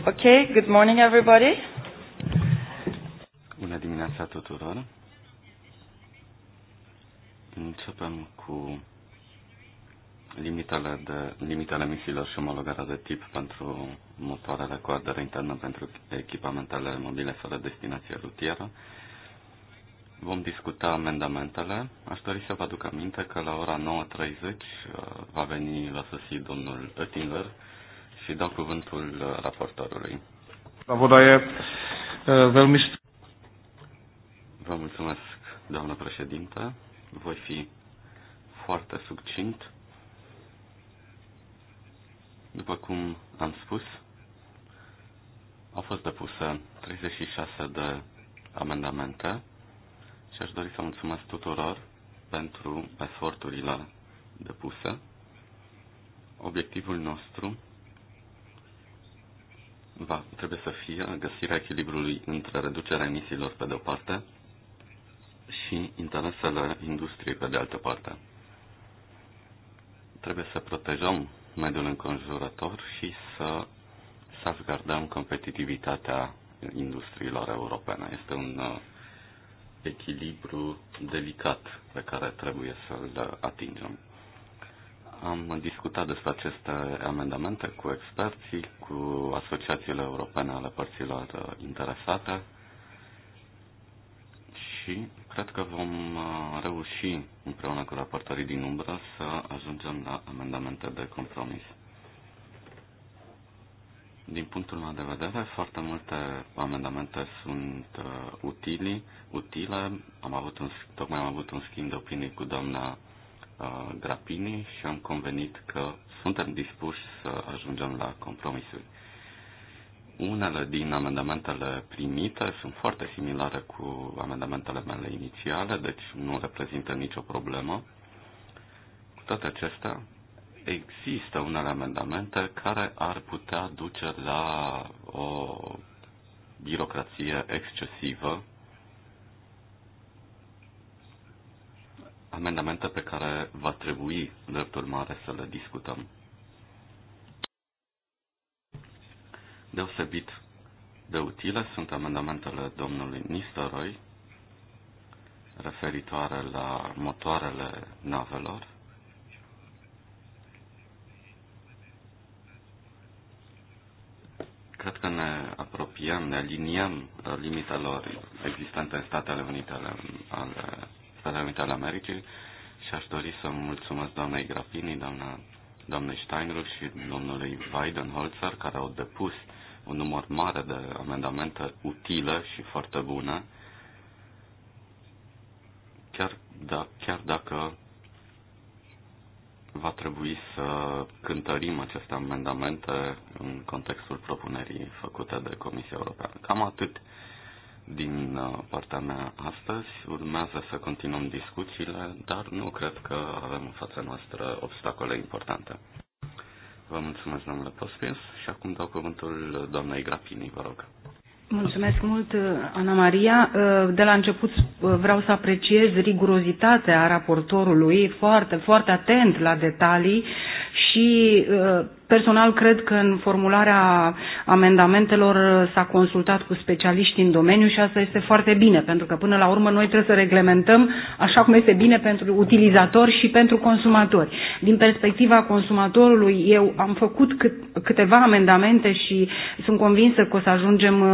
Okay, good morning everybody. Bună dimineața tuturor. Începem cu limitele, de, limitele misiilor și omologarea de tip pentru motoarele cu ardere internă pentru echipamentele mobile fără destinație rutieră. Vom discuta amendamentele. Aș dori să vă aduc aminte că la ora 9.30 uh, va veni la sosit domnul Oettinger, și dau cuvântul uh, raportorului. Pravodaie, uh, velmi... Vă mulțumesc, doamnă președintă. Voi fi foarte succint. După cum am spus, au fost depuse 36 de amendamente și aș dori să mulțumesc tuturor pentru eforturile depuse. Obiectivul nostru va, trebuie să fie găsirea echilibrului între reducerea emisiilor pe de-o parte și interesele industriei pe de altă parte. Trebuie să protejăm mediul înconjurător și să salvgardăm competitivitatea industriilor europene. Este un uh, echilibru delicat pe care trebuie să-l atingem am discutat despre aceste amendamente cu experții, cu asociațiile europene ale părților interesate și cred că vom uh, reuși împreună cu raportorii din umbră să ajungem la amendamente de compromis. Din punctul meu de vedere, foarte multe amendamente sunt uh, utili, utile. Am avut un, tocmai am avut un schimb de opinii cu doamna Grapini și am convenit că suntem dispuși să ajungem la compromisuri. Unele din amendamentele primite sunt foarte similare cu amendamentele mele inițiale, deci nu reprezintă nicio problemă. Cu toate acestea, există unele amendamente care ar putea duce la o birocrație excesivă amendamente pe care va trebui, drept urmare, să le discutăm. Deosebit de utile sunt amendamentele domnului Nistoroi referitoare la motoarele navelor. Cred că ne apropiem, ne aliniem limitelor existente în Statele Unite ale Statele Unite ale Americii și aș dori să mulțumesc doamnei Grapini, doamna, doamnei Steinruch și domnului Weidenholzer, care au depus un număr mare de amendamente utile și foarte bune, chiar, da, chiar dacă va trebui să cântărim aceste amendamente în contextul propunerii făcute de Comisia Europeană. Cam atât din uh, partea mea astăzi. Urmează să continuăm discuțiile, dar nu cred că avem în fața noastră obstacole importante. Vă mulțumesc, domnule Pospies, și acum dau cuvântul doamnei Grapini, vă rog. Mulțumesc mult, uh, Ana Maria. Uh, de la început vreau să apreciez rigurozitatea raportorului, foarte, foarte atent la detalii și uh, personal cred că în formularea amendamentelor s-a consultat cu specialiști în domeniu și asta este foarte bine, pentru că până la urmă noi trebuie să reglementăm așa cum este bine pentru utilizatori și pentru consumatori. Din perspectiva consumatorului, eu am făcut cât, câteva amendamente și sunt convinsă că o să ajungem uh,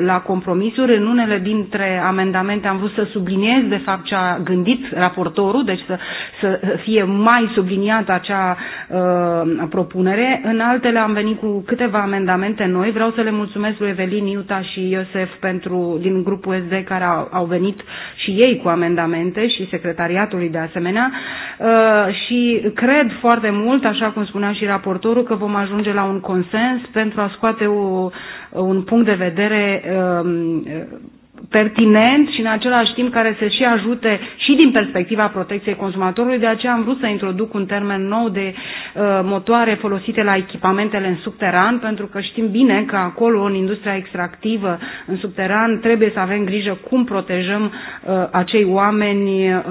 la compromisuri. În unele dintre amendamente am vrut să subliniez de fapt ce a gândit raportorul, deci să, să fie mai subliniată acea uh, Uh, propunere. În altele am venit cu câteva amendamente noi. Vreau să le mulțumesc lui Evelin Iuta și Iosef pentru, din grupul SD care au, au venit și ei cu amendamente și secretariatului de asemenea. Uh, și cred foarte mult, așa cum spunea și raportorul, că vom ajunge la un consens pentru a scoate o, un punct de vedere uh, pertinent și în același timp care să și ajute și din perspectiva protecției consumatorului. De aceea am vrut să introduc un termen nou de uh, motoare folosite la echipamentele în subteran, pentru că știm bine că acolo, în industria extractivă, în subteran, trebuie să avem grijă cum protejăm uh, acei oameni uh,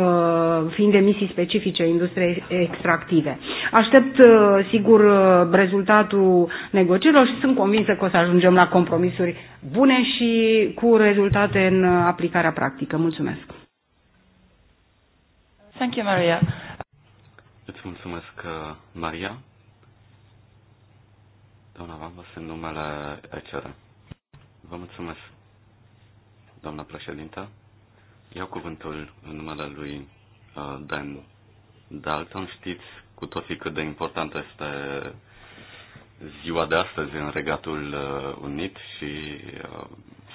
fiind emisii specifice industriei extractive. Aștept, uh, sigur, uh, rezultatul negocierilor și sunt convinsă că o să ajungem la compromisuri bune și cu rezultate în aplicarea practică. Mulțumesc! Thank you, Maria. Îți mulțumesc, Maria. Doamna Vambas, în numele ECR. Vă mulțumesc, doamna președintă. Iau cuvântul în numele lui uh, Dan Dalton. Știți cu toții cât de important este ziua de astăzi în Regatul uh, Unit și uh,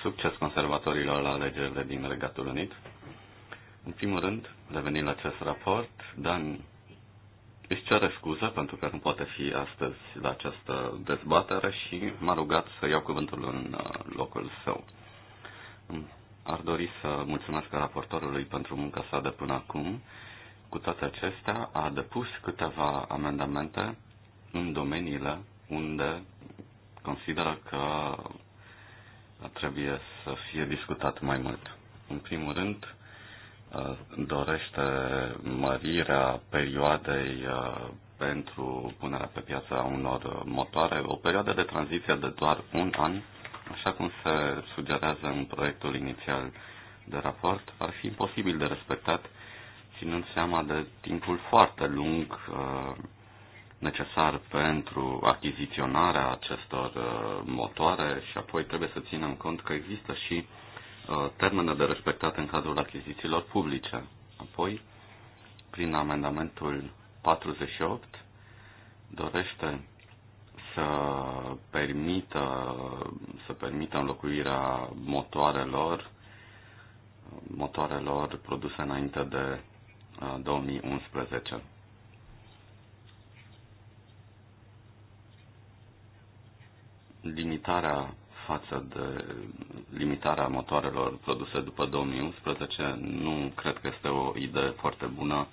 succes conservatorilor la alegerile din Regatul Unit. În primul rând, revenind la acest raport, Dan își cere scuză pentru că nu poate fi astăzi la această dezbatere și m-a rugat să iau cuvântul în uh, locul său. Ar dori să mulțumesc raportorului pentru munca sa de până acum. Cu toate acestea, a depus câteva amendamente în domeniile unde consideră că trebuie să fie discutat mai mult. În primul rând, dorește mărirea perioadei pentru punerea pe piață a unor motoare, o perioadă de tranziție de doar un an, așa cum se sugerează în proiectul inițial de raport, ar fi imposibil de respectat, ținând seama de timpul foarte lung necesar pentru achiziționarea acestor uh, motoare și apoi trebuie să ținem cont că există și uh, termene de respectat în cadrul achizițiilor publice. Apoi, prin amendamentul 48, dorește să permită, să permită înlocuirea motoarelor motoarelor produse înainte de 2011. Uh, limitarea față de limitarea motoarelor produse după 2011 nu cred că este o idee foarte bună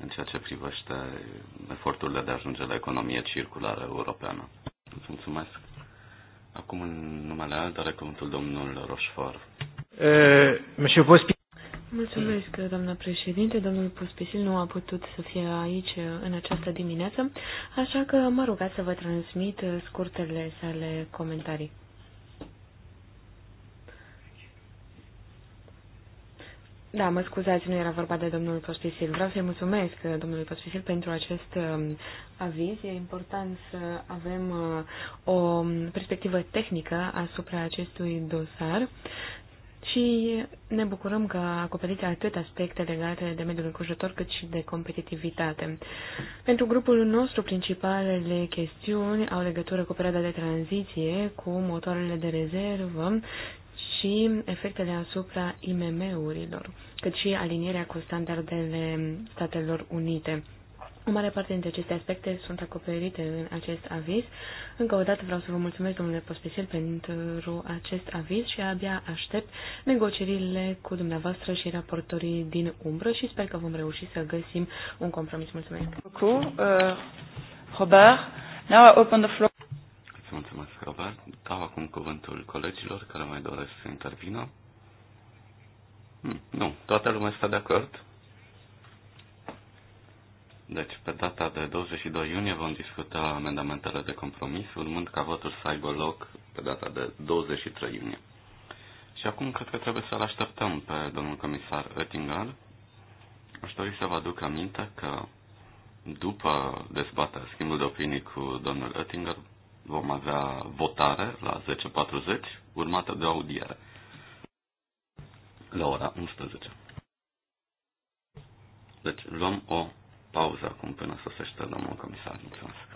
în ceea ce privește eforturile de a ajunge la economie circulară europeană. Îți mulțumesc. Acum, în numele altă, are cuvântul domnul Roșfor. Uh, eh, Mulțumesc, doamnă președinte. Domnul Puspisil nu a putut să fie aici în această dimineață, așa că mă rugat să vă transmit scurtele sale comentarii. Da, mă scuzați, nu era vorba de domnul Pospisil. Vreau să-i mulțumesc domnului Pospisil pentru acest um, aviz. E important să avem uh, o perspectivă tehnică asupra acestui dosar și ne bucurăm că a acoperit atât aspecte legate de mediul înconjurător cât și de competitivitate. Pentru grupul nostru, principalele chestiuni au legătură cu perioada de tranziție, cu motoarele de rezervă și efectele asupra IMM-urilor, cât și alinierea cu standardele Statelor Unite. O mare parte dintre aceste aspecte sunt acoperite în acest aviz. Încă o dată vreau să vă mulțumesc, domnule Pospisil, pentru acest aviz și abia aștept negocierile cu dumneavoastră și raportorii din umbră și sper că vom reuși să găsim un compromis. Mulțumesc! Euh, Robert, now I open the floor. mulțumesc, Robert. Dau acum cuvântul colegilor care mai doresc să intervină. Hmm, nu, toată lumea este de acord. Deci, pe data de 22 iunie vom discuta amendamentele de compromis, urmând ca votul să aibă loc pe data de 23 iunie. Și acum cred că trebuie să-l așteptăm pe domnul comisar Oettinger. Aș dori să vă aduc aminte că după dezbaterea schimbul de opinii cu domnul Oettinger vom avea votare la 10.40, urmată de audiere la ora 11. Deci luăm o pauză acum până să se ștergă domnul comisar. Mulțumesc.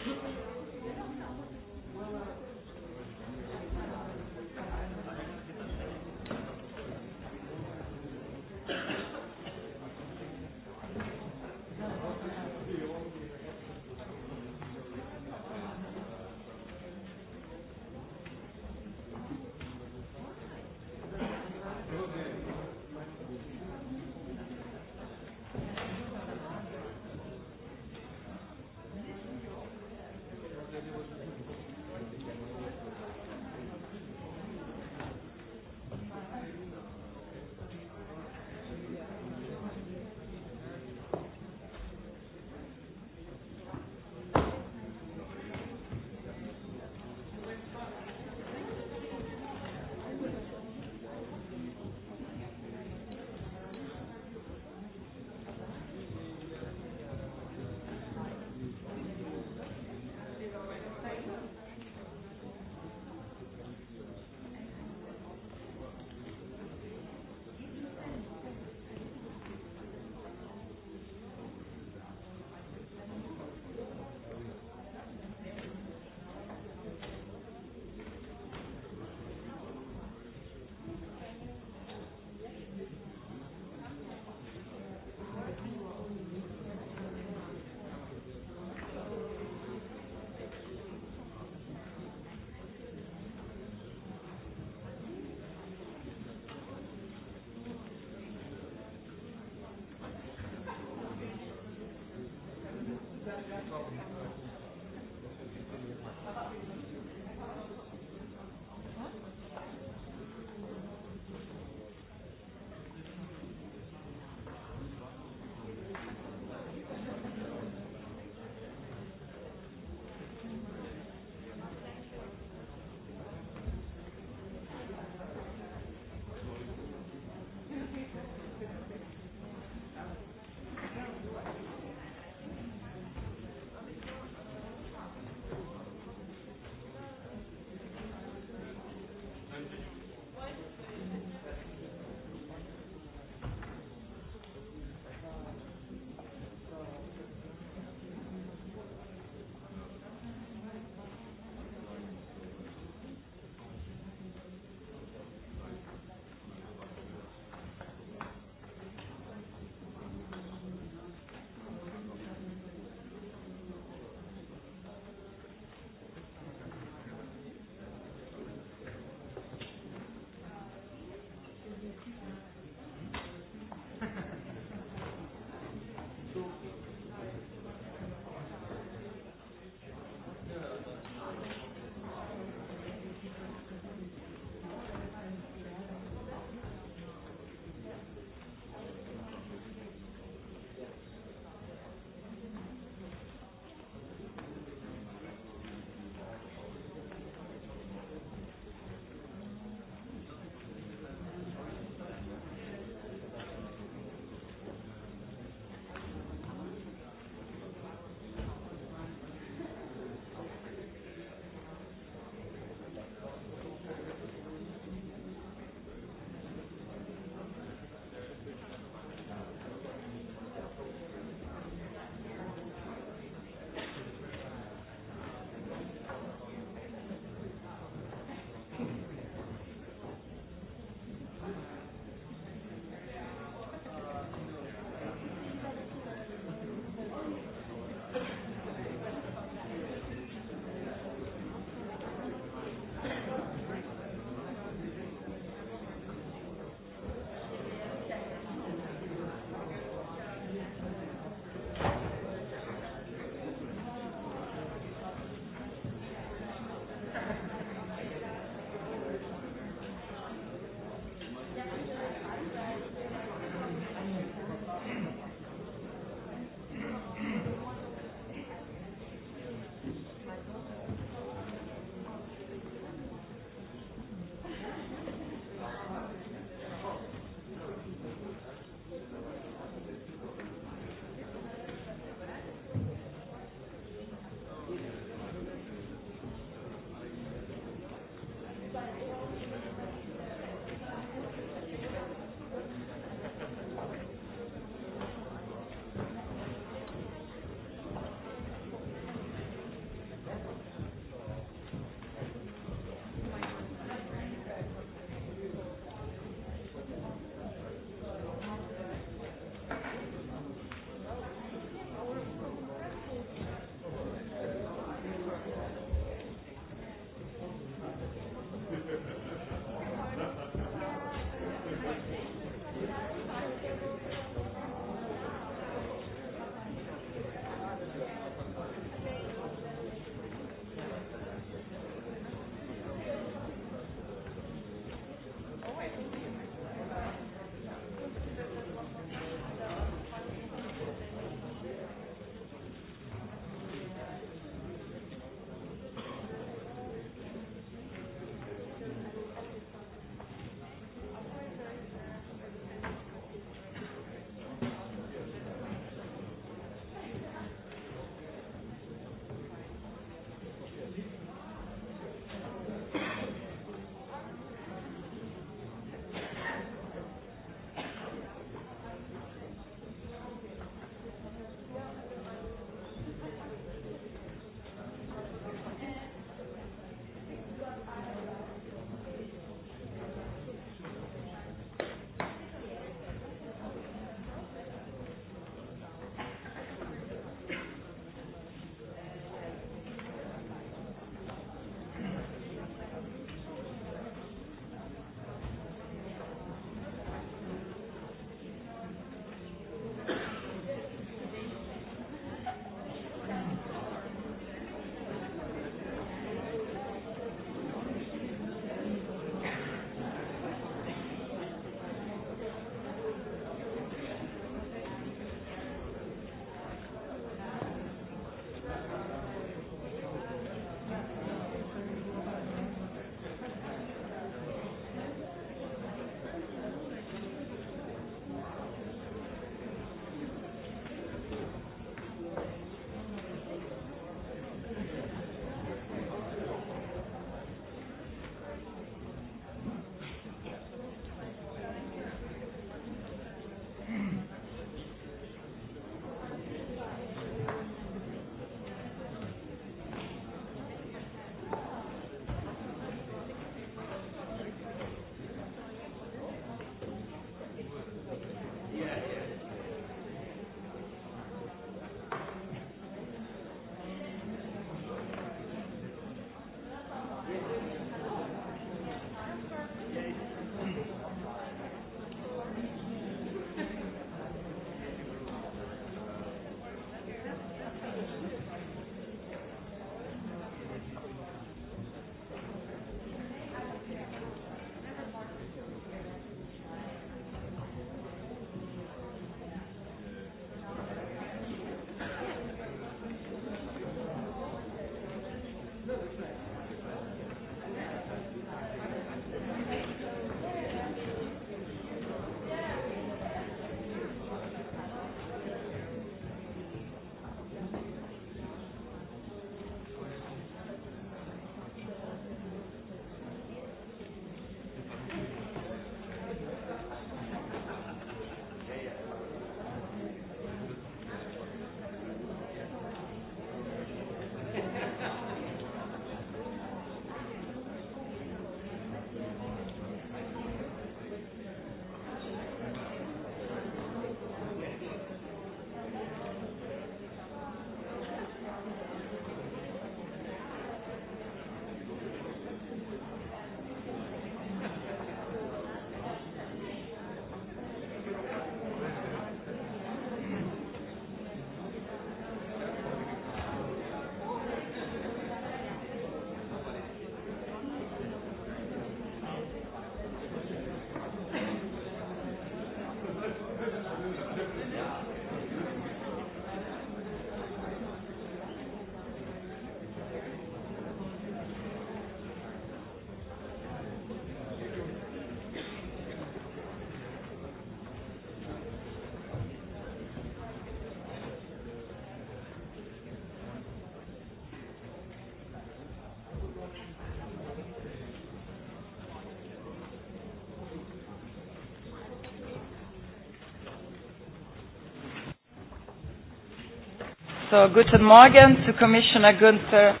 So, guten Morgen to Commissioner Günther.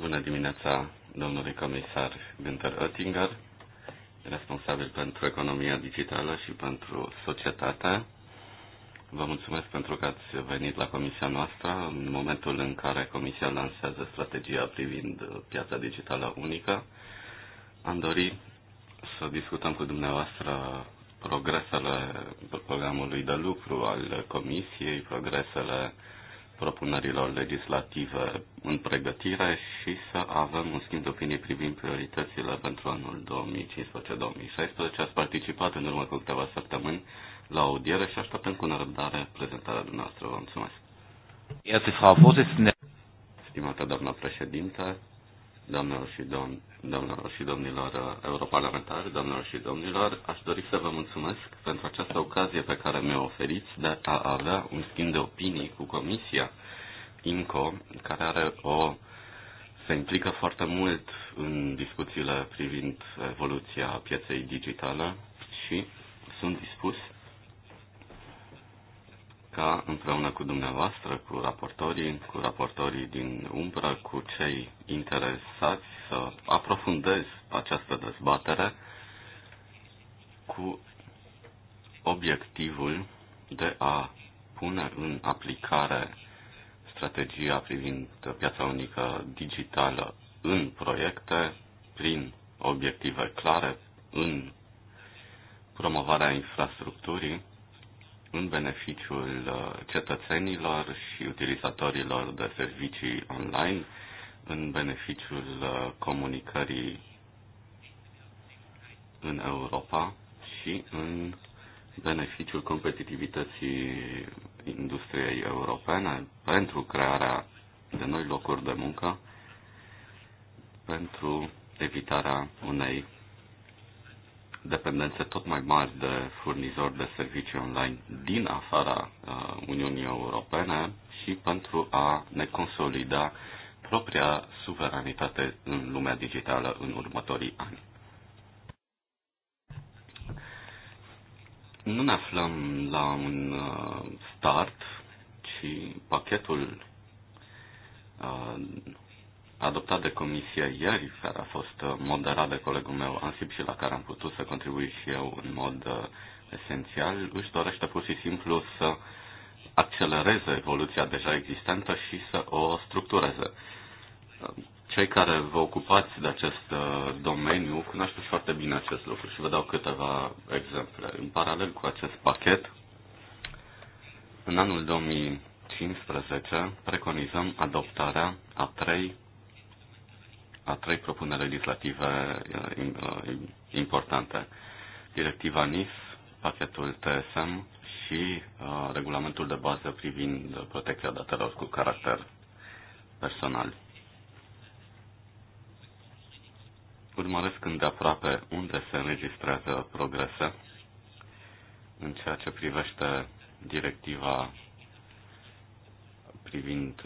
Bună dimineața, domnului comisar Günther Oettinger, responsabil pentru economia digitală și pentru societate. Vă mulțumesc pentru că ați venit la comisia noastră în momentul în care comisia lansează strategia privind piața digitală unică. Am dorit să discutăm cu dumneavoastră progresele programului de lucru al Comisiei, progresele propunerilor legislative în pregătire și să avem un schimb de opinii privind prioritățile pentru anul 2015-2016. Ați participat în urmă cu câteva săptămâni la audiere și așteptăm cu nerăbdare prezentarea dumneavoastră. Vă mulțumesc. Stimată doamnă președinte, doamnelor și domn doamnelor și domnilor europarlamentari, doamnelor și domnilor, aș dori să vă mulțumesc pentru această ocazie pe care mi-o oferiți de a avea un schimb de opinii cu Comisia INCO, care are o se implică foarte mult în discuțiile privind evoluția pieței digitale și sunt dispus ca împreună cu dumneavoastră, cu raportorii, cu raportorii din umbră, cu cei interesați să aprofundez această dezbatere cu obiectivul de a pune în aplicare strategia privind piața unică digitală în proiecte, prin obiective clare, în promovarea infrastructurii în beneficiul uh, cetățenilor și utilizatorilor de servicii online, în beneficiul uh, comunicării în Europa și în beneficiul competitivității industriei europene pentru crearea de noi locuri de muncă, pentru evitarea unei dependențe tot mai mari de furnizori de servicii online din afara uh, Uniunii Europene și pentru a ne consolida propria suveranitate în lumea digitală în următorii ani. Nu ne aflăm la un uh, start, ci pachetul uh, adoptat de comisie ieri, care a fost uh, moderat de colegul meu Ansip și la care am putut să contribui și eu în mod uh, esențial, își dorește pur și simplu să accelereze evoluția deja existentă și să o structureze. Cei care vă ocupați de acest uh, domeniu cunoașteți foarte bine acest lucru și vă dau câteva exemple. În paralel cu acest pachet, în anul 2015 preconizăm adoptarea a trei a trei propuneri legislative uh, uh, importante. Directiva NIS, pachetul TSM și uh, regulamentul de bază privind protecția datelor cu caracter personal. Urmăresc îndeaproape unde se înregistrează progrese în ceea ce privește directiva privind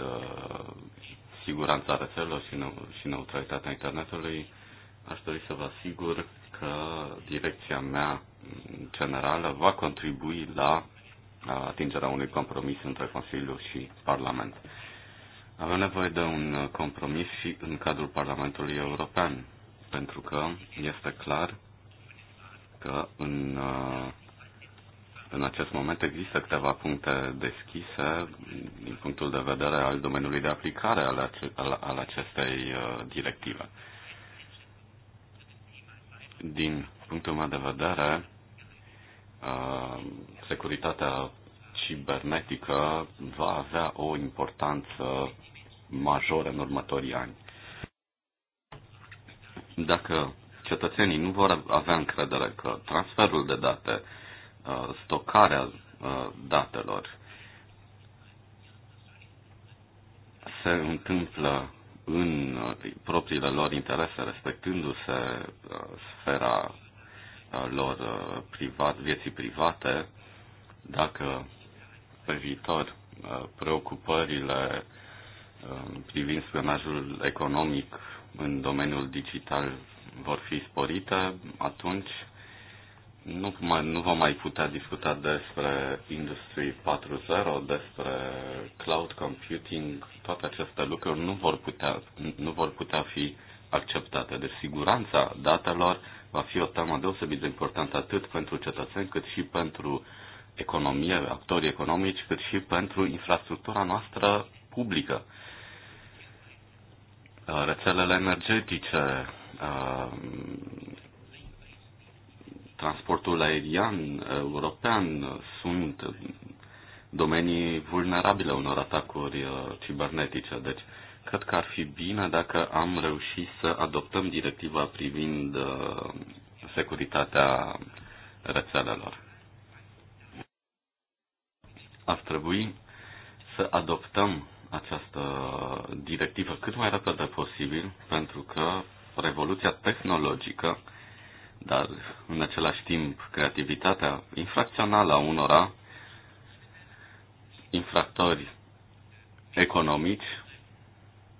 siguranța rețelelor și, ne- și neutralitatea internetului, aș dori să vă asigur că direcția mea generală va contribui la atingerea unui compromis între Consiliu și Parlament. Avem nevoie de un compromis și în cadrul Parlamentului European, pentru că este clar că în uh, în acest moment există câteva puncte deschise din punctul de vedere al domeniului de aplicare al, ace- al, al acestei uh, directive. Din punctul meu de vedere, uh, securitatea cibernetică va avea o importanță majoră în următorii ani. Dacă cetățenii nu vor avea încredere că transferul de date Uh, stocarea uh, datelor se întâmplă în uh, propriile lor interese, respectându-se sfera lor privat, vieții private, dacă pe viitor preocupările privind spionajul economic în domeniul digital vor fi sporite, atunci nu, mai, nu vom mai putea discuta despre Industry 4.0, despre cloud computing, toate aceste lucruri nu vor putea, nu vor putea fi acceptate. Deci siguranța datelor va fi o temă deosebit de importantă atât pentru cetățeni cât și pentru economie, actorii economici, cât și pentru infrastructura noastră publică. Rețelele energetice, uh, transportul aerian uh, european uh, sunt uh, domenii vulnerabile unor atacuri cibernetice. Deci, cred că ar fi bine dacă am reușit să adoptăm directiva privind securitatea rețelelor. Ar trebui să adoptăm această directivă cât mai repede posibil, pentru că revoluția tehnologică dar în același timp creativitatea infracțională a unora infractori economici,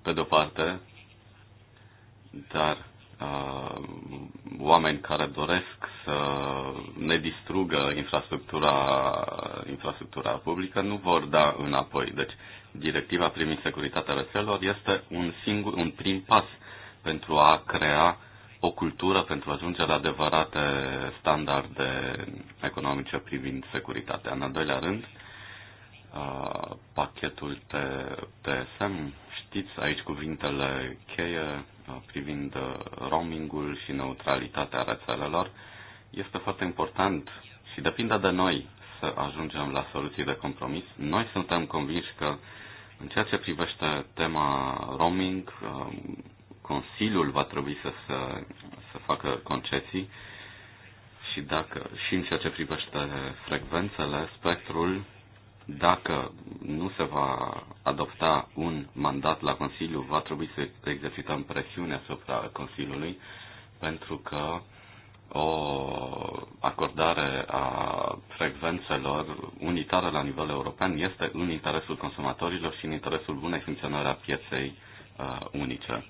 pe de-o parte, dar uh, oameni care doresc să ne distrugă infrastructura, infrastructura publică nu vor da înapoi. Deci, directiva privind securitatea rețelor este un, singur, un prim pas pentru a crea o cultură pentru a ajunge la adevărate standarde economice privind securitatea. În al doilea rând, pachetul TSM, știți aici cuvintele cheie privind roamingul și neutralitatea rețelelor, este foarte important și depinde de noi să ajungem la soluții de compromis. Noi suntem convinși că în ceea ce privește tema roaming, Consiliul va trebui să, să, să facă concesii și, dacă, și în ceea ce privește frecvențele, spectrul, dacă nu se va adopta un mandat la Consiliu, va trebui să exercităm presiune asupra Consiliului, pentru că o acordare a frecvențelor unitară la nivel european este în interesul consumatorilor și în interesul bunei funcționări a pieței uh, unice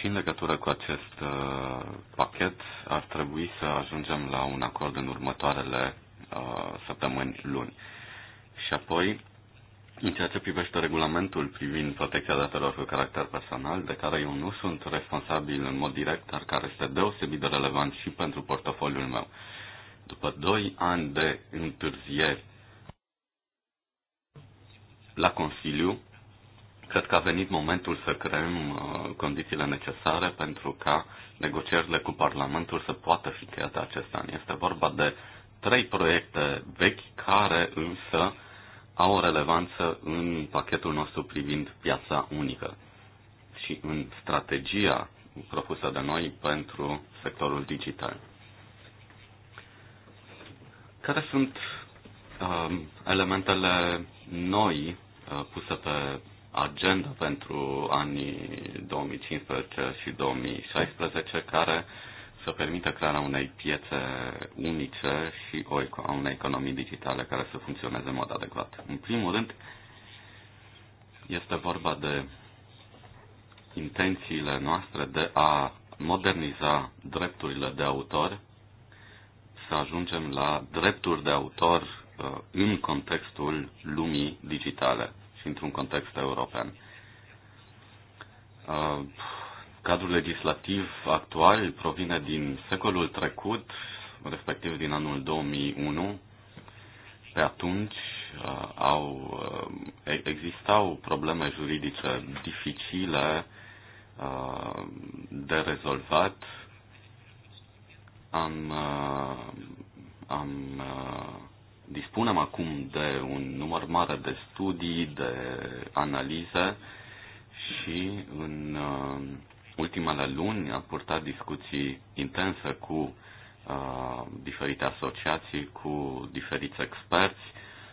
și în legătură cu acest uh, pachet ar trebui să ajungem la un acord în următoarele uh, săptămâni luni. Și apoi, în ceea ce privește regulamentul privind protecția datelor cu caracter personal, de care eu nu sunt responsabil în mod direct, dar care este deosebit de relevant și pentru portofoliul meu. După 2 ani de întârzieri la Consiliu, Cred că a venit momentul să creăm uh, condițiile necesare pentru ca negocierile cu Parlamentul să poată fi create acest an. Este vorba de trei proiecte vechi care însă au o relevanță în pachetul nostru privind piața unică și în strategia propusă de noi pentru sectorul digital. Care sunt uh, elementele noi uh, puse pe agenda pentru anii 2015 și 2016 care să permită crearea unei piețe unice și o, a unei economii digitale care să funcționeze în mod adecvat. În primul rând, este vorba de intențiile noastre de a moderniza drepturile de autor, să ajungem la drepturi de autor uh, în contextul lumii digitale și într-un context european. Uh, cadrul legislativ actual provine din secolul trecut, respectiv din anul 2001. Pe atunci uh, au, uh, existau probleme juridice dificile de rezolvat. Am, am Dispunem acum de un număr mare de studii, de analize și în uh, ultimele luni am purtat discuții intense cu uh, diferite asociații, cu diferiți experți,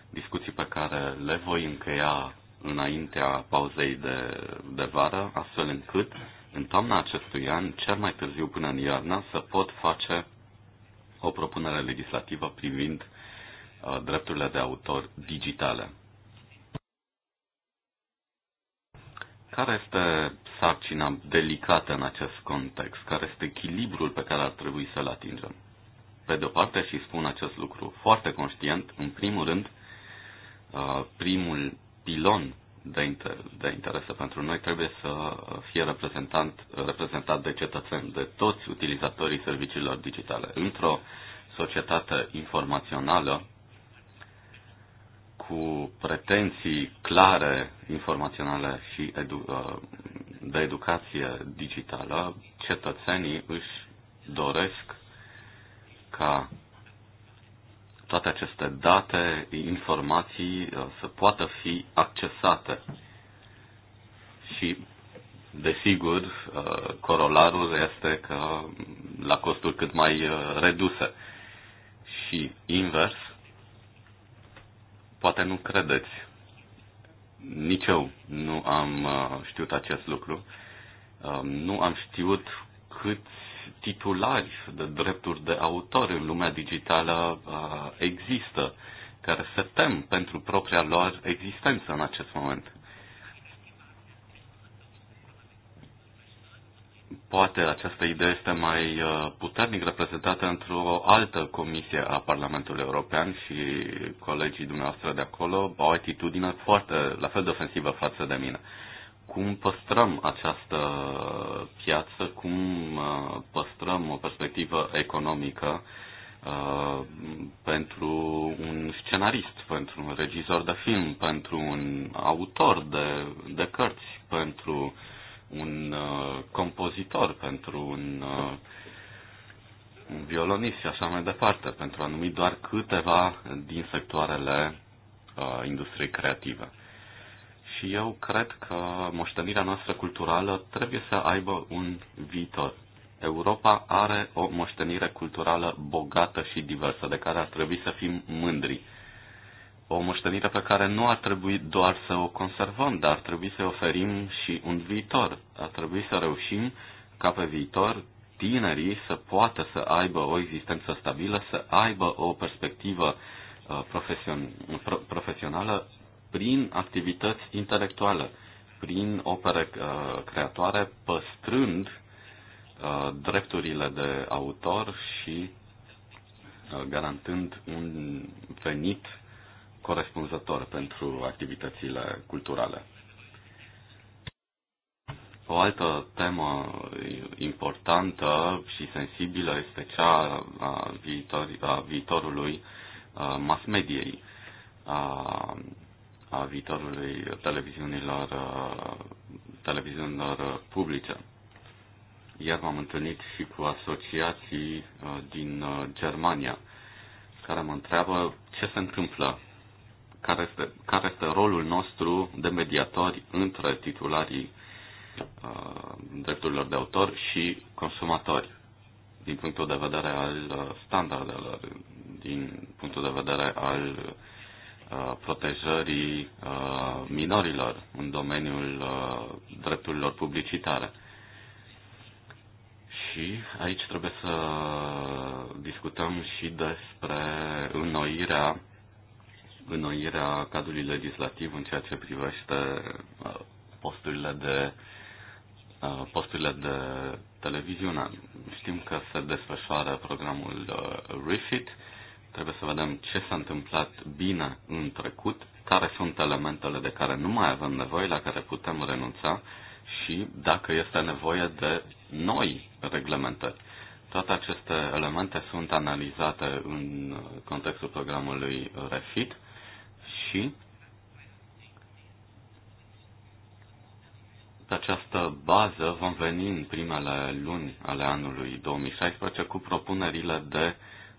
discuții pe care le voi încheia înaintea pauzei de, de vară, astfel încât în toamna acestui an, cel mai târziu până în iarnă, să pot face o propunere legislativă privind Uh, drepturile de autor digitale. Care este sarcina delicată în acest context? Care este echilibrul pe care ar trebui să-l atingem? Pe de-o parte, și spun acest lucru foarte conștient, în primul rând, uh, primul pilon de, inter- de interese pentru noi trebuie să fie reprezentant, reprezentat de cetățeni, de toți utilizatorii serviciilor digitale. Într-o societate informațională, cu pretenții clare, informaționale și edu- uh, de educație digitală, cetățenii își doresc ca toate aceste date, informații uh, să poată fi accesate. Și, desigur, uh, corolarul este că la costuri cât mai reduse. Și invers, Poate nu credeți. Nici eu nu am uh, știut acest lucru. Um, nu am știut câți titulari de drepturi de autor în lumea digitală uh, există, care se tem pentru propria lor existență în acest moment. poate această idee este mai uh, puternic reprezentată într-o altă comisie a Parlamentului European și colegii dumneavoastră de acolo au o atitudine foarte, la fel de ofensivă față de mine. Cum păstrăm această piață, cum uh, păstrăm o perspectivă economică uh, pentru un scenarist, pentru un regizor de film, pentru un autor de, de cărți, pentru uh, un uh, compozitor, pentru un, uh, un violonist și așa mai departe, pentru a numi doar câteva din sectoarele uh, industriei creative. Și eu cred că moștenirea noastră culturală trebuie să aibă un viitor. Europa are o moștenire culturală bogată și diversă, de care ar trebui să fim mândri o moștenire pe care nu ar trebui doar să o conservăm, dar ar trebui să oferim și un viitor. Ar trebui să reușim ca pe viitor tinerii să poată să aibă o existență stabilă, să aibă o perspectivă uh, profesion- profesională prin activități intelectuale, prin opere uh, creatoare, păstrând uh, drepturile de autor și garantând un venit corespunzător pentru activitățile culturale. O altă temă importantă și sensibilă este cea a, viitor, a viitorului uh, mass mediei, a, a viitorului televiziunilor, uh, televiziunilor publice. Iar m-am întâlnit și cu asociații uh, din Germania care mă întreabă ce se întâmplă care este, care este rolul nostru de mediatori între titularii uh, drepturilor de autor și consumatori din punctul de vedere al uh, standardelor, din punctul de vedere al uh, protejării uh, minorilor în domeniul drepturilor publicitare. Și aici trebuie să discutăm și despre înnoirea înnoirea cadrului legislativ în ceea ce privește uh, posturile de uh, posturile de televiziune. Știm că se desfășoară programul uh, Refit. Trebuie să vedem ce s-a întâmplat bine în trecut, care sunt elementele de care nu mai avem nevoie, la care putem renunța și dacă este nevoie de noi reglementări. Toate aceste elemente sunt analizate în contextul programului Refit și pe această bază vom veni în primele luni ale anului 2016 cu propunerile de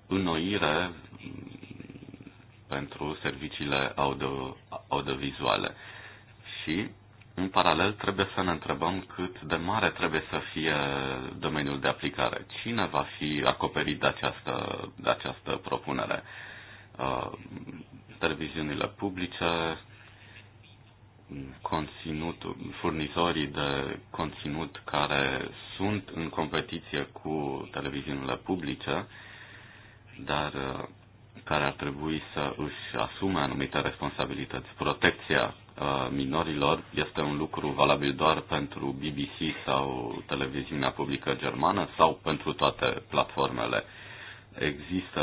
înnoire pentru serviciile audio, audiovizuale. Și, în paralel, trebuie să ne întrebăm cât de mare trebuie să fie domeniul de aplicare. Cine va fi acoperit de această, de această propunere? Uh, televiziunile publice, conținutul, furnizorii de conținut care sunt în competiție cu televiziunile publice, dar uh, care ar trebui să își asume anumite responsabilități. Protecția uh, minorilor este un lucru valabil doar pentru BBC sau televiziunea publică germană sau pentru toate platformele. Există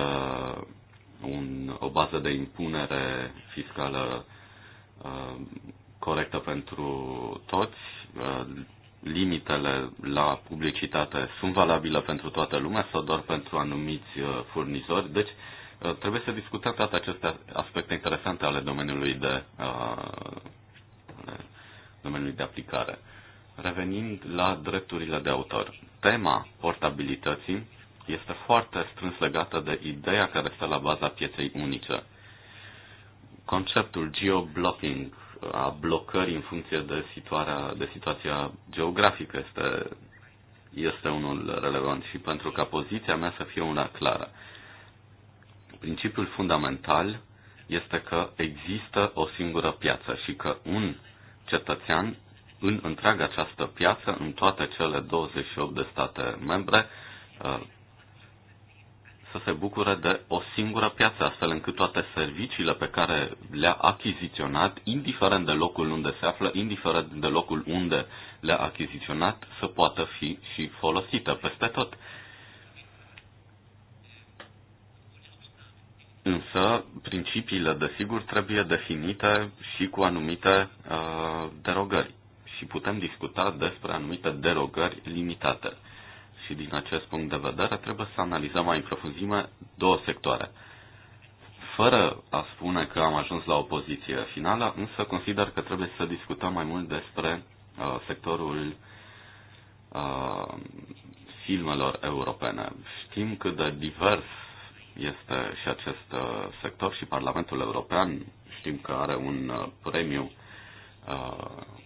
un, o bază de impunere fiscală uh, corectă pentru toți. Uh, limitele la publicitate sunt valabile pentru toată lumea sau doar pentru anumiți uh, furnizori. Deci uh, trebuie să discutăm toate aceste aspecte interesante ale domeniului de, uh, domeniului de aplicare. Revenind la drepturile de autor, tema portabilității este foarte strâns legată de ideea care stă la baza pieței unice. Conceptul geoblocking, a blocării în funcție de, situarea, de situația geografică, este, este unul relevant și pentru ca poziția mea să fie una clară. Principiul fundamental este că există o singură piață și că un cetățean în întreaga această piață, în toate cele 28 de state membre, uh, să se bucure de o singură piață, astfel încât toate serviciile pe care le-a achiziționat, indiferent de locul unde se află, indiferent de locul unde le-a achiziționat, să poată fi și folosită peste tot. Însă, principiile, desigur, trebuie definite și cu anumite uh, derogări și putem discuta despre anumite derogări limitate. Și din acest punct de vedere trebuie să analizăm mai în profunzime două sectoare. Fără a spune că am ajuns la o poziție finală, însă consider că trebuie să discutăm mai mult despre uh, sectorul uh, filmelor europene. Știm cât de divers este și acest uh, sector și Parlamentul European știm că are un uh, premiu uh,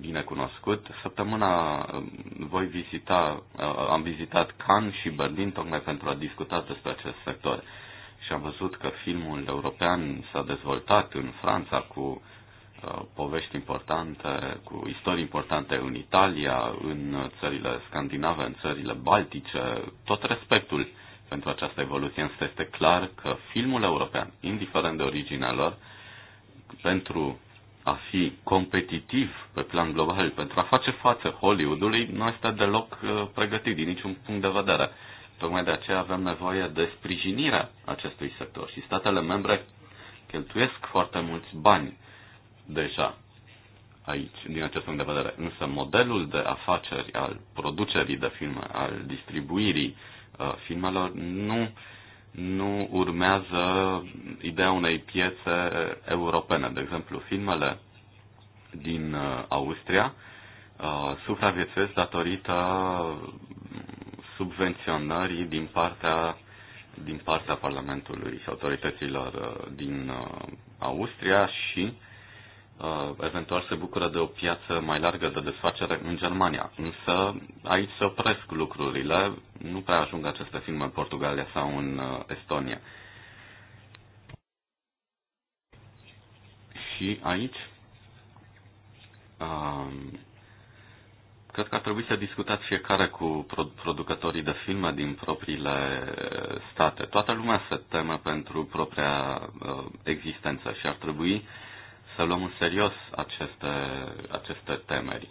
bine cunoscut. Săptămâna um, voi vizita, uh, am vizitat Cannes și Berlin tocmai pentru a discuta despre acest sector. Și am văzut că filmul european s-a dezvoltat în Franța cu uh, povești importante, cu istorii importante în Italia, în țările scandinave, în țările baltice, tot respectul pentru această evoluție, însă este clar că filmul european, indiferent de originea lor, pentru a fi competitiv pe plan global pentru a face față Hollywoodului nu este deloc uh, pregătit din niciun punct de vedere. Tocmai de aceea avem nevoie de sprijinirea acestui sector și statele membre cheltuiesc foarte mulți bani deja aici, din acest punct de vedere. Însă modelul de afaceri al producerii de filme, al distribuirii uh, filmelor nu nu urmează ideea unei piețe europene. De exemplu, filmele din uh, Austria uh, supraviețuiesc datorită subvenționării din partea din partea Parlamentului și autorităților uh, din Austria și Uh, eventual se bucură de o piață mai largă de desfacere în Germania. Însă aici se opresc lucrurile, nu prea ajung aceste filme în Portugalia sau în uh, Estonia. Și aici um, cred că ar trebui să discutați fiecare cu producătorii de filme din propriile state. Toată lumea se teme pentru propria uh, existență și ar trebui uh, să luăm în serios aceste, aceste temeri.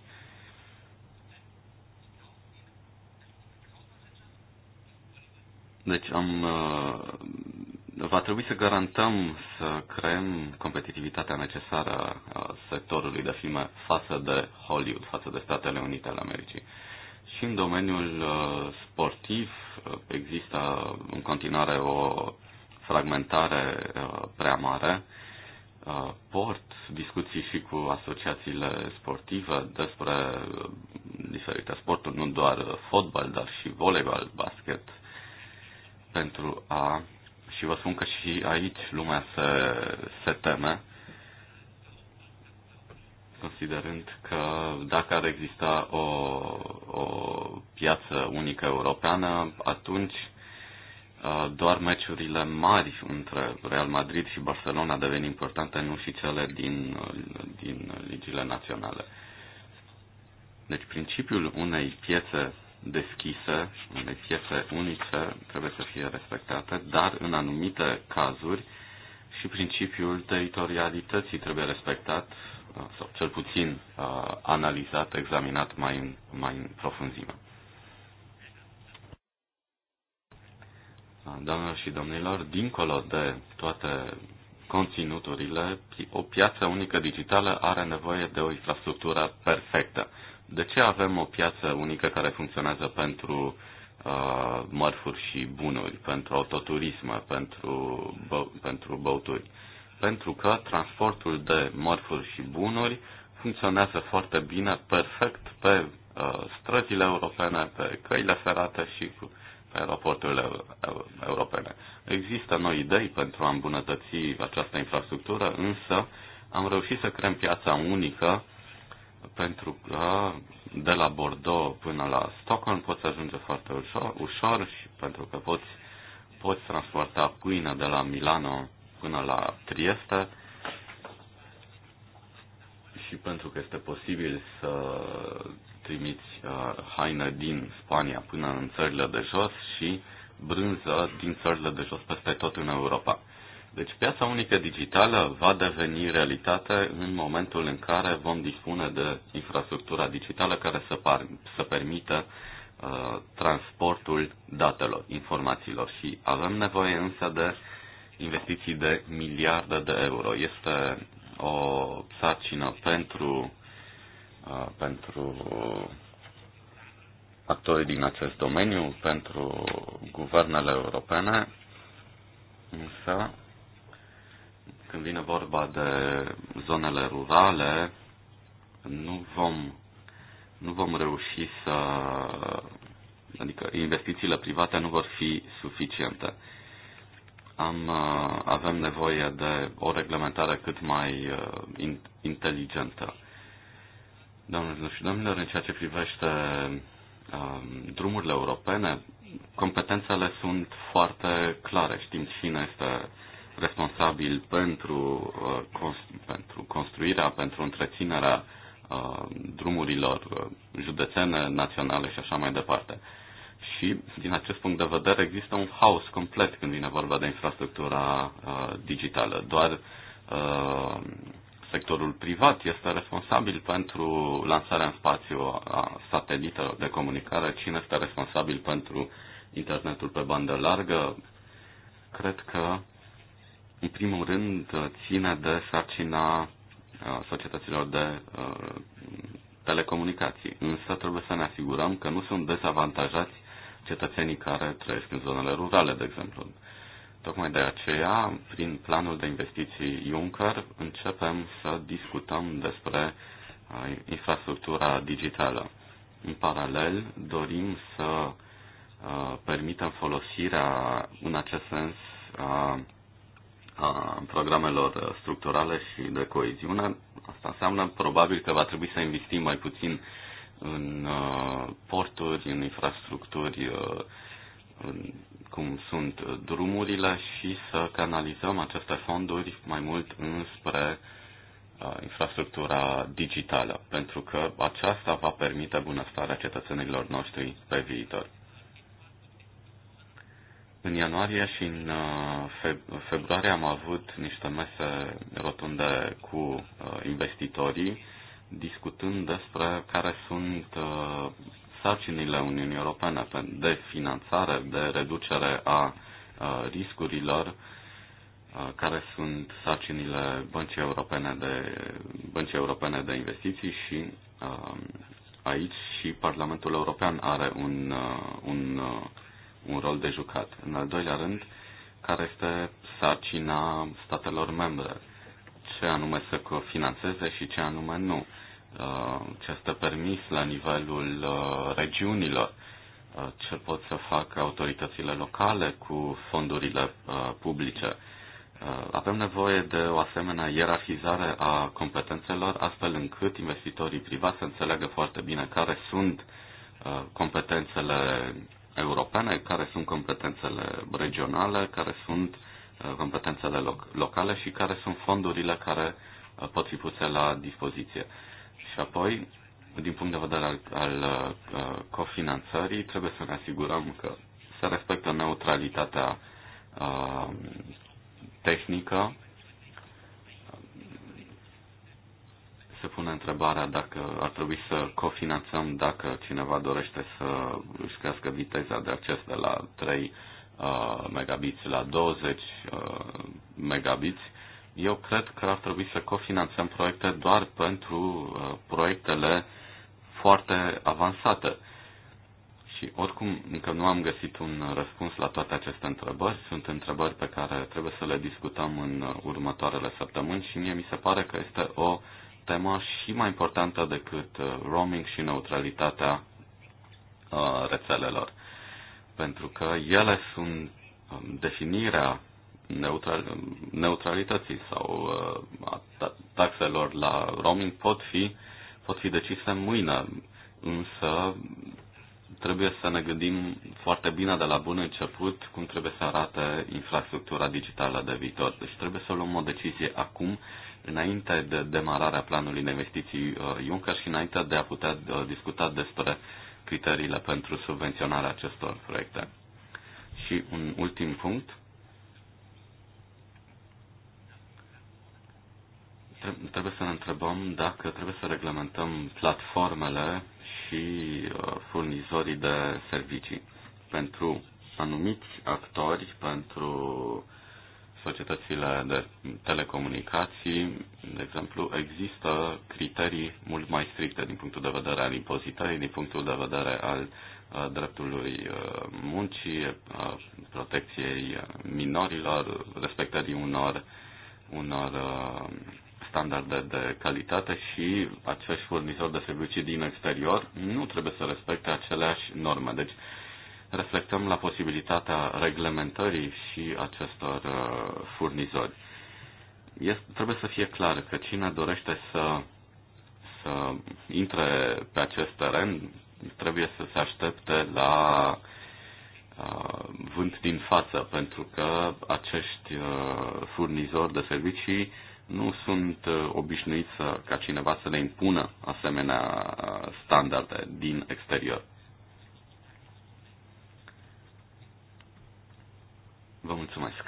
Deci am, uh, va trebui să garantăm să creăm competitivitatea necesară a uh, sectorului de filme față de Hollywood, față de Statele Unite ale Americii. Și în domeniul uh, sportiv există în continuare o fragmentare prea mare Uh, port, discuții și cu asociațiile sportive despre uh, diferite sporturi, nu doar fotbal, dar și voleibol, basket, pentru a... Și vă spun că și aici lumea se, se teme, considerând că dacă ar exista o, o piață unică europeană, atunci Uh, doar meciurile mari între Real Madrid și Barcelona devin importante, nu și cele din, uh, din ligile naționale. Deci principiul unei piețe deschise, unei piețe unice, trebuie să fie respectate, dar în anumite cazuri și principiul teritorialității trebuie respectat uh, sau cel puțin analizat, examinat mai în, mai în profunzime. doamnelor și domnilor, dincolo de toate conținuturile, o piață unică digitală are nevoie de o infrastructură perfectă. De ce avem o piață unică care funcționează pentru uh, mărfuri și bunuri, pentru autoturism, pentru, bă, pentru băuturi? Pentru că transportul de mărfuri și bunuri funcționează foarte bine, perfect, pe uh, străzile europene, pe căile ferate și cu aeroporturile europene. Există noi idei pentru a îmbunătăți această infrastructură, însă am reușit să creăm piața unică pentru că de la Bordeaux până la Stockholm poți ajunge foarte ușor, ușor și pentru că poți, poți transporta pâine de la Milano până la Trieste și pentru că este posibil să trimiți uh, haine din Spania până în țările de jos și brânză din țările de jos peste tot în Europa. Deci piața unică digitală va deveni realitate în momentul în care vom dispune de infrastructura digitală care să, par, să permită uh, transportul datelor, informațiilor și avem nevoie însă de investiții de miliarde de euro. Este o sarcină pentru pentru actorii din acest domeniu, pentru guvernele europene, însă când vine vorba de zonele rurale, nu vom, nu vom reuși să. adică investițiile private nu vor fi suficiente. Am, avem nevoie de o reglementare cât mai inteligentă. Doamnelor și domnilor, în ceea ce privește um, drumurile europene, competențele sunt foarte clare. Știm cine este responsabil pentru, uh, cons- pentru construirea, pentru întreținerea uh, drumurilor uh, județene, naționale și așa mai departe. Și, din acest punct de vedere, există un haos complet când vine vorba de infrastructura uh, digitală. Doar uh, sectorul privat este responsabil pentru lansarea în spațiu a satelitelor de comunicare, cine este responsabil pentru internetul pe bandă largă, cred că, în primul rând, ține de sarcina uh, societăților de uh, telecomunicații. Însă trebuie să ne asigurăm că nu sunt dezavantajați cetățenii care trăiesc în zonele rurale, de exemplu. Tocmai de aceea, prin planul de investiții Juncker, începem să discutăm despre uh, infrastructura digitală. În paralel, dorim să uh, permitem folosirea în acest sens a, programelor structurale și de coeziune. Asta înseamnă probabil că va trebui să investim mai puțin în uh, porturi, în infrastructuri, cum sunt drumurile și să canalizăm aceste fonduri mai mult înspre uh, infrastructura digitală, pentru că aceasta va permite bunăstarea cetățenilor noștri pe viitor. În ianuarie și în uh, februarie am avut niște mese rotunde cu uh, investitorii discutând despre care sunt sarcinile Uniunii Europene de finanțare, de reducere a riscurilor, care sunt sarcinile Băncii Europene de, Băncii Europene de Investiții și aici și Parlamentul European are un, un, un rol de jucat. În al doilea rând, care este sarcina statelor membre, ce anume să cofinanțeze și ce anume nu Uh, ce este permis la nivelul uh, regiunilor, uh, ce pot să facă autoritățile locale cu fondurile publice. Avem nevoie de o asemenea ierarhizare a competențelor, astfel încât investitorii privați să înțeleagă foarte bine care sunt competențele europene, care sunt competențele regionale, care sunt competențele locale și care sunt fondurile care pot fi puse la dispoziție. Și apoi, din punct de vedere al, al uh, cofinanțării, trebuie să ne asigurăm că se respectă neutralitatea uh, tehnică. Se pune întrebarea dacă ar trebui să cofinanțăm dacă cineva dorește să își crească viteza de acces de la 3 uh, megabits la 20 uh, megabits eu cred că ar trebui să cofinanțăm proiecte doar pentru uh, proiectele foarte avansate. Și oricum încă nu am găsit un răspuns la toate aceste întrebări. Sunt întrebări pe care trebuie să le discutăm în uh, următoarele săptămâni și mie mi se pare că este o temă și mai importantă decât uh, roaming și neutralitatea rețelelor. Pentru că ele sunt um, definirea neutral, neutralității sau uh, a taxelor la roaming pot fi, pot fi decise mâine, însă trebuie să ne gândim foarte bine de la bun început cum trebuie să arate infrastructura digitală de viitor. Deci trebuie să luăm o decizie acum, înainte de demararea planului de investiții uh, Juncker și înainte de a putea uh, discuta despre criteriile pentru subvenționarea acestor proiecte. Și un ultim punct, trebuie să ne întrebăm dacă trebuie să reglementăm platformele și uh, furnizorii de servicii. Pentru anumiți actori, pentru societățile de telecomunicații, de exemplu, există criterii mult mai stricte din punctul de vedere al impozitării, din punctul de vedere al uh, dreptului uh, muncii, protecției minorilor, respectării unor, unor standarde de calitate și acești furnizori de servicii din exterior nu trebuie să respecte aceleași norme. Deci reflectăm la posibilitatea reglementării și acestor uh, furnizori. Este, trebuie să fie clar că cine dorește să, să intre pe acest teren trebuie să se aștepte la uh, vânt din față, pentru că acești uh, furnizori de servicii nu sunt uh, obișnuit să, ca cineva să le impună asemenea uh, standarde din exterior. Vă mulțumesc.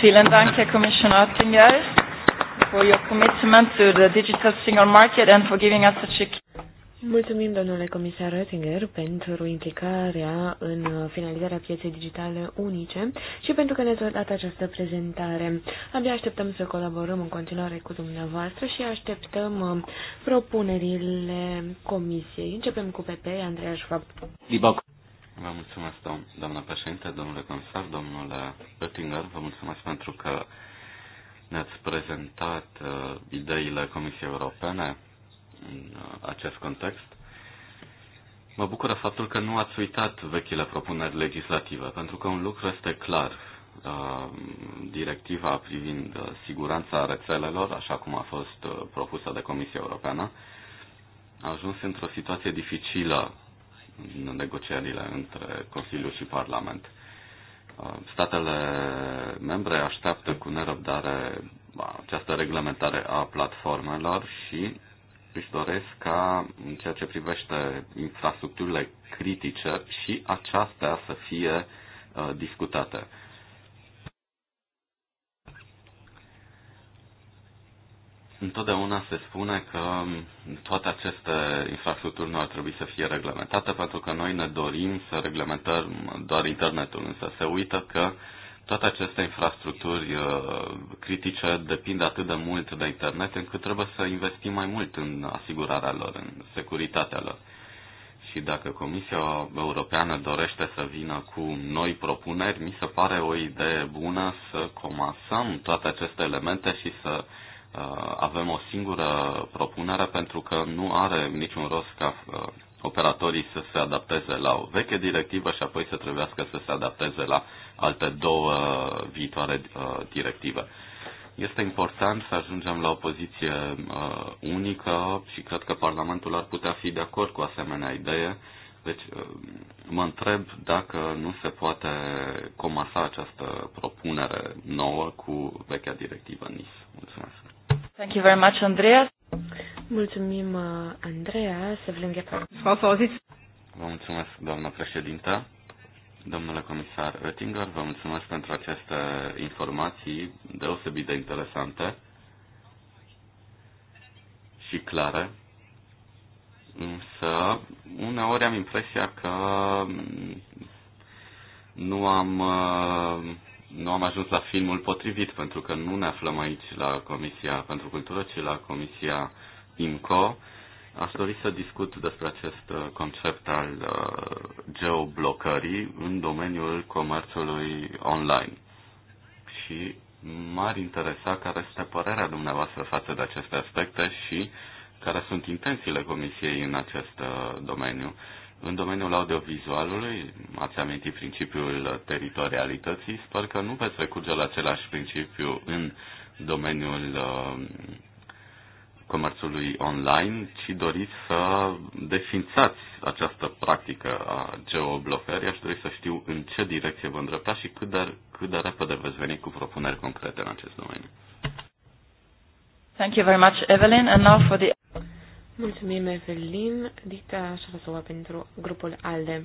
Vielen Dank, Herr Commissioner Oettinger, for your commitment to the digital single market and for giving us such a key. Mulțumim, domnule comisar Oettinger, pentru implicarea în finalizarea pieței digitale unice și pentru că ne-ați dat această prezentare. Abia așteptăm să colaborăm în continuare cu dumneavoastră și așteptăm uh, propunerile comisiei. Începem cu PP, Andreea Schwab. Vă mulțumesc, doamnă președinte, domnule comisar, domnule Oettinger, vă mulțumesc pentru că ne-ați prezentat uh, ideile Comisiei Europene în acest context. Mă bucură faptul că nu ați uitat vechile propuneri legislative, pentru că un lucru este clar. Uh, directiva privind uh, siguranța rețelelor, așa cum a fost uh, propusă de Comisia Europeană, a ajuns într-o situație dificilă în negocierile între Consiliu și Parlament. Statele membre așteaptă cu nerăbdare această reglementare a platformelor și își doresc ca, în ceea ce privește infrastructurile critice, și aceasta să fie uh, discutate. Întotdeauna se spune că um, toate aceste infrastructuri nu ar trebui să fie reglementate pentru că noi ne dorim să reglementăm doar internetul, însă se uită că uh, toate aceste infrastructuri uh, critice depind atât de mult de internet încât trebuie să investim mai mult în asigurarea lor, în securitatea lor. Și dacă Comisia Europeană dorește să vină cu noi propuneri, mi se pare o idee bună să comasăm toate aceste elemente și să uh, avem o singură propunere pentru că nu are niciun rost ca uh, operatorii să se adapteze la o veche directivă și apoi să trebuiască să se adapteze la alte două uh, viitoare uh, directive. Este important să ajungem la o poziție uh, unică și cred că Parlamentul ar putea fi de acord cu asemenea idee. Deci mă întreb dacă nu se poate comasa această propunere nouă cu vechea directivă NIS. Mulțumesc. Thank you very much, Andreas. Mulțumim, Andreea. Să vă înghepă. Vă mulțumesc, doamna președintă. Domnule comisar Oettinger, vă mulțumesc pentru aceste informații deosebit de interesante și clare. Însă, uneori am impresia că nu am, nu am ajuns la filmul potrivit, pentru că nu ne aflăm aici la Comisia pentru Cultură, ci la Comisia IMCO Aș dori să discut despre acest uh, concept al uh, geoblocării în domeniul comerțului online. Și m-ar interesa care este părerea dumneavoastră față de aceste aspecte și care sunt intențiile Comisiei în acest uh, domeniu. În domeniul audiovizualului, ați amintit principiul teritorialității, sper că nu veți recurge la același principiu în domeniul comerțului online, ci doriți să desfințați această practică a geoblocării. Aș dori să știu în ce direcție vă îndreptați și cât de, cât de repede veți veni cu propuneri concrete în acest domeniu. Thank you very much, Evelyn. And now for the... Mulțumim, Evelyn. Dita Șarasova pentru grupul ALDE.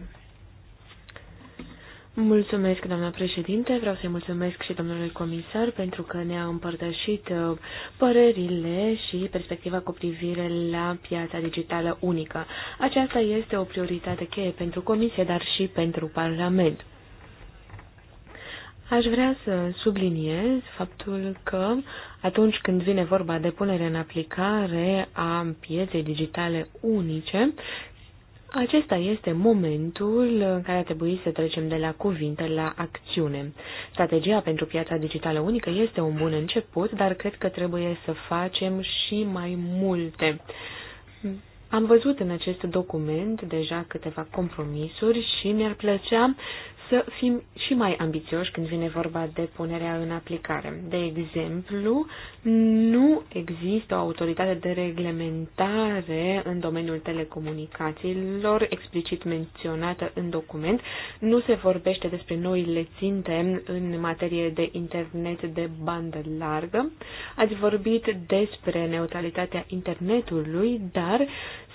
Mulțumesc, doamna președinte. Vreau să-i mulțumesc și domnului comisar pentru că ne-a împărtășit uh, părerile și perspectiva cu privire la piața digitală unică. Aceasta este o prioritate cheie pentru Comisie, dar și pentru Parlament. Aș vrea să subliniez faptul că atunci când vine vorba de punere în aplicare a pieței digitale unice, acesta este momentul în care trebuie să trecem de la cuvinte la acțiune. Strategia pentru piața digitală unică este un bun început, dar cred că trebuie să facem și mai multe. Am văzut în acest document deja câteva compromisuri și mi-ar plăcea să fim și mai ambițioși când vine vorba de punerea în aplicare. De exemplu, nu există o autoritate de reglementare în domeniul telecomunicațiilor explicit menționată în document. Nu se vorbește despre noile ținte în materie de internet de bandă largă. Ați vorbit despre neutralitatea internetului, dar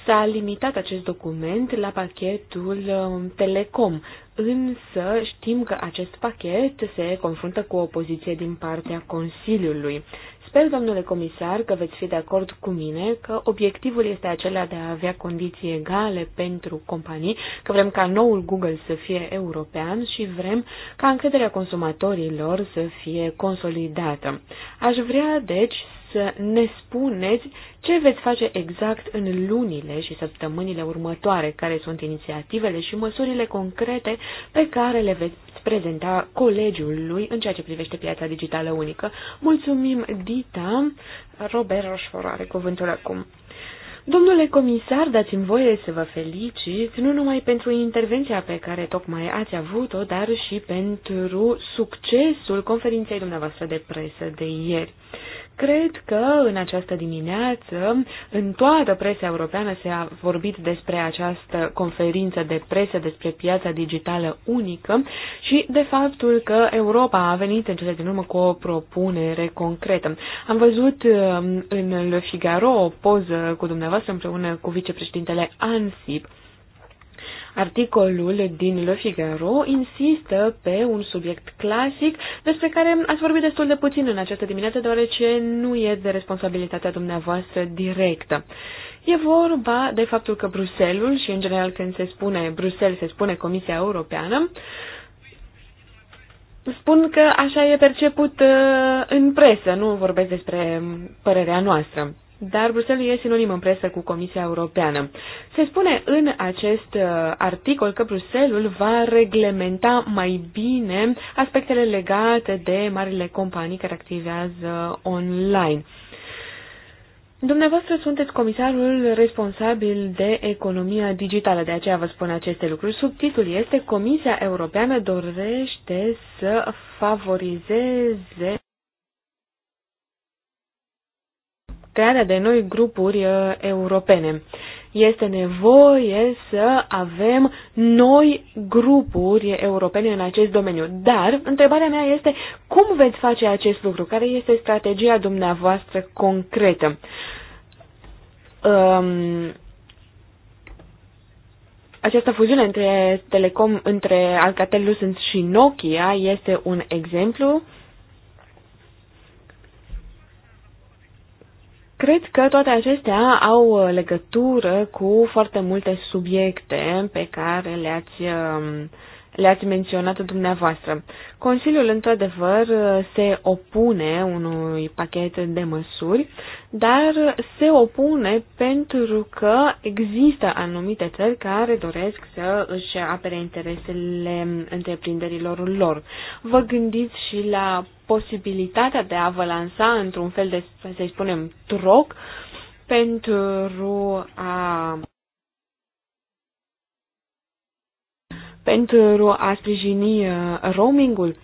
S-a limitat acest document la pachetul um, Telecom, însă știm că acest pachet se confruntă cu opoziție din partea Consiliului. Sper, domnule comisar, că veți fi de acord cu mine că obiectivul este acela de a avea condiții egale pentru companii, că vrem ca noul Google să fie european și vrem ca încrederea consumatorilor să fie consolidată. Aș vrea, deci, să ne spuneți ce veți face exact în lunile și săptămânile următoare, care sunt inițiativele și măsurile concrete pe care le veți prezenta colegiului în ceea ce privește piața digitală unică. Mulțumim, Dita. Robert Roșfor are cuvântul acum. Domnule comisar, dați-mi voie să vă felicit nu numai pentru intervenția pe care tocmai ați avut-o, dar și pentru succesul conferinței dumneavoastră de presă de ieri. Cred că în această dimineață, în toată presa europeană se a vorbit despre această conferință de presă, despre piața digitală unică și de faptul că Europa a venit în cele din urmă cu o propunere concretă. Am văzut um, în Le Figaro o poză cu dumneavoastră împreună cu vicepreședintele ANSIP Articolul din Le Figaro insistă pe un subiect clasic despre care ați vorbit destul de puțin în această dimineață, deoarece nu e de responsabilitatea dumneavoastră directă. E vorba de faptul că Bruselul și, în general, când se spune Bruxelles, se spune Comisia Europeană, spun că așa e perceput uh, în presă, nu vorbesc despre părerea noastră dar Bruxelles e sinonim în presă cu Comisia Europeană. Se spune în acest uh, articol că Bruxelles va reglementa mai bine aspectele legate de marile companii care activează online. Dumneavoastră sunteți comisarul responsabil de economia digitală, de aceea vă spun aceste lucruri. Subtitlul este Comisia Europeană dorește să favorizeze crearea de noi grupuri uh, europene. Este nevoie să avem noi grupuri europene în acest domeniu. Dar întrebarea mea este cum veți face acest lucru? Care este strategia dumneavoastră concretă? Um, această fuziune între Telecom, între Alcatel-Lucent și Nokia este un exemplu Cred că toate acestea au uh, legătură cu foarte multe subiecte pe care le-ați um, le-ați menționat dumneavoastră. Consiliul, într-adevăr, se opune unui pachet de măsuri, dar se opune pentru că există anumite țări care doresc să își apere interesele întreprinderilor lor. Vă gândiți și la posibilitatea de a vă lansa într-un fel de, să spunem, troc pentru a pentru a sprijini uh, roamingul.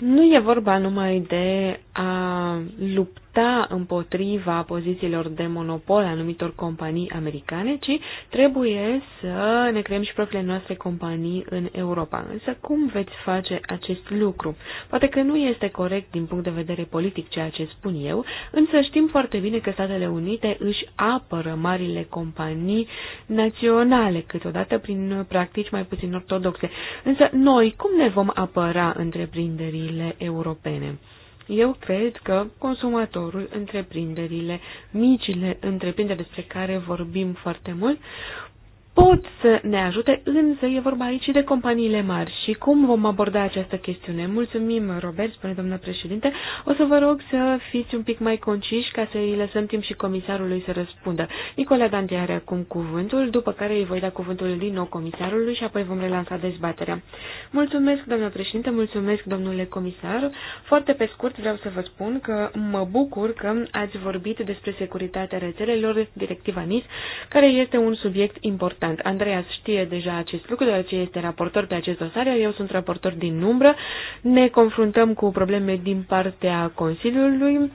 Nu e vorba numai de a lupta lupta împotriva pozițiilor de monopol a anumitor companii americane, ci trebuie să ne creăm și propriile noastre companii în Europa. Însă cum veți face acest lucru? Poate că nu este corect din punct de vedere politic ceea ce spun eu, însă știm foarte bine că Statele Unite își apără marile companii naționale, câteodată prin practici mai puțin ortodoxe. Însă noi cum ne vom apăra întreprinderile europene? Eu cred că consumatorul, întreprinderile, micile întreprinderi despre care vorbim foarte mult, pot să ne ajute, însă e vorba aici și de companiile mari. Și cum vom aborda această chestiune? Mulțumim, Robert, spune doamna președinte. O să vă rog să fiți un pic mai conciși ca să îi lăsăm timp și comisarului să răspundă. Nicola Dante are acum cuvântul, după care îi voi da cuvântul din nou comisarului și apoi vom relansa dezbaterea. Mulțumesc, doamna președinte, mulțumesc, domnule comisar. Foarte pe scurt vreau să vă spun că mă bucur că ați vorbit despre securitatea rețelelor, directiva NIS, care este un subiect important important. Andreas știe deja acest lucru, deoarece este raportor pe acest dosar, iar eu sunt raportor din umbră. Ne confruntăm cu probleme din partea Consiliului.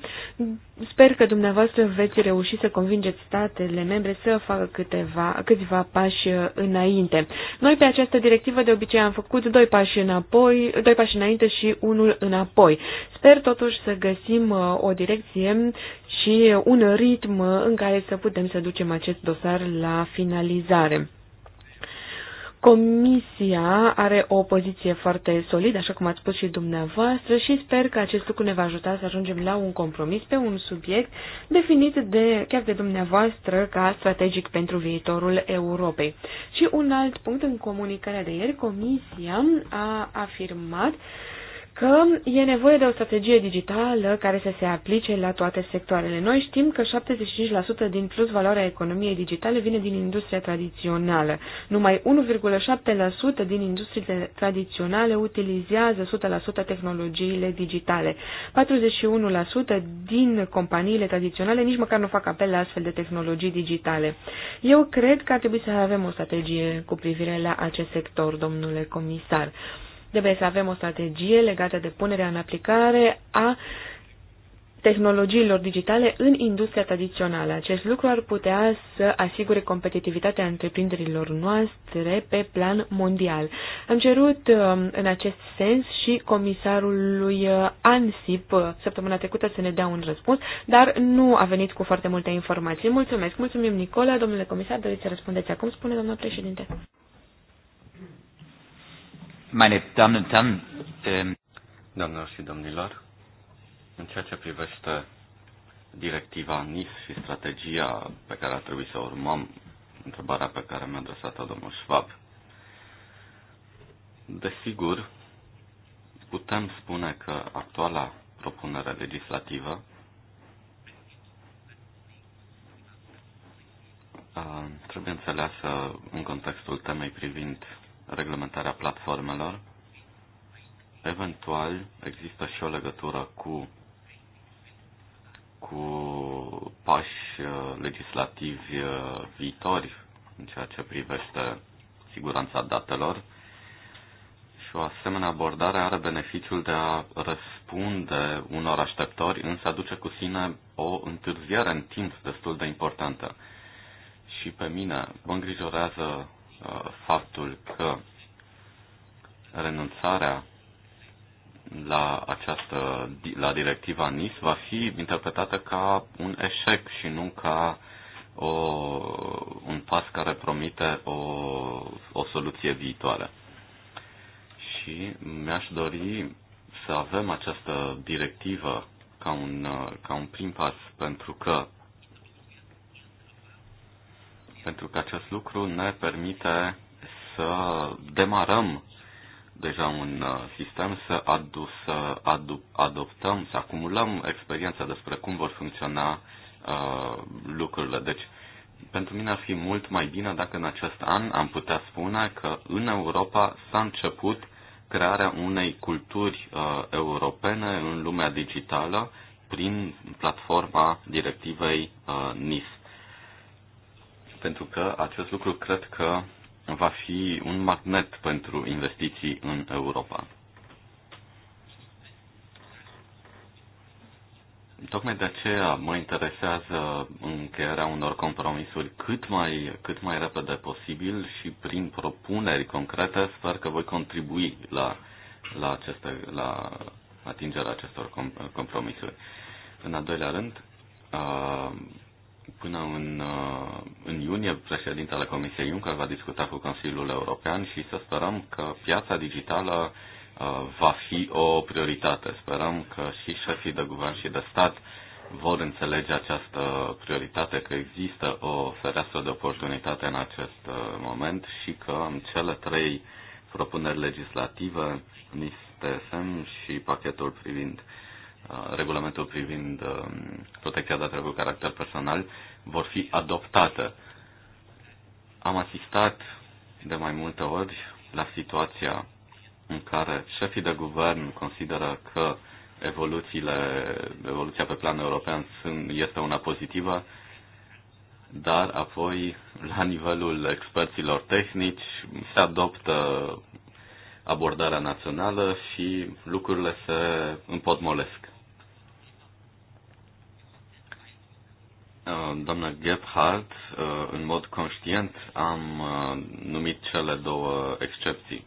Sper că dumneavoastră veți reuși să convingeți statele membre să facă câteva, câțiva pași înainte. Noi pe această directivă de obicei am făcut doi pași, înapoi, doi pași înainte și unul înapoi. Sper totuși să găsim uh, o direcție și un ritm în care să putem să ducem acest dosar la finalizare. Comisia are o poziție foarte solidă, așa cum ați spus și dumneavoastră, și sper că acest lucru ne va ajuta să ajungem la un compromis pe un subiect definit de, chiar de dumneavoastră ca strategic pentru viitorul Europei. Și un alt punct în comunicarea de ieri, Comisia a afirmat uh, că e nevoie de o strategie digitală care să se aplice la toate sectoarele. Noi știm că 75% din plus valoarea economiei digitale vine din industria tradițională. Numai 1,7% din industriile tradiționale utilizează 100% tehnologiile digitale. 41% din companiile tradiționale nici măcar nu fac apel la astfel de tehnologii digitale. Eu cred că ar trebui să avem o strategie cu privire la acest sector, domnule comisar. Trebuie să avem o strategie legată de punerea în aplicare a tehnologiilor digitale în industria tradițională. Acest lucru ar putea să asigure competitivitatea întreprinderilor noastre pe plan mondial. Am cerut um, în acest sens și comisarului uh, ANSIP uh, săptămâna trecută să ne dea un răspuns, dar nu a venit cu foarte multe informații. Mulțumesc, mulțumim Nicola, domnule comisar, doriți să răspundeți acum, spune doamna președinte meine Damen und Herren, ähm, Doamnelor și domnilor, în ceea ce privește directiva NIS și strategia pe care ar trebui să urmăm, întrebarea pe care mi-a adresat-o domnul Schwab, desigur, putem spune că actuala propunere legislativă uh, trebuie înțeleasă în contextul temei privind reglementarea platformelor. Eventual, există și o legătură cu, cu pași uh, legislativi uh, viitori în ceea ce privește siguranța datelor. Și o asemenea abordare are beneficiul de a răspunde unor așteptări, însă aduce cu sine o întârziere în timp destul de importantă. Și pe mine mă îngrijorează Uh, faptul că renunțarea la această la directiva NIS va fi interpretată ca un eșec și nu ca o, un pas care promite o, o soluție viitoare. Și mi-aș dori să avem această directivă ca un, uh, ca un prim pas, pentru că pentru că acest lucru ne permite să demarăm deja un uh, sistem, să, adu, să adu, adoptăm, să acumulăm experiența despre cum vor funcționa uh, lucrurile. Deci, pentru mine ar fi mult mai bine dacă în acest an am putea spune că în Europa s-a început crearea unei culturi uh, europene în lumea digitală prin platforma directivei uh, NIS pentru că acest lucru cred că va fi un magnet pentru investiții în Europa. Tocmai de aceea mă interesează încheierea unor compromisuri cât mai, cât mai repede posibil și prin propuneri concrete sper că voi contribui la, la, aceste, la atingerea acestor compromisuri. În al doilea rând, uh, Până în, uh, în iunie, președintele Comisiei Juncker va discuta cu Consiliul European și să sperăm că piața digitală uh, va fi o prioritate. Sperăm că și șefii de guvern și de stat vor înțelege această prioritate, că există o fereastră de oportunitate în acest uh, moment și că în cele trei propuneri legislative, NISTSM și pachetul privind regulamentul privind um, protecția datelor cu caracter personal, vor fi adoptate. Am asistat de mai multe ori la situația în care șefii de guvern consideră că evoluțiile, evoluția pe plan european sunt, este una pozitivă, dar apoi, la nivelul experților tehnici, se adoptă abordarea națională și lucrurile se împotmolesc. Uh, doamna Gebhardt, uh, în mod conștient am uh, numit cele două excepții.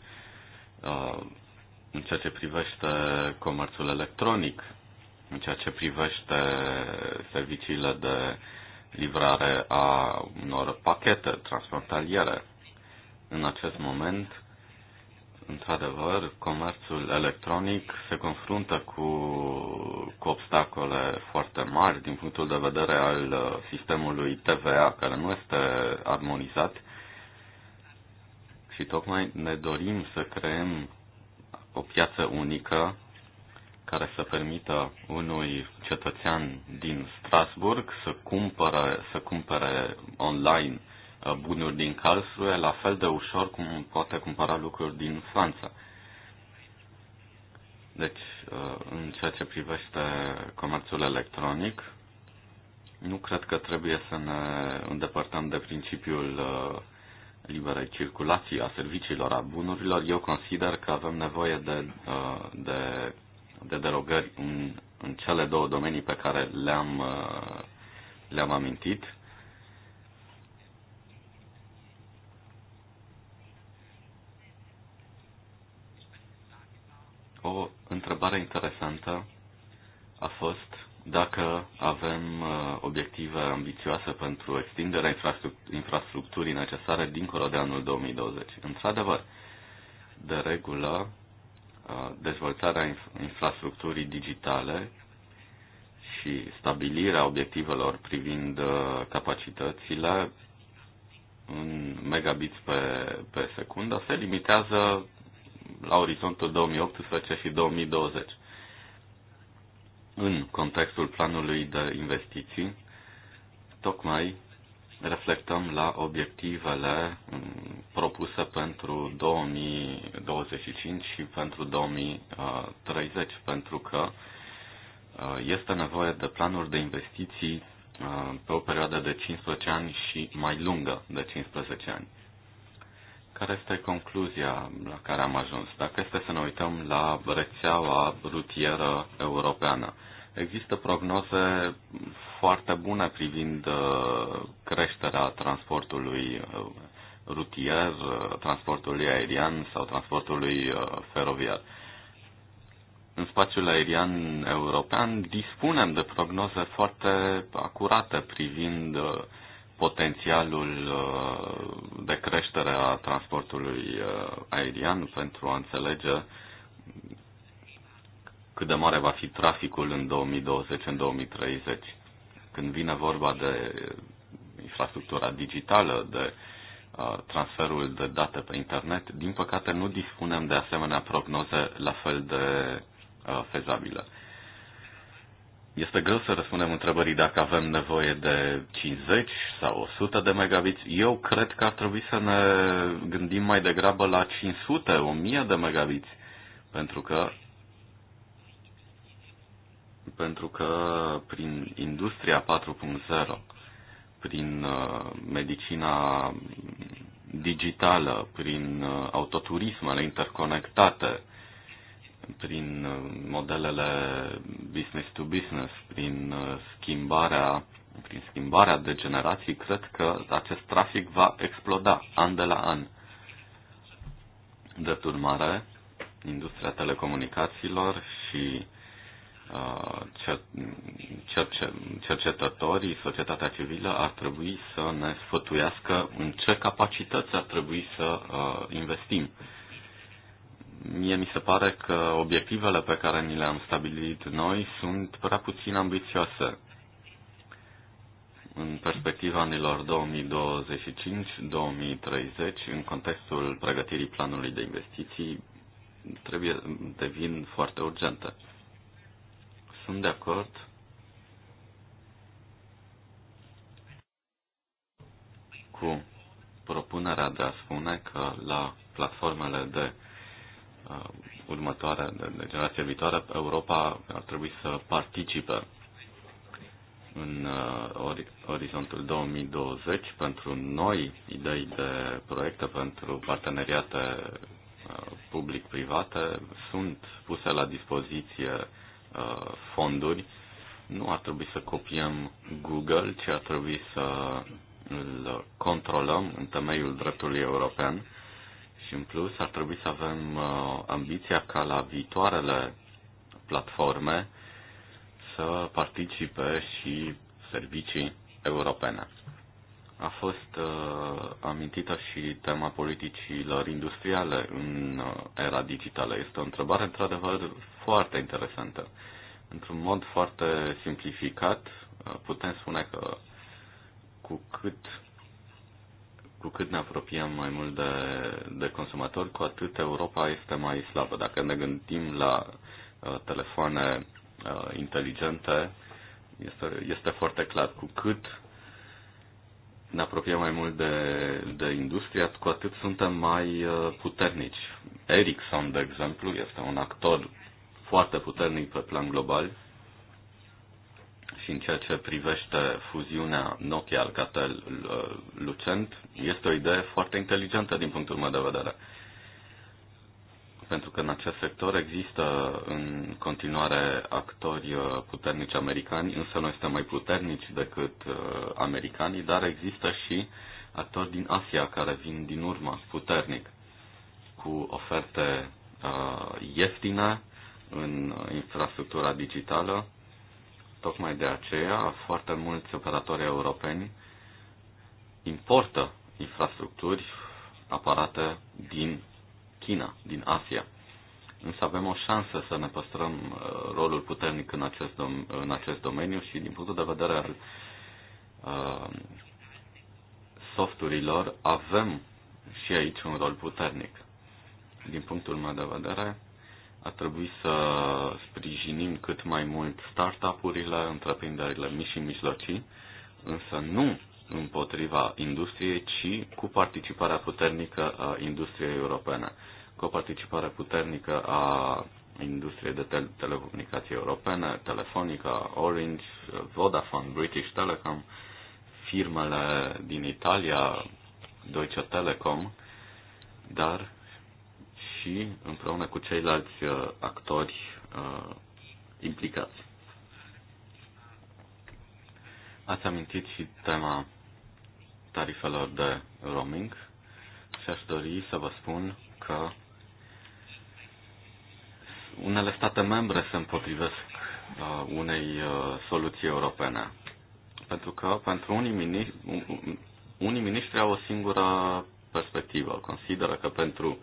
În ceea ce privește comerțul electronic, în ceea ce privește serviciile de livrare a unor pachete transfrontaliere, în acest moment Într-adevăr, comerțul electronic se confruntă cu, cu obstacole foarte mari din punctul de vedere al uh, sistemului TVA, care nu este armonizat. Și tocmai ne dorim să creăm o piață unică care să permită unui cetățean din Strasburg să cumpere, să cumpere online Uh, bunuri din Karlsruhe la fel de ușor cum poate cumpăra lucruri din Franța. Deci, uh, în ceea ce privește comerțul electronic, nu cred că trebuie să ne îndepărtăm de principiul uh, liberei circulații a serviciilor, a bunurilor. Eu consider că avem nevoie de, de, de derogări în, în cele două domenii pe care le-am, le-am amintit. O întrebare interesantă a fost dacă avem uh, obiective ambițioase pentru extinderea infrastructurii necesare dincolo de anul 2020. Într-adevăr, de regulă, uh, dezvoltarea infrastructurii digitale și stabilirea obiectivelor privind uh, capacitățile în megabits pe, pe secundă se limitează la orizontul 2018 și 2020. În contextul planului de investiții, tocmai reflectăm la obiectivele mm, propuse pentru 2025 și pentru 2030, pentru că uh, este nevoie de planuri de investiții uh, pe o perioadă de 15 ani și mai lungă de 15 ani. Care este concluzia la care am ajuns? Dacă este să ne uităm la rețeaua rutieră europeană, există prognoze foarte bune privind uh, creșterea transportului uh, rutier, uh, transportului aerian sau transportului feroviar. În spațiul aerian european dispunem de prognoze foarte acurate privind potențialul uh, de creștere a transportului uh, aerian pentru a înțelege cât de mare va fi traficul în 2020-2030. Când vine vorba de infrastructura digitală, de uh, transferul de date pe internet, din păcate nu dispunem de asemenea prognoze la fel de fezabile. Este greu să răspundem întrebării dacă avem nevoie de 50 sau 100 de megabits. Eu cred că ar trebui să ne gândim mai degrabă la 500, 1000 de megabits. pentru că pentru că prin industria 4.0, prin uh, medicina digitală, prin uh, autoturismele interconectate, prin uh, modelele business to business, prin uh, schimbarea prin schimbarea de generații, cred că acest trafic va exploda an de la an. de urmare, industria telecomunicațiilor și uh, cercetătorii, societatea civilă ar trebui să ne sfătuiască în ce capacități ar trebui să investim mie mi se pare că obiectivele pe care ni le-am stabilit noi sunt prea puțin ambițioase. În perspectiva anilor 2025-2030, în contextul pregătirii planului de investiții, trebuie, devin foarte urgente. Sunt de acord cu propunerea de a spune că la platformele de Uh, următoare, de, de generația viitoare, Europa ar trebui să participe în uh, ori, orizontul 2020 pentru noi idei de proiecte, pentru parteneriate uh, public-private, sunt puse la dispoziție fonduri. Nu ar trebui să copiem Google, ci ar trebui să îl controlăm în temeiul dreptului european și în plus ar trebui să avem uh, ambiția ca la viitoarele platforme să participe și servicii europene. A fost uh, amintită și tema politicilor industriale în uh, era digitală. Este o întrebare într-adevăr foarte interesantă. Într-un mod foarte simplificat, uh, putem spune că cu cât cu cât ne apropiem mai mult de, de consumatori, cu atât Europa este mai slabă. Dacă ne gândim la uh, telefoane uh, inteligente, este, este foarte clar cu cât ne apropiem mai mult de, de industria, cu atât suntem mai uh, puternici. Ericsson, de exemplu, este un actor foarte puternic pe plan global și în ceea ce privește fuziunea Nokia Alcatel uh, Lucent este o idee foarte inteligentă din punctul meu de vedere. Pentru că în acest sector există în continuare actori uh, puternici americani, însă noi suntem mai puternici decât uh, americanii, dar există și actori din Asia care vin din urmă puternic cu oferte ieftine în infrastructura digitală Tocmai de aceea, foarte mulți operatori europeni importă infrastructuri, aparate din China, din Asia. Însă avem o șansă să ne păstrăm uh, rolul puternic în acest, dom- în acest domeniu și din punctul de vedere al uh, softurilor avem și aici un rol puternic. Din punctul meu de vedere, ar trebui să sprijinim cât mai mult startup-urile, întreprinderile mici și mijlocii, însă nu împotriva industriei, ci cu participarea puternică a industriei europene, cu o participare puternică a industriei de tele- telecomunicații europene, Telefonica, Orange, Vodafone, British Telecom, firmele din Italia, Deutsche Telecom, dar și împreună cu ceilalți uh, actori uh, implicați. Ați amintit și tema tarifelor de roaming și aș dori să vă spun că unele state membre se împotrivesc uh, unei soluții europene. Pentru că pentru unii miniștri, unii miniștri au o singură perspectivă. Consideră că pentru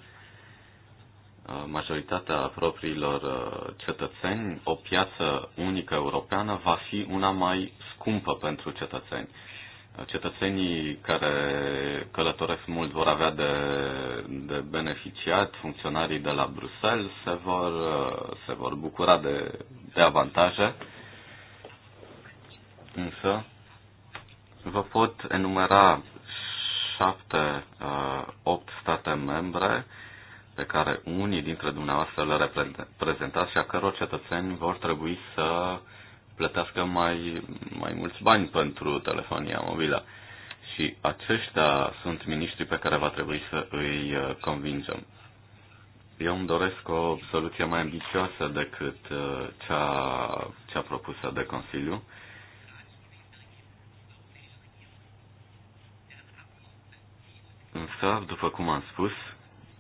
majoritatea propriilor uh, cetățeni, o piață unică europeană va fi una mai scumpă pentru cetățeni. Cetățenii care călătoresc mult vor avea de, de beneficiat, funcționarii de la Bruxelles se vor, uh, se vor bucura de, de avantaje, însă vă pot enumera șapte, uh, opt state membre uh, pe care unii dintre dumneavoastră le reprezentați și a căror cetățeni vor trebui să plătească mai, mai mulți bani pentru telefonia mobilă. Și aceștia sunt miniștrii pe care va trebui să îi uh, convingem. Eu îmi doresc o soluție mai ambițioasă decât uh, cea, cea propusă de Consiliu. Însă, după cum am spus,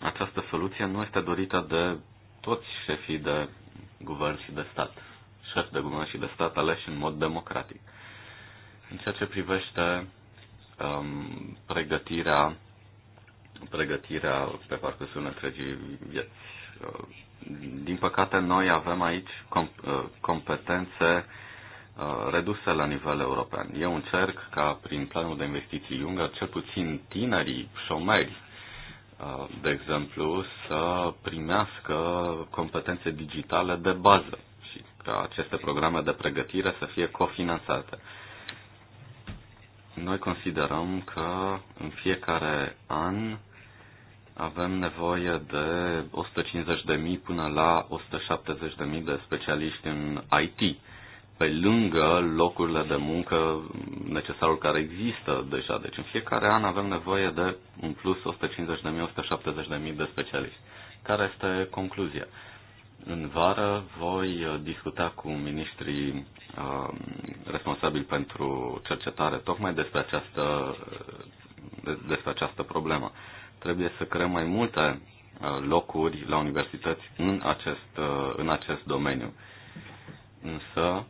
această soluție nu este dorită de toți șefii de guvern și de stat, șef de guvern și de stat aleși în mod democratic. În ceea ce privește um, pregătirea, pregătirea pe parcursul întregii vieți. Uh, din păcate, noi avem aici com- uh, competențe uh, reduse la nivel european. Eu încerc ca prin planul de investiții Juncker, cel puțin tinerii șomeri de exemplu, să primească competențe digitale de bază și ca aceste programe de pregătire să fie cofinanțate. Noi considerăm că în fiecare an avem nevoie de 150.000 până la 170.000 de specialiști în IT pe lângă locurile de muncă, necesarul care există deja. Deci în fiecare an avem nevoie de un plus 150.000-170.000 de specialiști. Care este concluzia? În vară voi discuta cu ministrii uh, responsabili pentru cercetare tocmai despre această, despre această problemă. Trebuie să creăm mai multe uh, locuri la universități în acest, uh, în acest domeniu. Însă,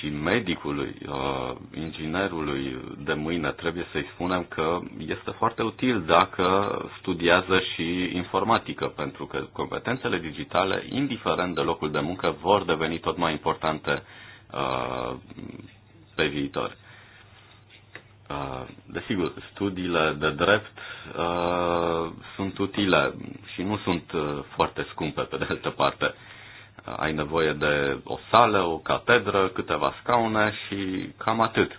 și medicului, uh, inginerului de mâine trebuie să-i spunem că este foarte util dacă studiază și informatică, pentru că competențele digitale, indiferent de locul de muncă, vor deveni tot mai importante uh, pe viitor. Uh, desigur, studiile de drept sunt utile și nu sunt foarte scumpe, pe de altă parte ai nevoie de o sală, o catedră, câteva scaune și cam atât.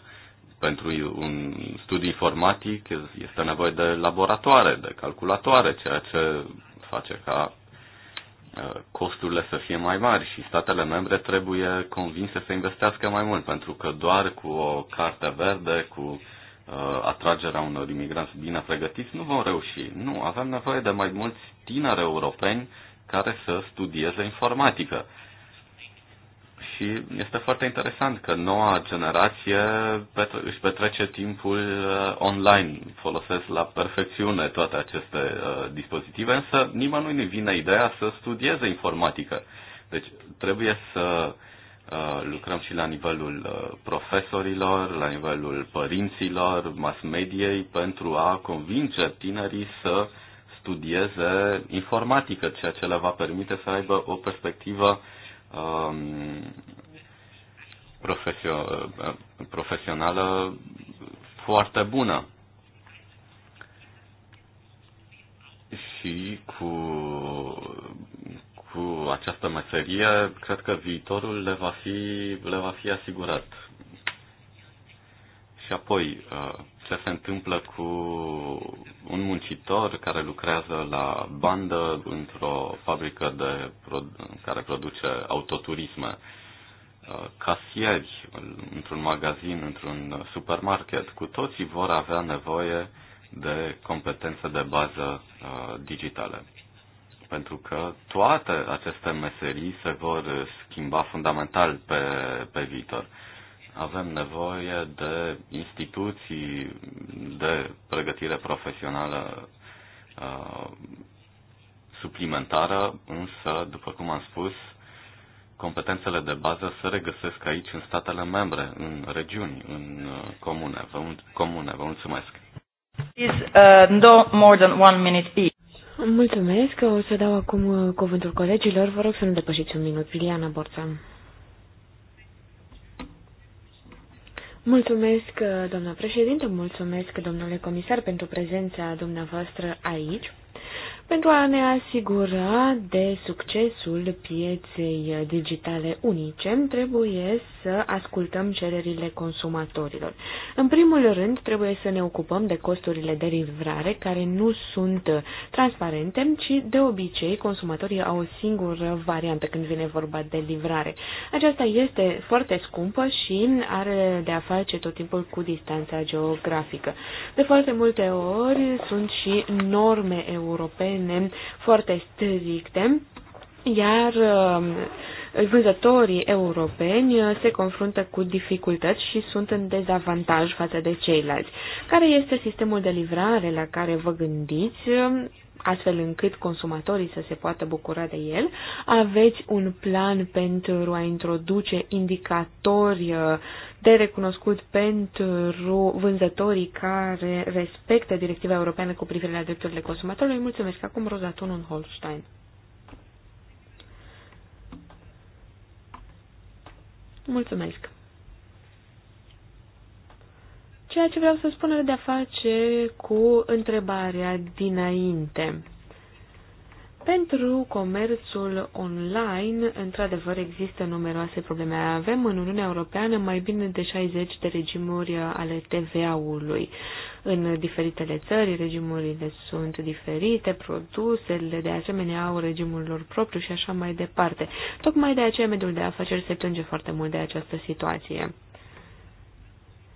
Pentru un studiu informatic este nevoie de laboratoare, de calculatoare, ceea ce face ca uh, costurile să fie mai mari și statele membre trebuie convinse să investească mai mult, pentru că doar cu o carte verde, cu uh, atragerea unor imigranți bine pregătiți, nu vom reuși. Nu, avem nevoie de mai mulți tineri europeni care să studieze informatică. Și este foarte interesant că noua generație petre- își petrece timpul uh, online, folosesc la perfecțiune toate aceste uh, dispozitive, însă nimănui nu vine ideea să studieze informatică. Deci trebuie să uh, lucrăm și la nivelul uh, profesorilor, la nivelul părinților, mass mediei, pentru a convinge tinerii să uh, studieze informatică, ceea ce le va permite să aibă o perspectivă um, profesio- uh, profesională foarte bună. Și cu, cu această meserie, cred că viitorul le va fi, le va fi asigurat. Și apoi, uh, ce se întâmplă cu un muncitor care lucrează la bandă într-o fabrică de, care produce autoturisme, uh, casieri într-un magazin, într-un supermarket, cu toții vor avea nevoie de competențe de bază uh, digitale. Pentru că toate aceste meserii se vor schimba fundamental pe, pe viitor. Avem nevoie de instituții de pregătire profesională uh, suplimentară, însă, după cum am spus, competențele de bază se regăsesc aici în statele membre, în regiuni, în uh, comune. Vă, comune. Vă mulțumesc. Is uh, no more than one minute each. Mulțumesc. O să dau acum uh, cuvântul colegilor. Vă rog să nu depășiți un minut. Liliana Borțan. Mulțumesc, doamna președinte, mulțumesc, domnule comisar, pentru prezența dumneavoastră aici pentru a ne asigura de succesul pieței digitale unice, trebuie să ascultăm cererile consumatorilor. În primul rând, trebuie să ne ocupăm de costurile de livrare, care nu sunt transparente, ci de obicei consumatorii au o singură variantă când vine vorba de livrare. Aceasta este foarte scumpă și are de a face tot timpul cu distanța geografică. De foarte multe ori sunt și norme europene pâine foarte stricte, iar um, vânzătorii europeni uh, se confruntă cu dificultăți și sunt în dezavantaj față de ceilalți. Care este sistemul de livrare la care vă gândiți? Um, astfel încât consumatorii să se poată bucura de el. Aveți un plan pentru a introduce indicatori uh, de recunoscut pentru vânzătorii care respectă directiva europeană cu privire la drepturile consumatorului. Mulțumesc. Acum în Holstein. Mulțumesc. Ceea ce vreau să spun are de-a face cu întrebarea dinainte. Pentru comerțul online, într-adevăr, există numeroase probleme. Avem în Uniunea Europeană mai bine de 60 de regimuri ale TVA-ului. În diferitele țări, regimurile sunt diferite, produsele de asemenea au regimul lor propriu și așa mai departe. Tocmai de aceea mediul de afaceri se plânge foarte mult de această situație.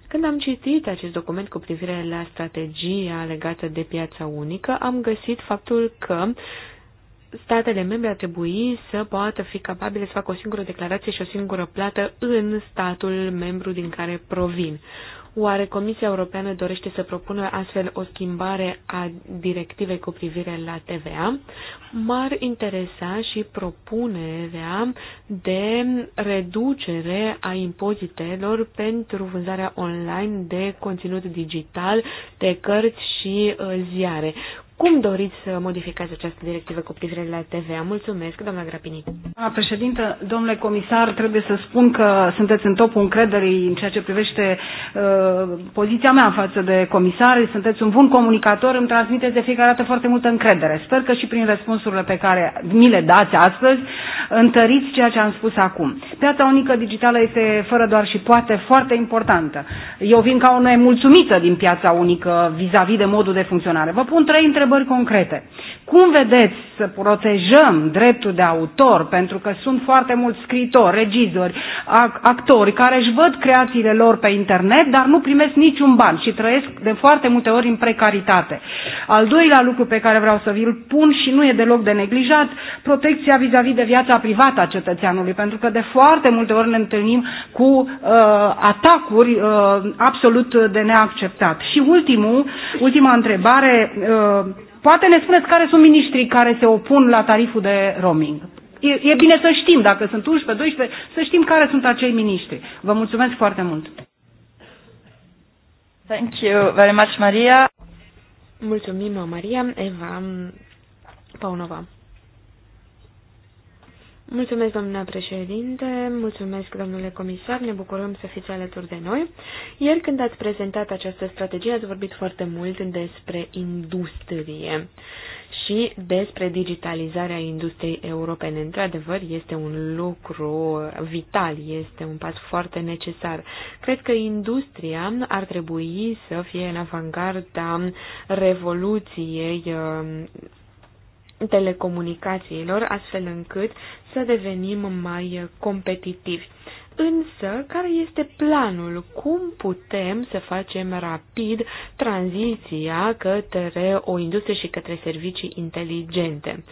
Când am citit acest document cu privire la strategia legată de piața unică, am găsit faptul că uh, statele membre ar trebui să poată fi capabile să facă o singură declarație și o singură plată în statul membru din care provin. Oare Comisia Europeană dorește să propună astfel o schimbare a directivei cu privire la TVA? M-ar interesa și propunerea de reducere a impozitelor pentru vânzarea online de conținut digital, de cărți și uh, ziare. Cum doriți să modificați această directivă cu privire la TVA? Mulțumesc, doamna Grapini. Doamna președintă, domnule comisar, trebuie să spun că sunteți în topul încrederii în ceea ce privește uh, poziția mea față de comisar. Sunteți un bun comunicator, îmi transmiteți de fiecare dată foarte multă încredere. Sper că și prin răspunsurile pe care mi le dați astăzi, întăriți ceea ce am spus acum. Piața unică digitală este fără doar și poate foarte importantă. Eu vin ca o nemulțumită din piața unică vis-a-vis -vis de modul de funcționare. Vă pun trei întrebări întrebări concrete. Cum vedeți să protejăm dreptul de autor? Pentru că sunt foarte mulți scritori, regizori, actori care își văd creațiile lor pe internet, dar nu primesc niciun ban și trăiesc de foarte multe ori în precaritate. Al doilea lucru pe care vreau să vi-l pun și nu e deloc de neglijat, protecția vis-a-vis -vis de viața privată a cetățeanului, pentru că de foarte multe ori ne întâlnim cu uh, atacuri uh, absolut de neacceptat. Și ultimul, ultima întrebare, uh, Poate ne spuneți care sunt miniștrii care se opun la tariful de roaming. E, e bine să știm, dacă sunt 11, 12, să știm care sunt acei miniștri. Vă mulțumesc foarte mult. Thank you very much, Maria. Mulțumim, Maria. Eva Paunova. Mulțumesc, domnule președinte, mulțumesc, domnule comisar, ne bucurăm să fiți alături de noi. Ieri, când ați prezentat această strategie, ați vorbit foarte mult despre industrie și despre digitalizarea industriei europene. Într-adevăr, este un lucru vital, este un pas foarte necesar. Cred că industria ar trebui să fie în avangarda revoluției um, telecomunicațiilor, astfel încât să devenim mai competitivi. Însă, care este planul? Cum putem să facem rapid tranziția către o industrie și către servicii inteligente?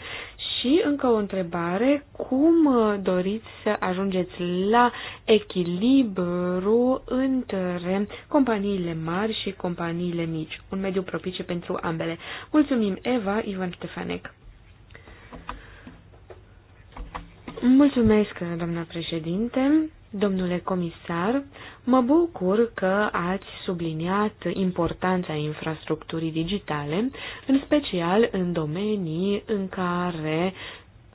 Și încă o întrebare, cum doriți să ajungeți la echilibru între companiile mari și companiile mici? Un mediu propice pentru ambele. Mulțumim, Eva Ivan Ștefanec. Mulțumesc, doamna președinte, domnule comisar. Mă bucur că ați subliniat importanța infrastructurii digitale, în special în domenii în care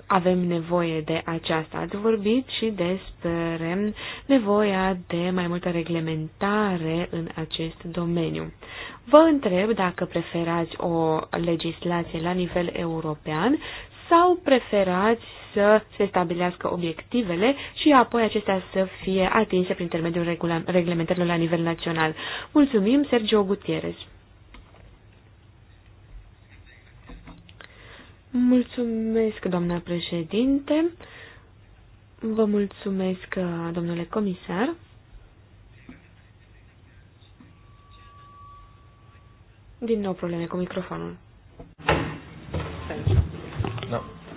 avem nevoie de aceasta. Ați vorbit și despre nevoia de mai multă reglementare în acest domeniu. Vă întreb dacă preferați o legislație la nivel european sau preferați să se stabilească obiectivele și apoi acestea să fie atinse prin intermediul reglementărilor la nivel național. Mulțumim, Sergio Gutierrez. Mulțumesc, doamna președinte. Vă mulțumesc, domnule comisar. Din nou probleme cu microfonul.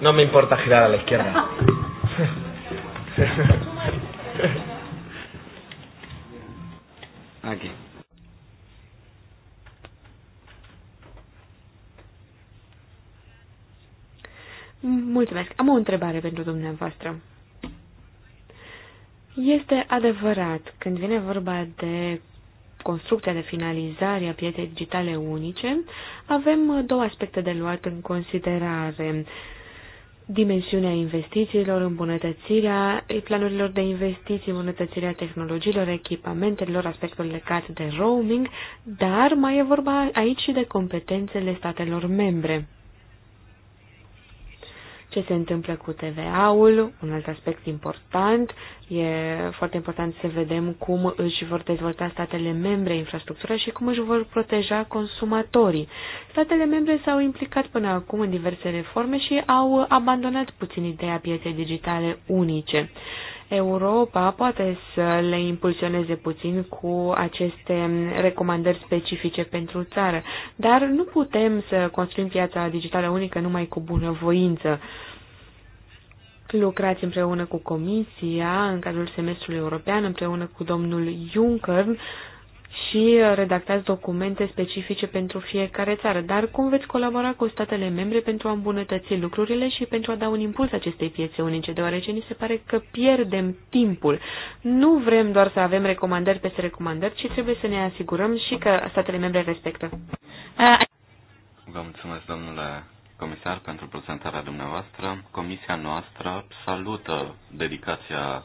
No me importa girar a la izquierda. Aquí. Mulțumesc. Am o întrebare pentru dumneavoastră. Este adevărat, când vine vorba de construcția de finalizare a pieței digitale unice, avem două aspecte de luat în considerare. Uh, dimensiunea investițiilor, îmbunătățirea planurilor de investiții, îmbunătățirea tehnologiilor, echipamentelor, aspectul legat de roaming, dar mai e vorba aici și de competențele statelor membre ce se întâmplă cu TVA-ul, un alt aspect important. E foarte important să vedem cum își vor dezvolta statele membre infrastructura și cum își vor proteja consumatorii. Statele membre s-au implicat până acum în diverse reforme și au abandonat puțin ideea pieței digitale unice. Europa poate să le impulsioneze puțin cu aceste recomandări specifice pentru țară, dar nu putem să construim piața digitală unică numai cu bunăvoință. Lucrați împreună cu Comisia în cadrul semestrului european, împreună cu domnul Juncker, și redactați documente specifice pentru fiecare țară. Dar cum veți colabora cu statele membre pentru a îmbunătăți lucrurile și pentru a da un impuls acestei piețe unice, deoarece ni se pare că pierdem timpul. Nu vrem doar să avem recomandări peste recomandări, ci trebuie să ne asigurăm și că statele membre respectă. Vă mulțumesc, domnule comisar, pentru prezentarea dumneavoastră. Comisia noastră salută dedicația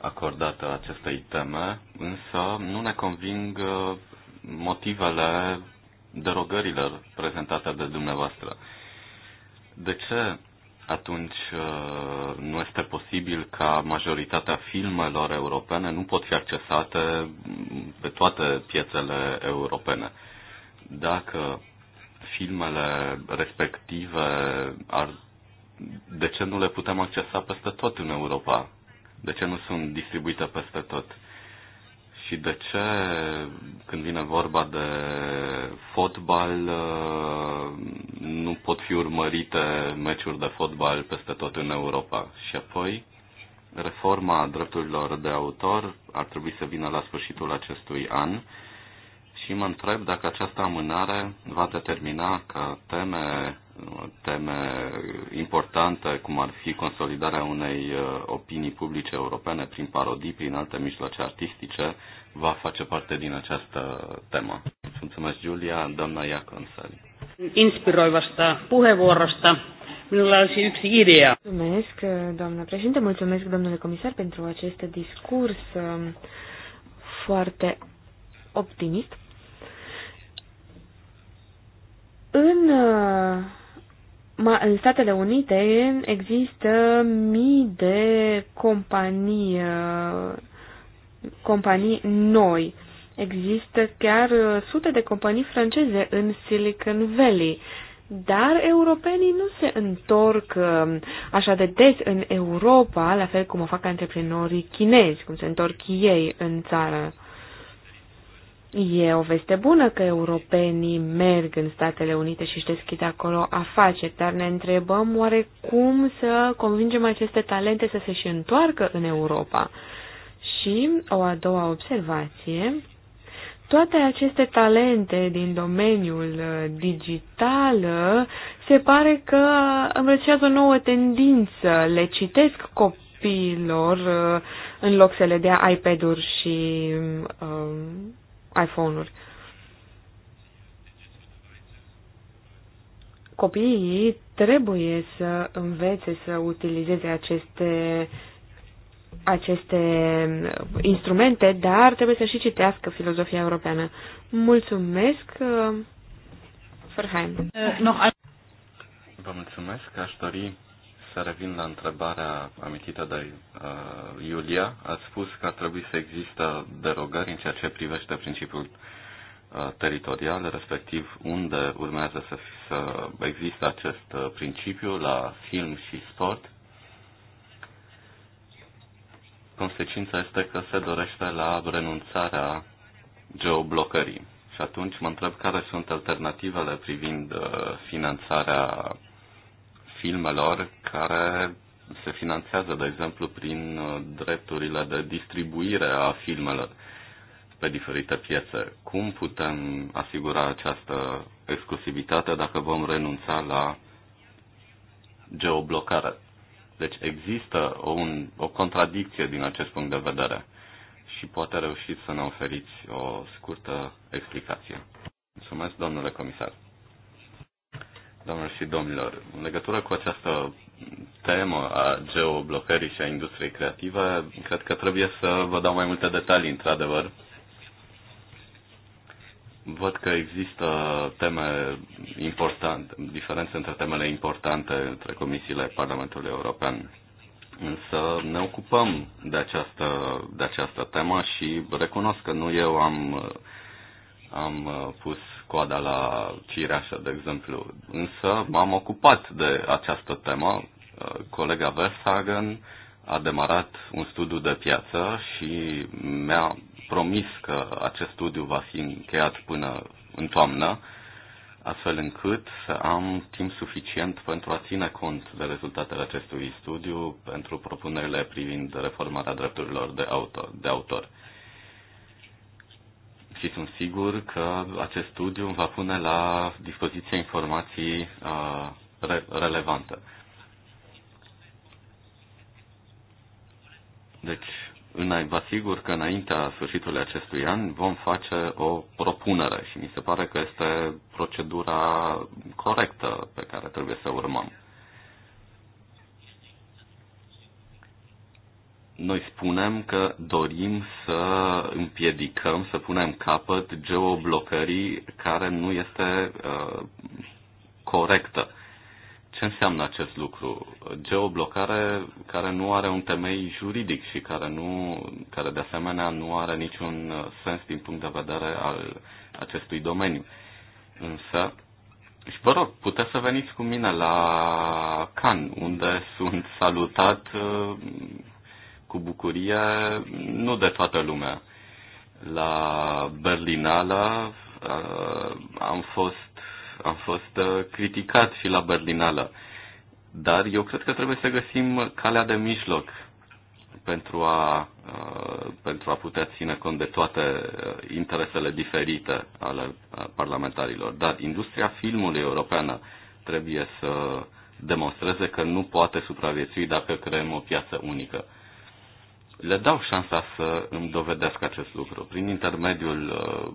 acordată acestei teme, însă nu ne conving uh, motivele derogărilor prezentate de dumneavoastră. De ce atunci uh, nu este posibil ca majoritatea filmelor europene nu pot fi accesate mm, pe toate piețele europene? Dacă filmele respective ar de ce nu le putem accesa peste tot în Europa? de ce nu sunt distribuite peste tot? Și de ce, când vine vorba de fotbal, uh, nu pot fi urmărite meciuri de fotbal peste tot în Europa? Și apoi, reforma drepturilor de autor ar trebui să vină la sfârșitul acestui an și mă întreb dacă această amânare va determina ca teme teme importante, cum ar fi consolidarea unei uh, opinii publice europene prin parodii, prin alte mijloace artistice, va face parte din această temă. Mulțumesc, Julia, doamna Iaconsari. Inspiroivasta puheenvuorosta. Minulla olisi yksi idea. Mulțumesc, uh, doamna președinte, mulțumesc, domnule comisar, pentru acest discurs um, foarte optimist. În uh, în Statele Unite există mii de companii, uh, companii noi. Există chiar uh, sute de companii franceze în Silicon Valley. Dar europenii nu se întorc um, așa de des în Europa, la fel cum o fac antreprenorii chinezi, cum se întorc ei în țară. E o veste bună că europenii merg în Statele Unite și își deschid acolo afaceri, dar ne întrebăm oare cum să convingem aceste talente să se și întoarcă în Europa. Și o a doua observație, toate aceste talente din domeniul uh, digital uh, se pare că îmbrățează o nouă tendință. Le citesc copiilor uh, în loc să le dea iPad-uri și um, iPhone-uri. Copiii trebuie să învețe să utilizeze aceste aceste instrumente, dar trebuie să și citească filozofia europeană. Mulțumesc, uh, Ferheim. Uh, Vă mulțumesc. Aș dori să revin la întrebarea amintită de uh, Iulia. Ați spus că ar trebui să există derogări în ceea ce privește principiul uh, teritorial, respectiv unde urmează să, să există acest uh, principiu la film și sport. Consecința este că se dorește la renunțarea geoblocării. Și atunci mă întreb care sunt alternativele privind uh, finanțarea filmelor care se finanțează, de exemplu, prin uh, drepturile de distribuire a filmelor pe diferite piețe. Cum putem asigura această exclusivitate dacă vom renunța la geoblocare? Deci există o, un, o contradicție din acest punct de vedere și poate reușiți să ne oferiți o scurtă explicație. Mulțumesc, domnule comisar. Doamnelor și domnilor, în legătură cu această temă a geoblocării și a industriei creative, cred că trebuie să vă dau mai multe detalii, într-adevăr. Văd că există teme importante, diferențe între temele importante între comisiile Parlamentului European. Însă ne ocupăm de această, de această temă și recunosc că nu eu am, am pus coada la cireașă, de exemplu. Însă m-am ocupat de această temă. Uh, colega Versagen a demarat un studiu de piață și mi-a promis că acest studiu va fi încheiat până în toamnă, astfel încât să am timp suficient pentru a ține cont de rezultatele acestui studiu pentru propunerile privind reformarea drepturilor de autor. De autor și sunt sigur că acest studiu va pune la dispoziție informații uh, relevante. Deci, vă asigur că înaintea sfârșitului acestui an vom face o propunere și mi se pare că este procedura corectă pe care trebuie să urmăm. Noi spunem că dorim să împiedicăm, să punem capăt geoblocării care nu este uh, corectă. Ce înseamnă acest lucru? Geoblocare care nu are un temei juridic și care, nu, care de asemenea nu are niciun sens din punct de vedere al acestui domeniu. Însă, și vă rog, puteți să veniți cu mine la Cannes, unde sunt salutat uh, cu bucurie nu de toată lumea. La Berlinala uh, am fost, am fost uh, criticat și la Berlinala. Dar eu cred că trebuie să găsim calea de mijloc pentru a, uh, pentru a putea ține cont de toate interesele diferite ale parlamentarilor. Dar industria filmului europeană trebuie să demonstreze că nu poate supraviețui dacă creăm o piață unică le dau șansa să îmi dovedească acest lucru prin intermediul uh,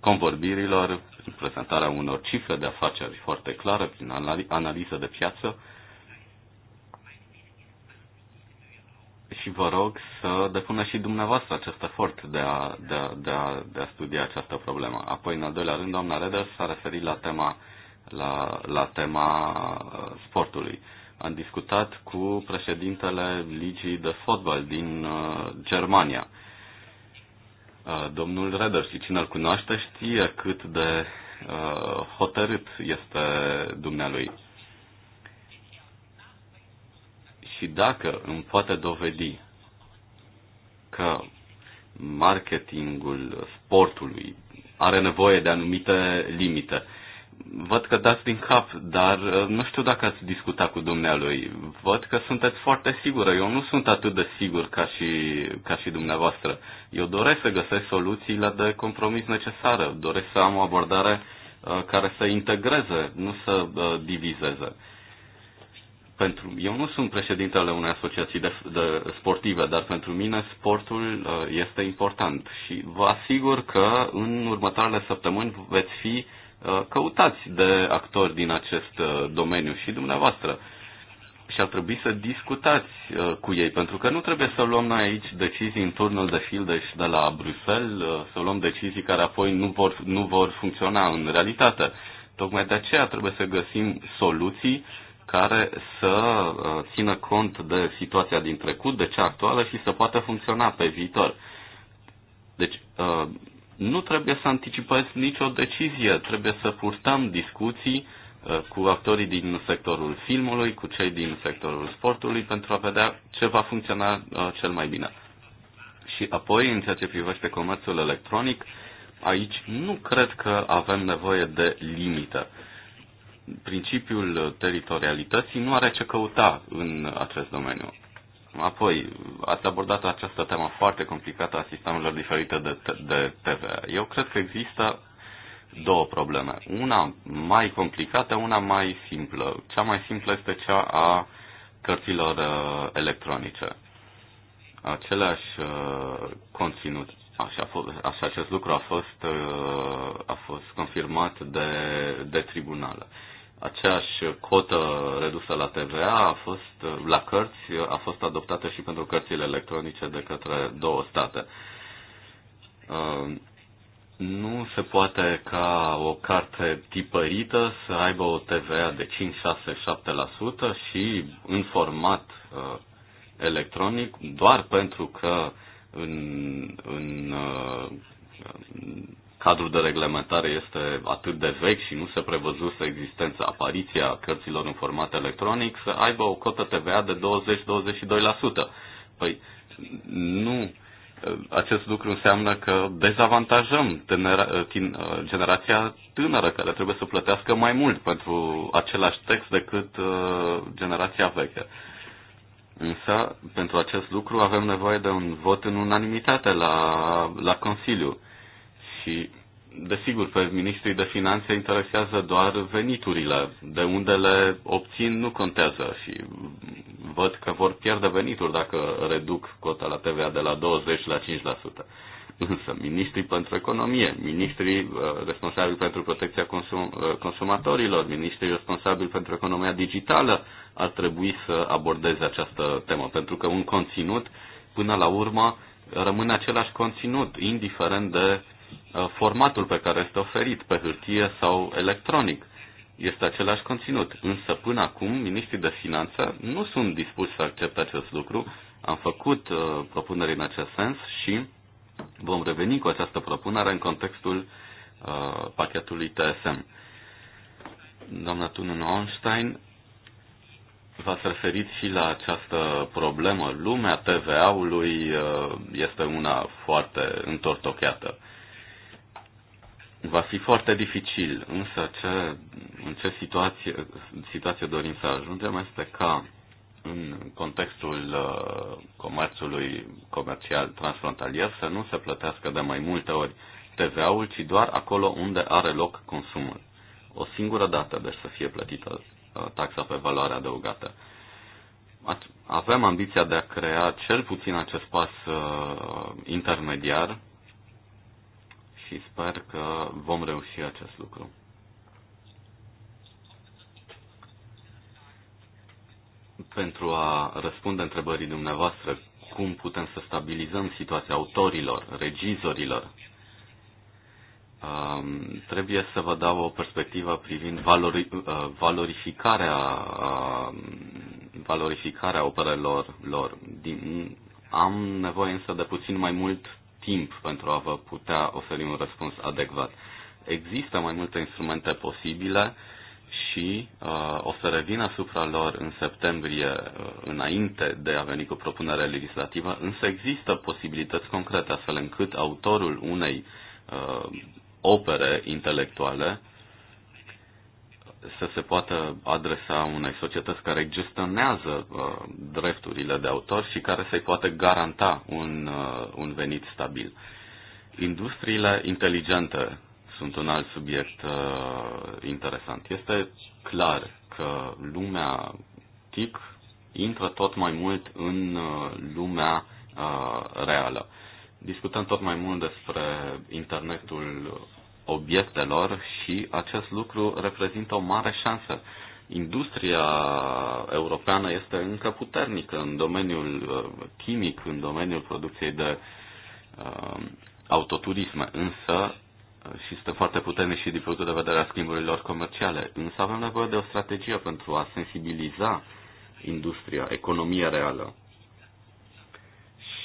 convorbirilor, prin prezentarea unor cifre de afaceri foarte clare, prin analiză de piață. Și vă rog să depuneți și dumneavoastră acest efort de a, de, a, de, a, de a studia această problemă. Apoi, în al doilea rând, doamna Reder s-a referit la tema, la, la tema uh, sportului. Uh, am discutat cu președintele Ligii de Fotbal din uh, Germania. Uh, domnul Reder, și cine îl cunoaște, știe cât de uh, hotărât este dumnealui. Și dacă îmi poate dovedi că marketingul sportului are nevoie de anumite limite, văd că dați din cap, dar uh, nu știu dacă ați discutat cu dumnealui. Văd că sunteți foarte sigură. Eu nu sunt atât de sigur ca și, ca și dumneavoastră. Eu doresc să găsesc soluțiile de compromis necesară. Doresc să am o abordare uh, care să integreze, nu să uh, divizeze. Pentru, eu nu sunt președintele unei asociații de, de sportive, dar pentru mine sportul este important și vă asigur că în următoarele săptămâni veți fi uh, Uh, căutați de actori din acest uh, domeniu și dumneavoastră. Și ar trebui să discutați uh, cu ei, pentru că nu trebuie să luăm noi aici decizii în turnul de filde și de la Bruxelles, să luăm decizii care apoi nu vor, nu vor funcționa în realitate. Tocmai de aceea trebuie să găsim soluții care să țină cont de situația din trecut, de cea actuală și să poată funcționa pe viitor. Deci, nu trebuie să anticipăm nicio decizie, trebuie să purtăm discuții uh, cu actorii din sectorul filmului, cu cei din sectorul sportului, pentru a vedea ce va funcționa uh, cel mai bine. Și apoi, în ceea ce privește comerțul electronic, aici nu cred că avem nevoie de limită. Principiul teritorialității nu are ce căuta în acest domeniu. Apoi, ați abordat această temă foarte complicată a sistemelor diferite de, de TVA. Eu cred că există două probleme. Una mai complicată, una mai simplă. Cea mai simplă este cea a cărților uh, electronice. Același uh, conținut. Așa, așa acest lucru a fost, uh, a fost confirmat de, de tribunală. Uh, Aceeași cotă redusă la TVA a fost, la cărți a fost adoptată și pentru cărțile electronice de către două state. Uh, nu se poate ca o carte tipărită să aibă o TVA de 5, 6, 7% și în format uh, electronic doar pentru că în, în uh, cadrul de reglementare este atât de vechi și nu se prevăzuse existența apariția cărților în format electronic, să aibă o cotă TVA de 20-22%. Păi nu, acest lucru înseamnă că dezavantajăm tânera, tin, generația tânără care trebuie să plătească mai mult pentru același text decât uh, generația veche. Însă, pentru acest lucru avem nevoie de un vot în unanimitate la, la Consiliu. Și, desigur, pe ministrii de finanțe interesează doar veniturile. De unde le obțin nu contează și văd că vor pierde venituri dacă reduc cota la TVA de la 20 la 5%. Însă, ministrii pentru economie, ministrii uh, responsabili pentru protecția consum- uh, consumatorilor, ministrii responsabili pentru economia digitală ar trebui să abordeze această temă, pentru că un conținut, până la urmă, rămâne același conținut, indiferent de Uh, formatul pe care este oferit pe hârtie sau electronic. Este același conținut, însă până acum ministrii de finanță nu sunt dispuși să accepte acest lucru. Am făcut uh, propuneri în acest sens și vom reveni cu această propunere în contextul uh, pachetului TSM. Doamna Tunun Einstein, V-ați referit și la această problemă. Lumea TVA-ului uh, este una foarte întortocheată. Va fi foarte dificil, însă ce, în ce situație, situație dorim să ajungem este ca în contextul uh, comerțului comercial transfrontalier să nu se plătească de mai multe ori TVA-ul, ci doar acolo unde are loc consumul. O singură dată, deci să fie plătită uh, taxa pe valoare adăugată. Avem ambiția de a crea cel puțin acest pas uh, intermediar și sper că vom reuși acest lucru. Pentru a răspunde întrebării dumneavoastră, cum putem să stabilizăm situația autorilor, regizorilor, um, trebuie să vă dau o perspectivă privind valori, uh, valorificarea, um, valorificarea operelor lor. Din, am nevoie însă de puțin mai mult timp pentru a vă putea oferi un răspuns adecvat. Există mai multe instrumente posibile și uh, o să revin asupra lor în septembrie, uh, înainte de a veni cu propunerea legislativă, însă există posibilități concrete, astfel încât autorul unei uh, opere intelectuale să se poată adresa unei societăți care gestionează uh, drepturile de autor și care să-i poată garanta un, uh, un venit stabil. Industriile inteligente sunt un alt subiect uh, interesant. Este clar că lumea TIC intră tot mai mult în uh, lumea uh, reală. Discutăm tot mai mult despre internetul obiectelor și acest lucru reprezintă o mare șansă. Industria europeană este încă puternică în domeniul uh, chimic, în domeniul producției de uh, autoturisme, însă uh, și este foarte puternic și din punctul de vedere a schimburilor comerciale. Însă avem nevoie de o strategie pentru a sensibiliza industria, economia reală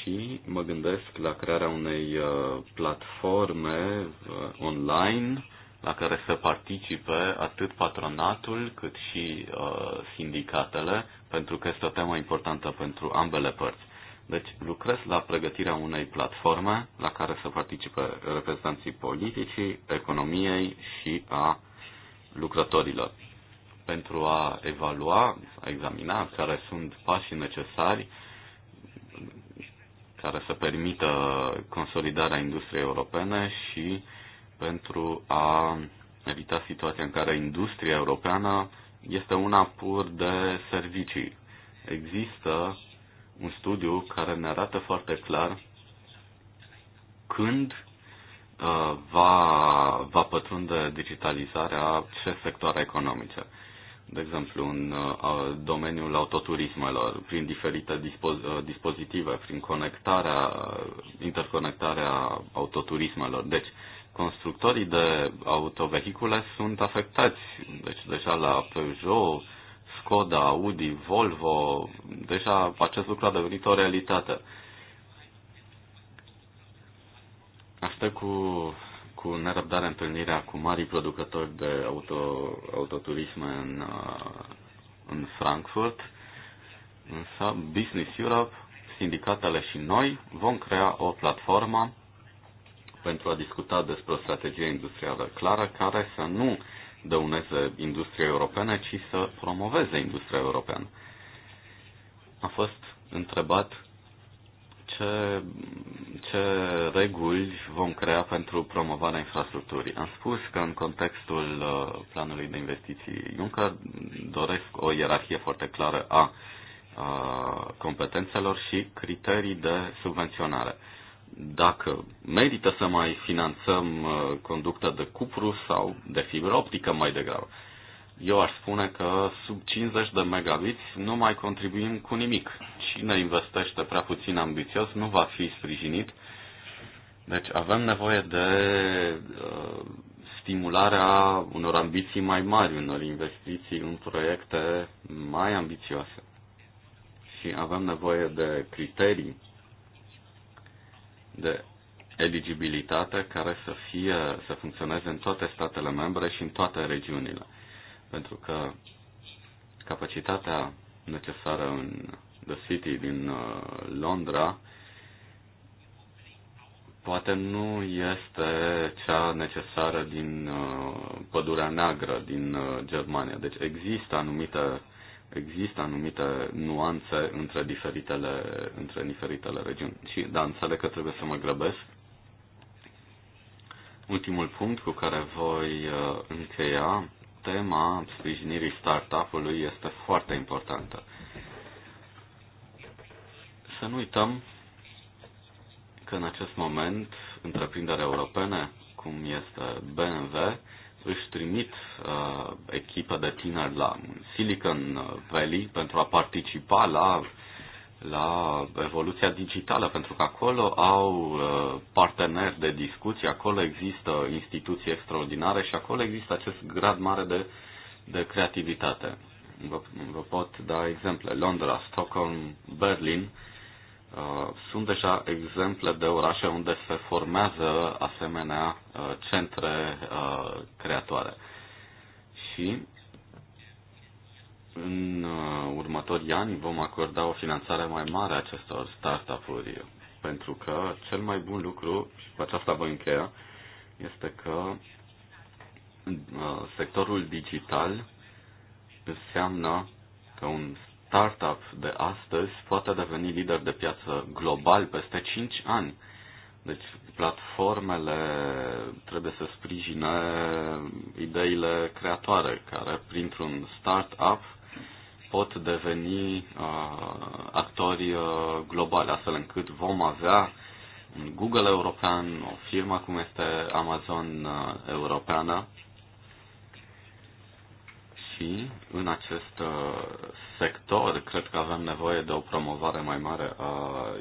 și mă gândesc la crearea unei uh, platforme uh, online la care să participe atât patronatul cât și uh, sindicatele, pentru că este o temă importantă pentru ambele părți. Deci lucrez la pregătirea unei platforme la care să participe reprezentanții politicii, economiei și a lucrătorilor pentru a evalua, a examina care sunt pașii necesari care să permită consolidarea industriei europene și pentru a evita situația în care industria europeană este una pur de servicii. Există un studiu care ne arată foarte clar când uh, va, va pătrunde digitalizarea ce sectoare economice de exemplu, în uh, domeniul autoturismelor, prin diferite dispoz- uh, dispozitive, prin conectarea, interconectarea autoturismelor. Deci, constructorii de autovehicule sunt afectați. Deci, deja la Peugeot, Skoda, Audi, Volvo, deja acest lucru a devenit o realitate. Asta cu cu nerăbdare întâlnirea cu marii producători de auto, autoturisme în, uh, în Frankfurt, însă Business Europe, sindicatele și noi vom crea o platformă pentru a discuta despre o strategie industrială clară care să nu dăuneze industria europeană, ci să promoveze industria europeană. A fost întrebat ce, ce reguli vom crea pentru promovarea infrastructurii. Am spus că în contextul uh, planului de investiții Juncker doresc o ierarhie foarte clară a, a competențelor și criterii de subvenționare. Dacă merită să mai finanțăm uh, conducta de cupru sau de fibră optică mai degrabă. Eu aș spune că sub 50 de megabiți nu mai contribuim cu nimic. Cine investește prea puțin ambițios nu va fi sprijinit. Deci avem nevoie de uh, stimularea unor ambiții mai mari, unor investiții în proiecte mai ambițioase. Și avem nevoie de criterii de eligibilitate care să fie, să funcționeze în toate statele membre și în toate regiunile pentru că capacitatea necesară în The City din uh, Londra poate nu este cea necesară din uh, pădurea neagră din uh, Germania. Deci există anumite există anumite nuanțe între diferitele, între diferitele regiuni. Și, da, înțeleg că trebuie să mă grăbesc. Ultimul punct cu care voi încheia tema sprijinirii startup-ului este foarte importantă. Să nu uităm că în acest moment întreprinderi europene, cum este BMW, își trimit uh, echipă de tineri la Silicon Valley pentru a participa la la evoluția digitală, pentru că acolo au uh, parteneri de discuție, acolo există instituții extraordinare și acolo există acest grad mare de, de creativitate. Vă, vă pot da exemple. Londra, Stockholm, Berlin uh, sunt deja exemple de orașe unde se formează asemenea uh, centre uh, creatoare. Și în uh, următorii ani vom acorda o finanțare mai mare acestor startup-uri, pentru că cel mai bun lucru, și cu aceasta voi încheia, este că uh, sectorul digital înseamnă că un startup de astăzi poate deveni lider de piață global peste 5 ani. Deci platformele trebuie să sprijine ideile creatoare care printr-un startup pot deveni uh, actori uh, globali, astfel încât vom avea un Google european, o firmă cum este Amazon uh, europeană și în acest uh, sector cred că avem nevoie de o promovare mai mare a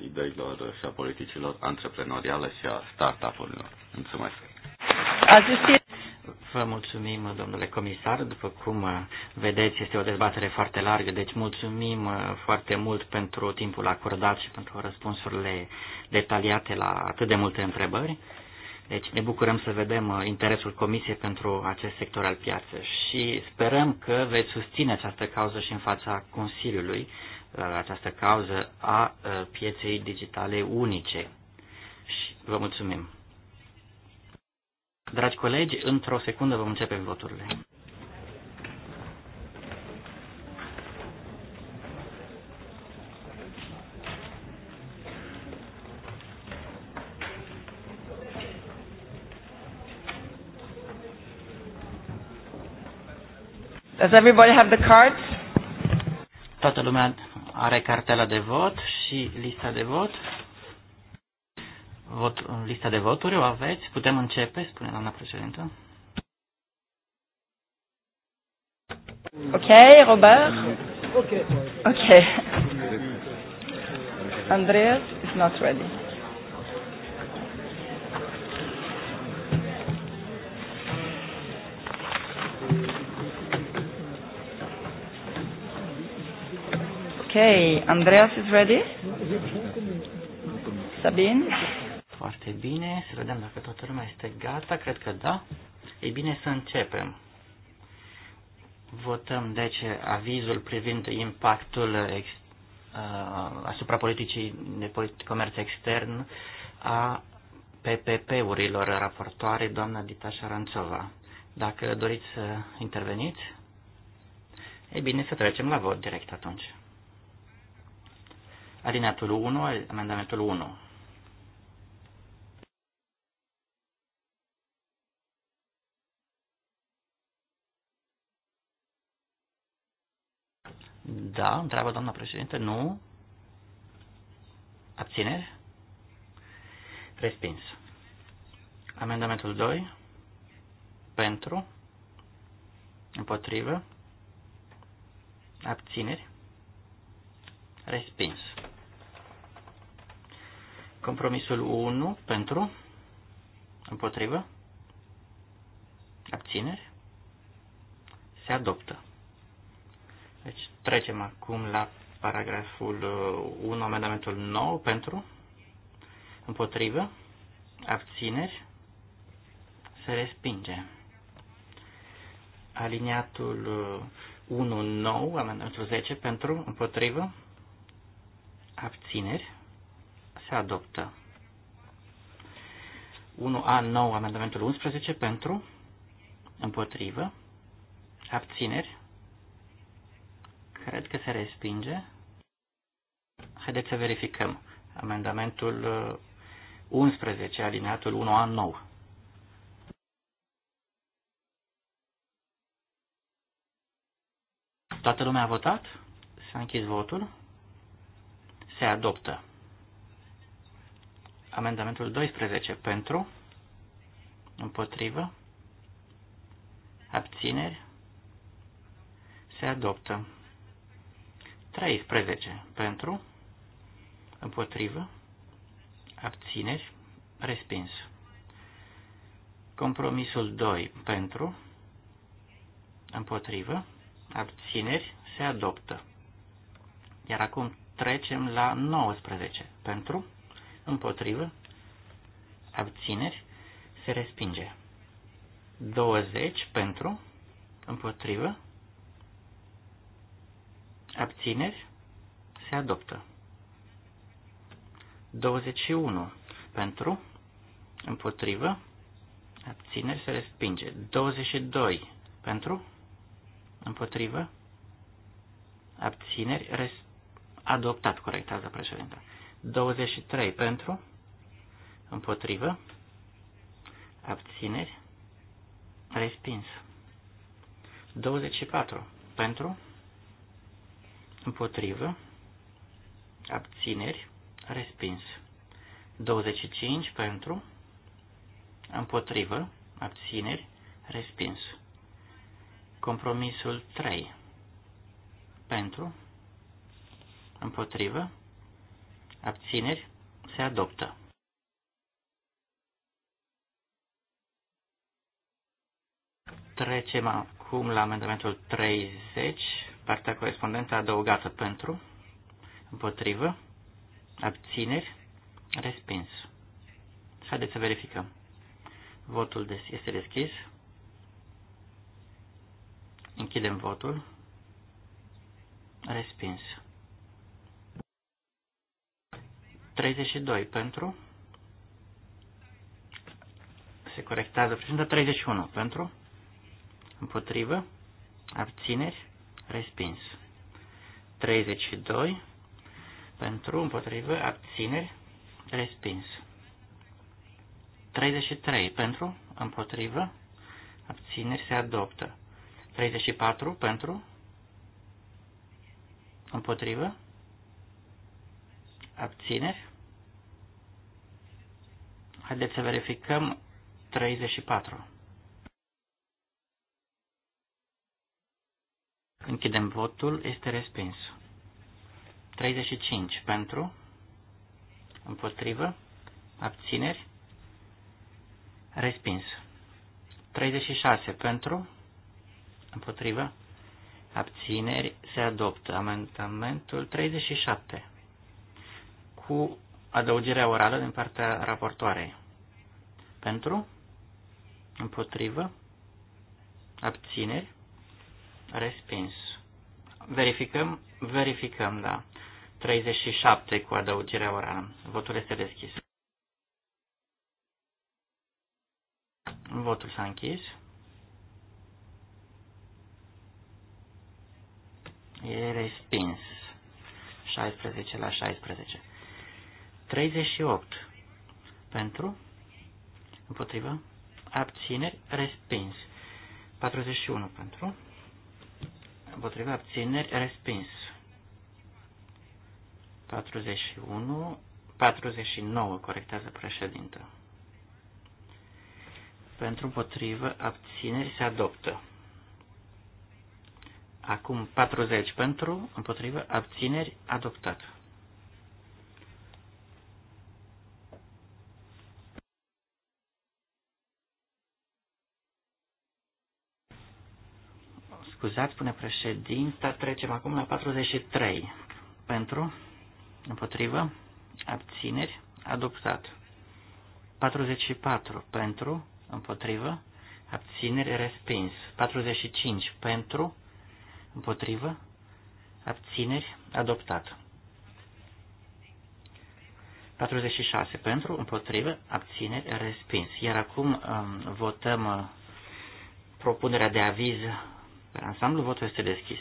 ideilor și a politicilor antreprenoriale și a startup-urilor. Mulțumesc! Vă mulțumim, domnule comisar. După cum uh, vedeți, este o dezbatere foarte largă, deci mulțumim uh, foarte mult pentru timpul acordat și pentru răspunsurile detaliate la atât de multe întrebări. Deci ne bucurăm să vedem uh, interesul Comisiei pentru acest sector al piață și sperăm că veți susține această cauză și în fața Consiliului, această cauză a pieței digitale unice. Și vă mulțumim! Dragi colegi, într-o secundă vom începe voturile. Does everybody have the cards? Toată lumea are cartela de vot și lista de vot vot, lista de voturi o aveți? Putem începe, spune doamna președintă. Ok, Robert? Ok. Ok. Andreas is not ready. Okay, Andreas is ready? Sabine? foarte bine. Să vedem dacă toată lumea este gata. Cred că da. E bine, să începem. Votăm, deci, avizul privind impactul ex, uh, asupra politicii de polit- comerț extern a PPP-urilor raportoare, doamna Dita Șaranțova. Dacă doriți să interveniți, E bine, să trecem la vot direct atunci. Alineatul 1, amendamentul 1. Da, întreabă doamna președinte, nu. Abțineri? Respins. Amendamentul 2. Pentru. Împotrivă. Abțineri. Respins. Compromisul 1. Pentru. Împotrivă. Abțineri. Se adoptă. Deci trecem acum la paragraful 1, uh, amendamentul 9 pentru, împotrivă, abțineri, se respinge. Aliniatul 1, uh, 9, amendamentul 10 pentru, împotrivă, abțineri, se adoptă. 1A9, amendamentul 11 pentru, împotrivă, abțineri, Cred că se respinge. Haideți să verificăm. Amendamentul 11, uh, alineatul 1A nou. Toată lumea a votat? S-a închis votul? Se adoptă. Amendamentul 12 pentru, împotrivă, abțineri, se adoptă. 13 pentru, împotrivă, abțineri, respins. Compromisul 2 pentru, împotrivă, abțineri, se adoptă. Iar acum trecem la 19 pentru, împotrivă, abțineri, se respinge. 20 pentru, împotrivă, Abțineri? Se adoptă. 21. Pentru? Împotrivă? Abțineri se respinge. 22. Pentru? Împotrivă? Abțineri? Res... Adoptat, corectează președinta. 23. Pentru? Împotrivă? Abțineri? Respins. 24. Pentru? împotrivă, abțineri, respins. 25 pentru, împotrivă, abțineri, respins. Compromisul 3 pentru, împotrivă, abțineri, se adoptă. Trecem acum la amendamentul 30 Partea corespondentă adăugată pentru, împotrivă, abțineri, respins. Haideți să verificăm. Votul este deschis. Închidem votul. Respins. 32 pentru. Se corectează. Prezintă 31 pentru. Împotrivă. Abțineri. Respins. 32. Pentru, împotrivă, abțineri. Respins. 33. Pentru, împotrivă, abțineri se adoptă. 34. Pentru, împotrivă, abțineri. Haideți să verificăm 34. Închidem votul. Este respins. 35 pentru. Împotrivă. Abțineri. Respins. 36 pentru. Împotrivă. Abțineri. Se adoptă. Amendamentul 37. Cu adăugirea orală din partea raportoarei. Pentru. Împotrivă. Abțineri. Respins. Verificăm? Verificăm, da. 37 cu adăugirea orală. Votul este deschis. Votul s-a închis. E respins. 16 la 16. 38. Pentru? Împotrivă? Abțineri? Respins. 41 pentru? împotriva abțineri, respins. 41, 49, corectează președintă. Pentru împotrivă, abțineri se adoptă. Acum 40 pentru, împotrivă, abțineri, adoptat. scuzați, spune președinta, trecem acum la 43. Pentru, împotrivă, abțineri, adoptat. 44. Pentru, împotrivă, abțineri, respins. 45. Pentru, împotrivă, abțineri, adoptat. 46. Pentru, împotrivă, abțineri, respins. Iar acum um, votăm uh, propunerea de aviz pe ansamblu votul este deschis.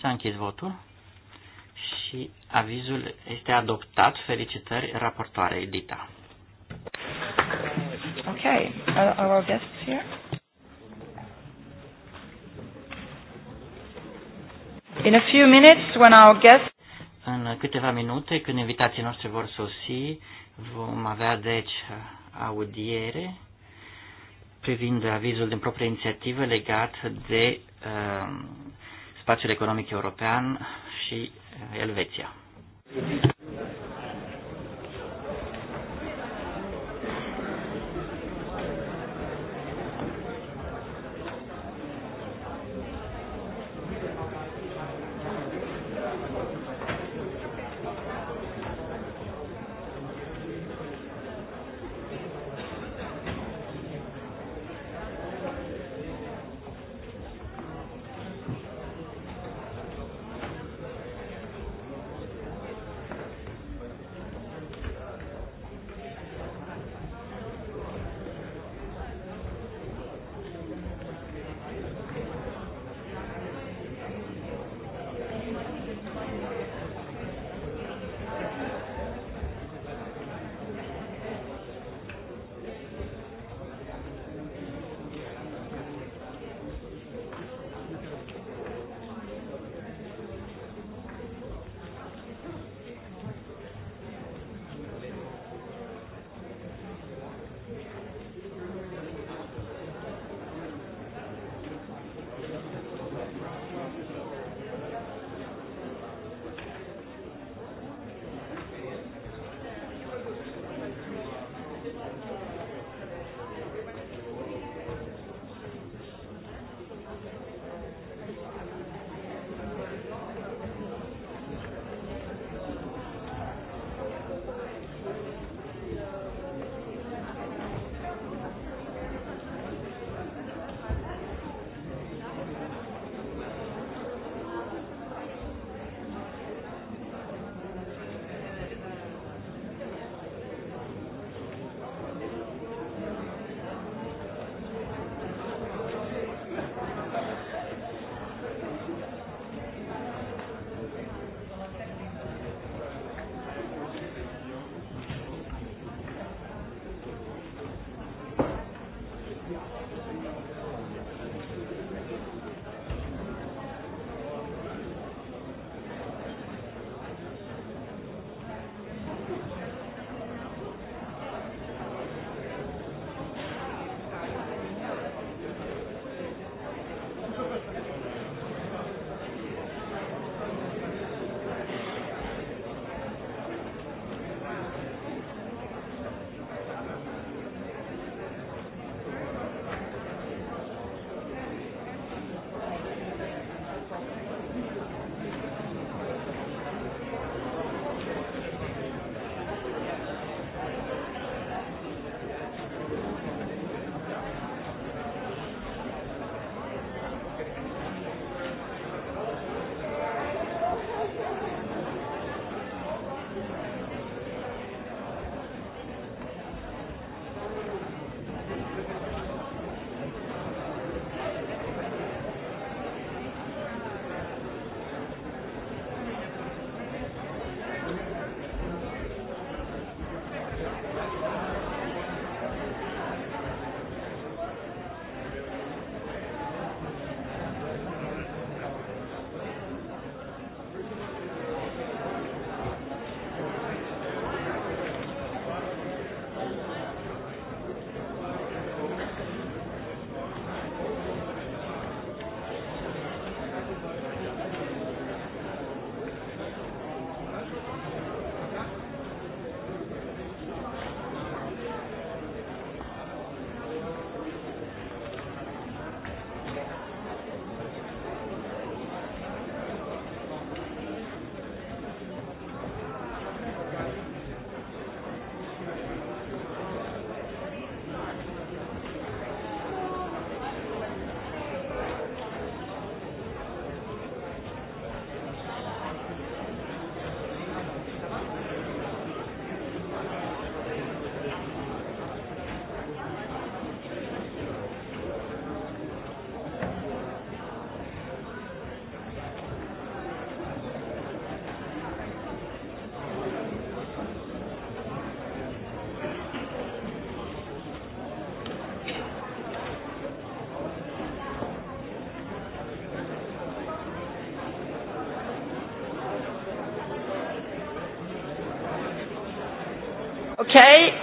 S-a închis votul și avizul este adoptat. Felicitări raportoare Edita. Ok, are our guests here? In a few minutes, when our guests... În câteva minute, când invitații noștri vor sosi, vom avea deci audiere privind avizul din proprie inițiativă legat de uh, spațiul economic european și uh, Elveția.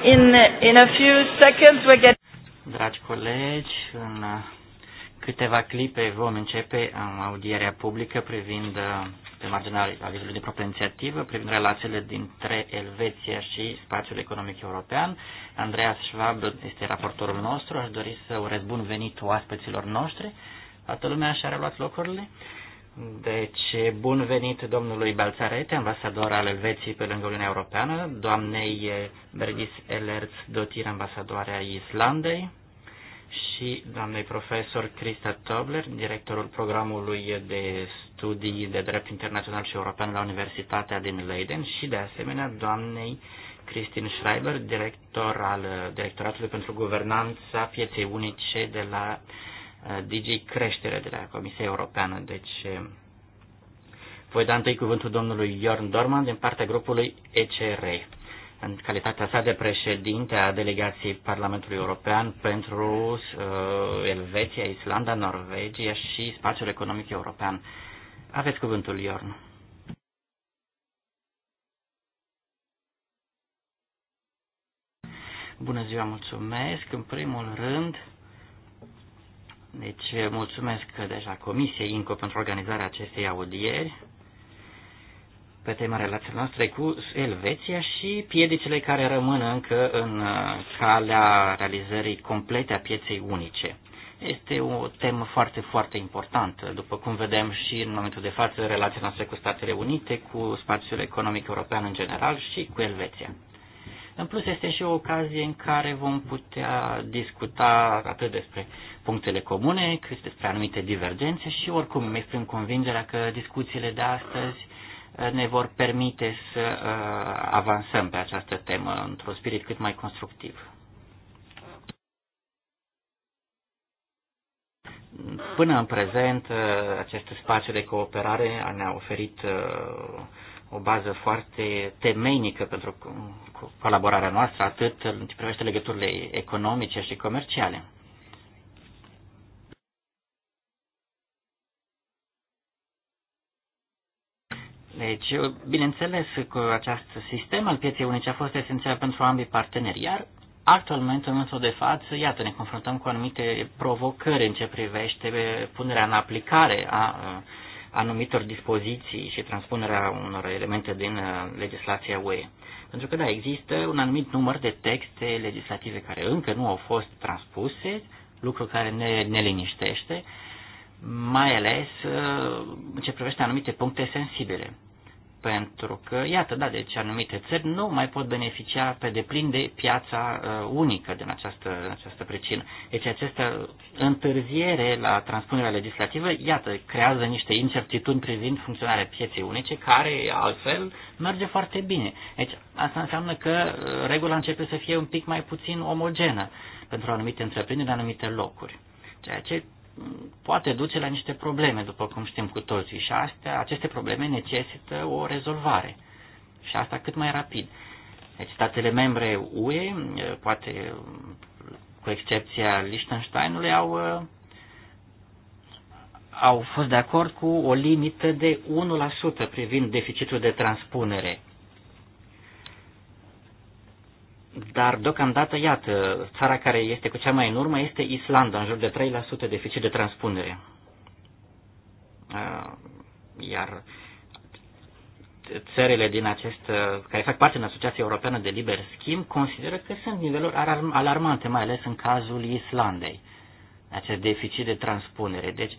In, in a few seconds we get... Dragi colegi, în câteva clipe vom începe audierea publică privind uh, pe marginea avizului de proprie inițiativă, privind relațiile dintre Elveția și spațiul economic european. Andreas Schwab este raportorul nostru. Aș dori să urez bun venit oaspeților noștri. Toată lumea și-a reluat locurile. Deci, bun venit domnului Balțarete, ambasador al Elveției pe lângă Uniunea Europeană, doamnei Bergis Elerț, dotir ambasadoarea Islandei, și doamnei profesor Krista Tobler, directorul programului de studii de drept internațional și european la Universitatea din Leiden și, de asemenea, doamnei Kristin Schreiber, director al Directoratului pentru Guvernanța Pieței Unice de la uh, Uh, DJ Creștere de la Comisia Europeană. Deci uh, voi da întâi cuvântul domnului Jorn Dorman din partea grupului ECR în calitatea sa de președinte a delegației Parlamentului European pentru uh, Elveția, Islanda, Norvegia și spațiul economic european. Aveți cuvântul, Iorn. Bună ziua, mulțumesc. În primul rând, deci mulțumesc deja Comisiei INCO pentru organizarea acestei audieri pe tema relațiilor noastre cu Elveția și piedicile care rămân încă în uh, calea realizării complete a pieței unice. Este o temă foarte, foarte importantă. După cum vedem și în momentul de față, relațiile noastre cu Statele Unite, cu spațiul economic european în general și cu Elveția. În plus, este și o ocazie în care vom putea discuta atât despre punctele comune, cât despre anumite divergențe și oricum îmi exprim convingerea că discuțiile de astăzi uh, ne vor permite să uh, avansăm pe această temă într-un spirit cât mai constructiv. Până în prezent, uh, acest spațiu de cooperare ne-a oferit o bază foarte temeinică pentru colaborarea noastră, atât în ce privește legăturile economice și comerciale. Deci, bineînțeles că acest sistem al pieței unice a fost esențial pentru ambii parteneri, iar actualmente, în momentul de față, iată, ne confruntăm cu anumite provocări în ce privește punerea în aplicare a anumitor dispoziții și transpunerea unor elemente din uh, legislația UE. Pentru că, da, există un anumit număr de texte legislative care încă nu au fost transpuse, lucru care ne, ne liniștește, mai ales uh, ce privește anumite puncte sensibile pentru că, iată, da, deci anumite țări nu mai pot beneficia pe deplin de piața uh, unică din această, această pricină. Deci această întârziere la transpunerea legislativă, iată, creează niște incertitudini privind funcționarea pieței unice, care altfel merge foarte bine. Deci asta înseamnă că uh, regula începe să fie un pic mai puțin omogenă pentru anumite întreprinderi, în anumite locuri. Ceea ce poate duce la niște probleme, după cum știm cu toții, și astea, aceste probleme necesită o rezolvare. Și asta cât mai rapid. Deci statele membre UE, poate cu excepția Liechtensteinului, au, au fost de acord cu o limită de 1% privind deficitul de transpunere Dar deocamdată, iată, țara care este cu cea mai în urmă este Islanda, în jur de 3% deficit de transpunere. Iar țările din acest, care fac parte din Asociația Europeană de Liber Schimb consideră că sunt niveluri alarmante, mai ales în cazul Islandei, acest deficit de transpunere. Deci,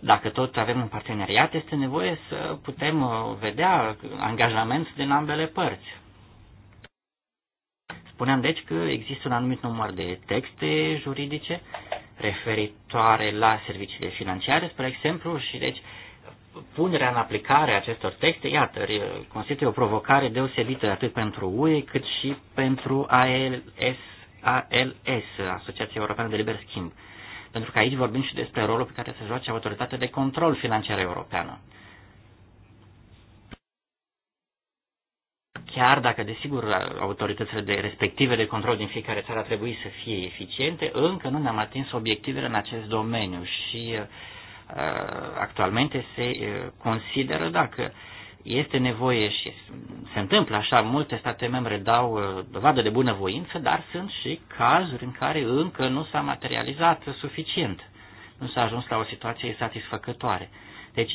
dacă tot avem un parteneriat, este nevoie să putem uh, vedea angajament din ambele părți. Spuneam deci că există un anumit număr de texte juridice referitoare la serviciile financiare, spre exemplu, și deci punerea în aplicare a acestor texte, iată, constituie o provocare deosebită atât pentru UE cât și pentru ALS, ALS Asociația Europeană de Liber Schimb. Pentru că aici vorbim și despre rolul pe care se joace autoritatea de control financiar europeană. Chiar dacă, desigur, autoritățile de respective de control din fiecare țară ar trebui să fie eficiente, încă nu ne-am atins obiectivele în acest domeniu și uh, actualmente se uh, consideră dacă este nevoie și se întâmplă așa, multe state membre dau uh, dovadă de bunăvoință, dar sunt și cazuri în care încă nu s-a materializat suficient, nu s-a ajuns la o situație satisfăcătoare. Deci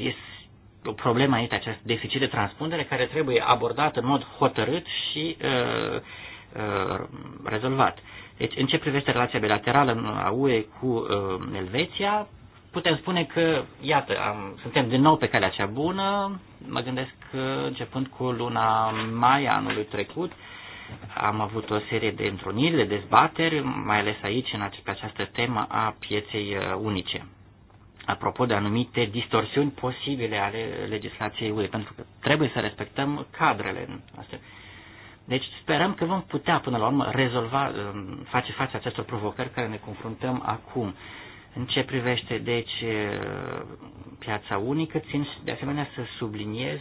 problema este acest deficit de transpundere care trebuie abordat în mod hotărât și uh, uh, rezolvat. Deci, în ce privește relația bilaterală a UE cu uh, Elveția, putem spune că, iată, am, suntem din nou pe calea cea bună. Mă gândesc că, începând cu luna mai anului trecut, am avut o serie de întruniri, de dezbateri, mai ales aici, în ace- pe această temă a pieței uh, unice apropo de anumite distorsiuni posibile ale legislației UE, pentru că trebuie să respectăm cadrele astea. Deci sperăm că vom putea, până la urmă, rezolva, um, face față acestor provocări care ne confruntăm acum. În ce privește, deci, uh, piața unică, țin de asemenea să subliniez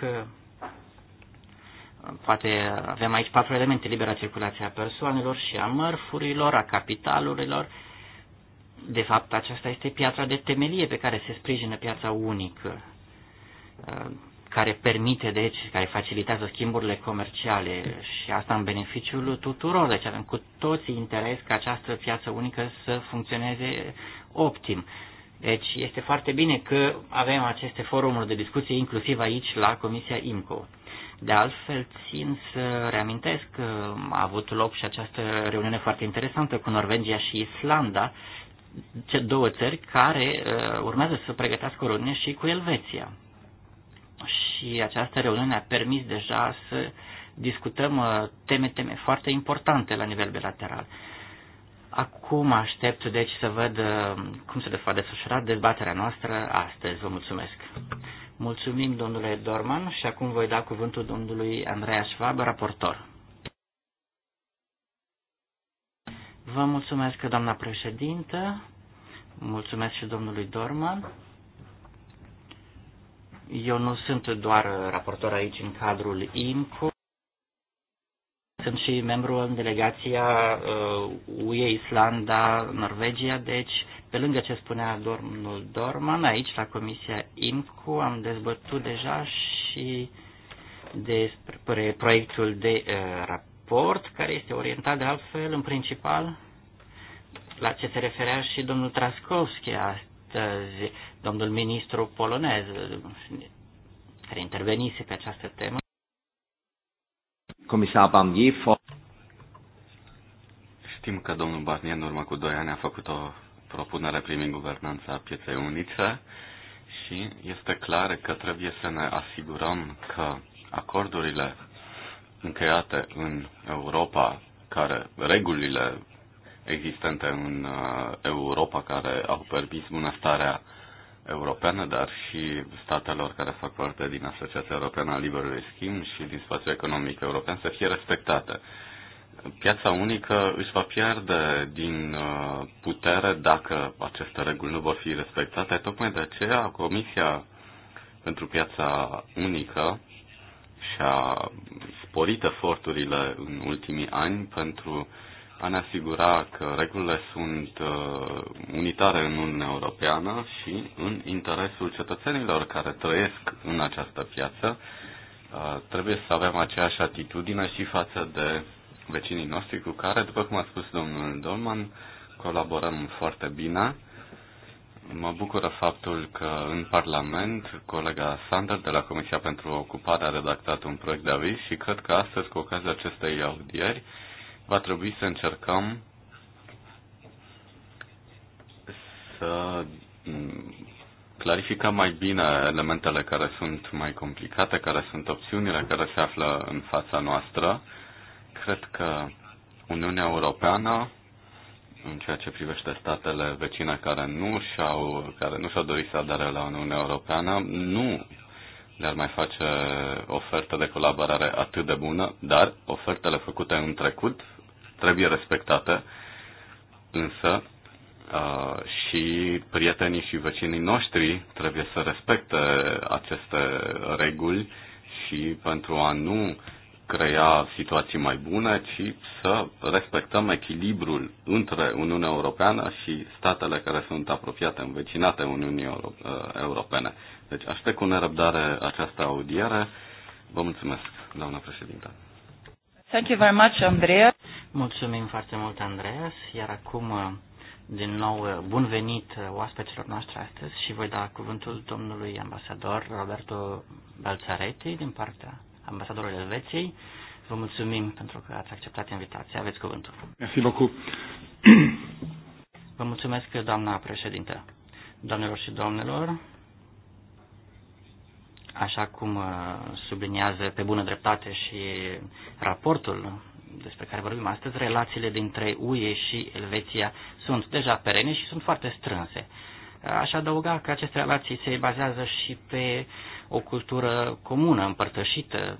că uh, poate avem aici patru elemente, libera circulație a persoanelor și a mărfurilor, a capitalurilor, de fapt, aceasta este piatra de temelie pe care se sprijină piața unică, uh, care permite, deci, care facilitează schimburile comerciale și asta în beneficiul tuturor. Deci avem cu toții interes ca această piață unică să funcționeze optim. Deci este foarte bine că avem aceste forumuri de discuție inclusiv aici la Comisia IMCO. De altfel, țin să reamintesc că a avut loc și această reuniune foarte interesantă cu Norvegia și Islanda două țări care uh, urmează să pregătească o reuniune și cu Elveția. Și această reuniune a permis deja să discutăm uh, teme, teme foarte importante la nivel bilateral. Acum aștept, deci, să văd uh, cum se va desfășura dezbaterea noastră astăzi. Vă mulțumesc! Mulțumim, domnule Dorman, și acum voi da cuvântul domnului Andreea Schwab, raportor. Vă mulțumesc, doamna președintă. Mulțumesc și domnului Dorman. Eu nu sunt doar raportor aici în cadrul IMCO. Sunt și membru în delegația UE, uh, Islanda, Norvegia, deci pe lângă ce spunea domnul Dorman, aici la Comisia IMCO am dezbătut deja și despre proiectul de uh, raport care este orientat de altfel în principal la ce se referea și domnul Traskovski astăzi, domnul ministru polonez, care intervenise pe această temă. Comisar Bamgifo. Știm că domnul Barnier în urmă cu doi ani a făcut o propunere privind guvernanța pieței unice și este clar că trebuie să ne asigurăm că acordurile încheiate în Europa, care regulile existente în uh, Europa care au permis bunăstarea europeană, dar și statelor care fac parte din Asociația Europeană a Liberului Schimb și din spațiul economic european să fie respectate. Piața unică își va pierde din uh, putere dacă aceste reguli nu vor fi respectate. Tocmai de aceea Comisia pentru Piața Unică și-a sporit eforturile în ultimii ani pentru a ne asigura că regulile sunt uh, unitare în Uniunea Europeană și în interesul cetățenilor care trăiesc în această piață, uh, trebuie să avem aceeași atitudine și față de vecinii noștri cu care, după cum a spus domnul Dolman, colaborăm foarte bine Mă bucură faptul că în Parlament colega Sander de la Comisia pentru Ocupare a redactat un proiect de aviz și cred că astăzi, cu ocazia acestei audieri, va trebui să încercăm să clarificăm mai bine elementele care sunt mai complicate, care sunt opțiunile care se află în fața noastră. Cred că Uniunea Europeană în ceea ce privește statele vecine care nu și-au, care nu și-au dorit să adere la Uniunea Europeană, nu le-ar mai face ofertă de colaborare atât de bună, dar ofertele făcute în trecut trebuie respectate, însă și prietenii și vecinii noștri trebuie să respecte aceste reguli și pentru a nu crea situații mai bune, ci să respectăm echilibrul între Uniunea Europeană și statele care sunt apropiate, învecinate Uniunii eh, Europene. Deci aștept cu nerăbdare această audiere. Vă mulțumesc, doamna președintă. Thank you very much, Andreas. Mulțumim foarte mult, Andreas. Iar acum, eh, din nou, eh, bun venit oaspeților noastre astăzi și voi da cuvântul domnului ambasador Roberto Balzaretti din partea ambasadorul Elveției. Vă mulțumim pentru că ați acceptat invitația. Aveți cuvântul. Merci beaucoup. Vă mulțumesc, doamna președintă. Doamnelor și domnilor, așa cum uh, subliniază pe bună dreptate și raportul despre care vorbim astăzi, relațiile dintre UE și Elveția sunt deja perene și sunt foarte strânse. Aș adăuga că aceste relații se bazează și pe o cultură comună, împărtășită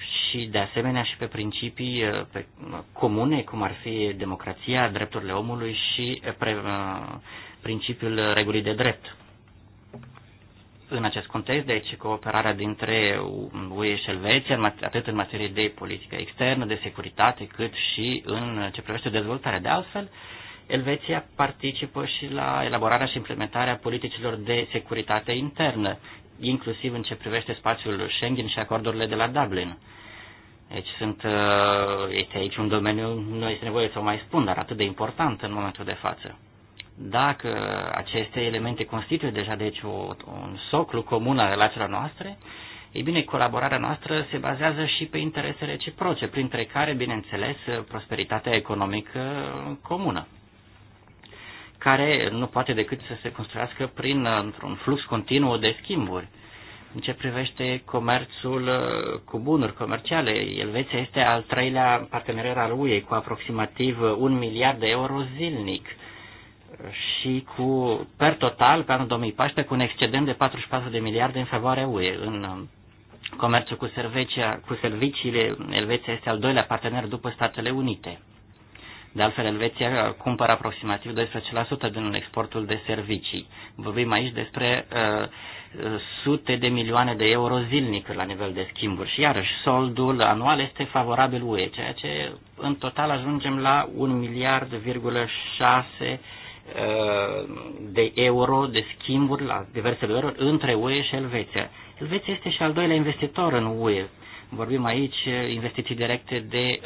și de asemenea și pe principii uh, pe, uh, comune, cum ar fi democrația, drepturile omului și uh, pre, principiul regulii de drept. În acest context, deci, cooperarea dintre UE și Elveția, atât în materie de politică externă, de securitate, cât și în ce privește dezvoltarea. De altfel, uh, Elveția participă și la elaborarea și implementarea politicilor de securitate internă, inclusiv în ce privește spațiul Schengen și acordurile de la Dublin. Deci sunt, uh, este aici un domeniu, nu este nevoie să o mai spun, dar atât de important în momentul de față. Dacă aceste elemente constituie deja deci o, un soclu comun al relațiilor noastre, ei bine, colaborarea noastră se bazează și pe interese reciproce, printre care, bineînțeles, prosperitatea economică comună care nu poate decât să se construiască prin uh, un flux continuu de schimburi. În ce privește comerțul uh, cu bunuri comerciale, Elveția este al treilea partener al UE cu aproximativ un miliard de euro zilnic și cu, per total, pe anul 2014, cu un excedent de 44 de miliarde în favoarea UE. În uh, comerțul cu, servicia, cu serviciile, Elveția este al doilea partener după Statele Unite. De altfel, Elveția cumpără aproximativ 12% din exportul de servicii. Vorbim aici despre uh, uh, sute de milioane de euro zilnic la nivel de schimburi și iarăși soldul anual este favorabil UE, ceea ce în total ajungem la 1 miliard,6 uh, de euro de schimburi la diverse euro între UE și Elveția. Elveția este și al doilea investitor în UE. Vorbim aici uh, investiții directe de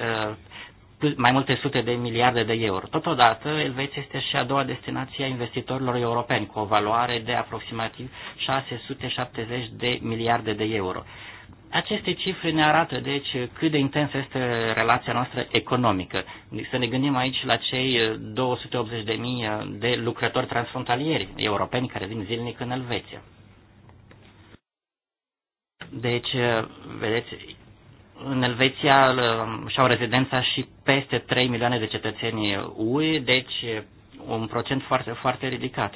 mai multe sute de miliarde de euro. Totodată, Elveția este și a doua destinație a investitorilor europeni, cu o valoare de aproximativ 670 de miliarde de euro. Aceste cifre ne arată, deci, cât de intensă este relația noastră economică. Să ne gândim aici la cei 280.000 de lucrători transfrontalieri europeni care vin zilnic în Elveția. Deci, vedeți, în Elveția și-au rezidența și peste 3 milioane de cetățeni UE, deci un procent foarte, foarte ridicat.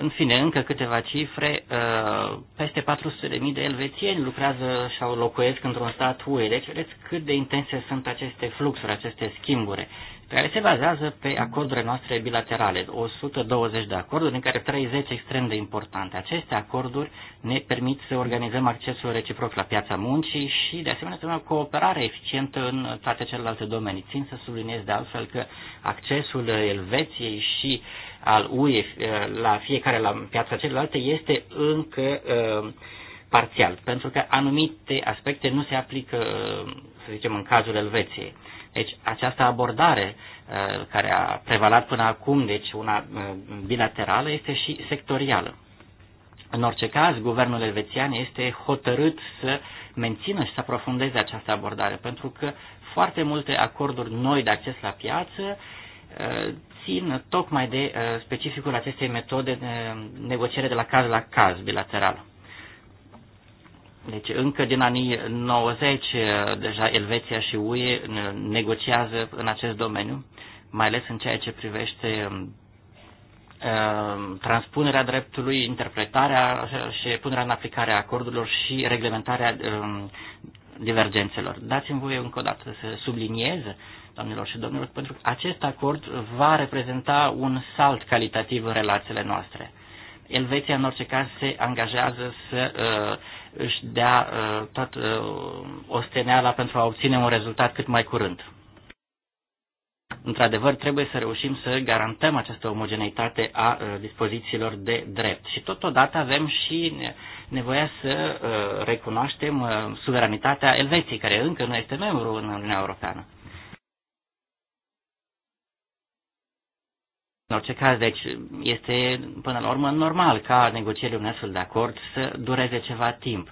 În fine, încă câteva cifre, uh, peste 400.000 de elvețieni lucrează sau locuiesc într-un stat UE, deci vedeți cât de intense sunt aceste fluxuri, aceste schimburi, care se bazează pe acordurile noastre bilaterale, 120 de acorduri, din care 30 extrem de importante. Aceste acorduri ne permit să organizăm accesul reciproc la piața muncii și, de asemenea, să avem o cooperare eficientă în toate celelalte domenii. Țin să subliniez de altfel că accesul Elveției și uh, al UE eh, la fiecare la piața celelalte este încă eh, parțial, pentru că anumite aspecte nu se aplică, eh, să zicem, în cazul Elveției. Deci această abordare care a prevalat până acum, deci una bilaterală, este și sectorială. În orice caz, guvernul elvețian este hotărât să mențină și să aprofundeze această abordare, pentru că foarte multe acorduri noi de acces la piață puțin tocmai de uh, specificul acestei metode de uh, negociere de la caz la caz bilateral. Deci încă din anii 90 uh, deja Elveția și UE negociază în acest domeniu, mai ales în ceea ce privește um, transpunerea dreptului, interpretarea și punerea în aplicare a acordurilor și reglementarea um, divergențelor. Dați-mi voie încă o dată să subliniez, doamnelor și domnilor, pentru că acest acord va reprezenta un salt calitativ în relațiile noastre. Elveția, în orice caz, se angajează să uh, își dea uh, toată uh, osteneala pentru a obține un rezultat cât mai curând. Într-adevăr, trebuie să reușim să garantăm această omogeneitate a uh, dispozițiilor de drept. Și totodată avem și uh, nevoia să uh, recunoaștem uh, suveranitatea Elveției, care încă nu este membru în Uniunea Europeană. În orice caz, deci, este până la urmă normal ca negocierile unui astfel de acord să dureze ceva timp.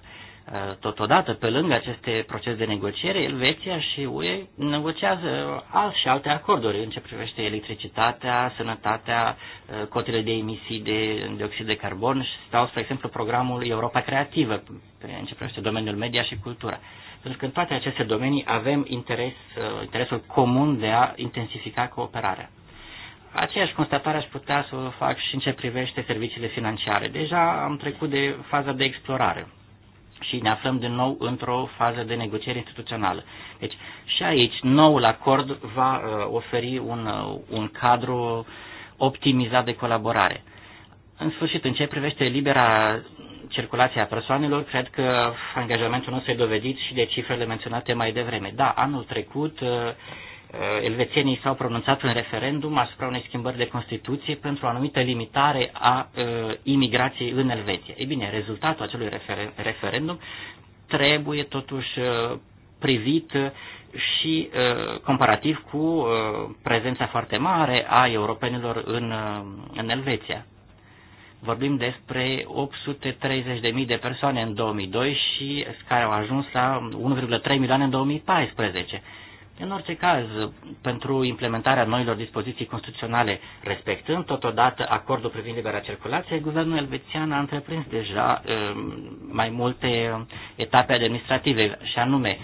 Totodată, pe lângă aceste procese de negociere, Elveția și UE negociază alt și alte acorduri în ce privește electricitatea, sănătatea, uh, cotele de emisii de dioxid de carbon și stau, spre exemplu, programul Europa Creativă în ce privește domeniul media și cultura. Pentru că în toate aceste domenii avem interes, uh, interesul comun de a intensifica cooperarea. Aceeași constatare aș putea să o fac și în ce privește serviciile financiare. Deja am trecut de faza de explorare și ne aflăm din nou într-o fază de negociere instituțională. Deci și aici noul acord va uh, oferi un, uh, un cadru optimizat de colaborare. În sfârșit, în ce privește libera circulație a persoanelor, cred că angajamentul nostru e dovedit și de cifrele menționate mai devreme. Da, anul trecut uh, Eh, elvețienii s-au pronunțat în referendum asupra unei schimbări de Constituție pentru o anumită limitare a eh, imigrației în Elveția. Ei bine, rezultatul acelui referendum trebuie totuși eh, privit și comparativ cu prezența foarte mare a europenilor în, în Elveția. Vorbim despre 830.000 de persoane în 2002 și care au ajuns la 1,3 milioane în 2014. În orice caz, pentru implementarea noilor dispoziții constituționale, respectând totodată acordul privind libera circulație, guvernul elvețian a întreprins deja um, mai multe etape administrative, și anume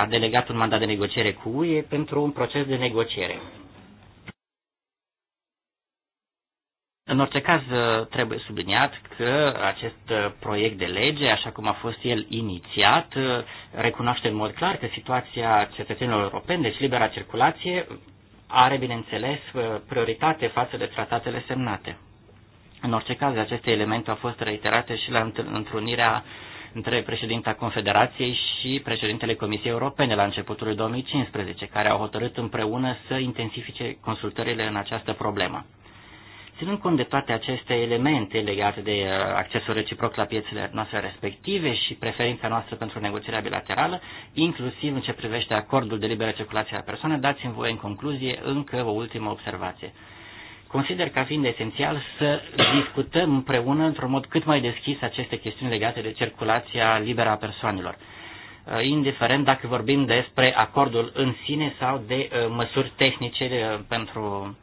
a delegat un mandat de negociere cu UE pentru un proces de negociere. În orice caz, trebuie subliniat că acest uh, proiect de lege, așa cum a fost el inițiat, uh, recunoaște în mod clar că situația cetățenilor europeni, deci libera circulație, are, bineînțeles, uh, prioritate față de tratatele semnate. În orice caz, aceste elemente au fost reiterate și la întrunirea între președinta Confederației și președintele Comisiei Europene la începutul 2015, care au hotărât împreună să intensifice consultările în această problemă. Ținând cont de toate aceste elemente legate de uh, accesul reciproc la piețele noastre respective și preferința noastră pentru negocierea bilaterală, inclusiv în ce privește acordul de liberă circulație a persoane, dați-mi voie în concluzie încă o ultimă observație. Consider ca fiind esențial să discutăm împreună într-un mod cât mai deschis aceste chestiuni legate de circulația liberă a persoanelor uh, indiferent dacă vorbim despre acordul în sine sau de uh, măsuri tehnice pentru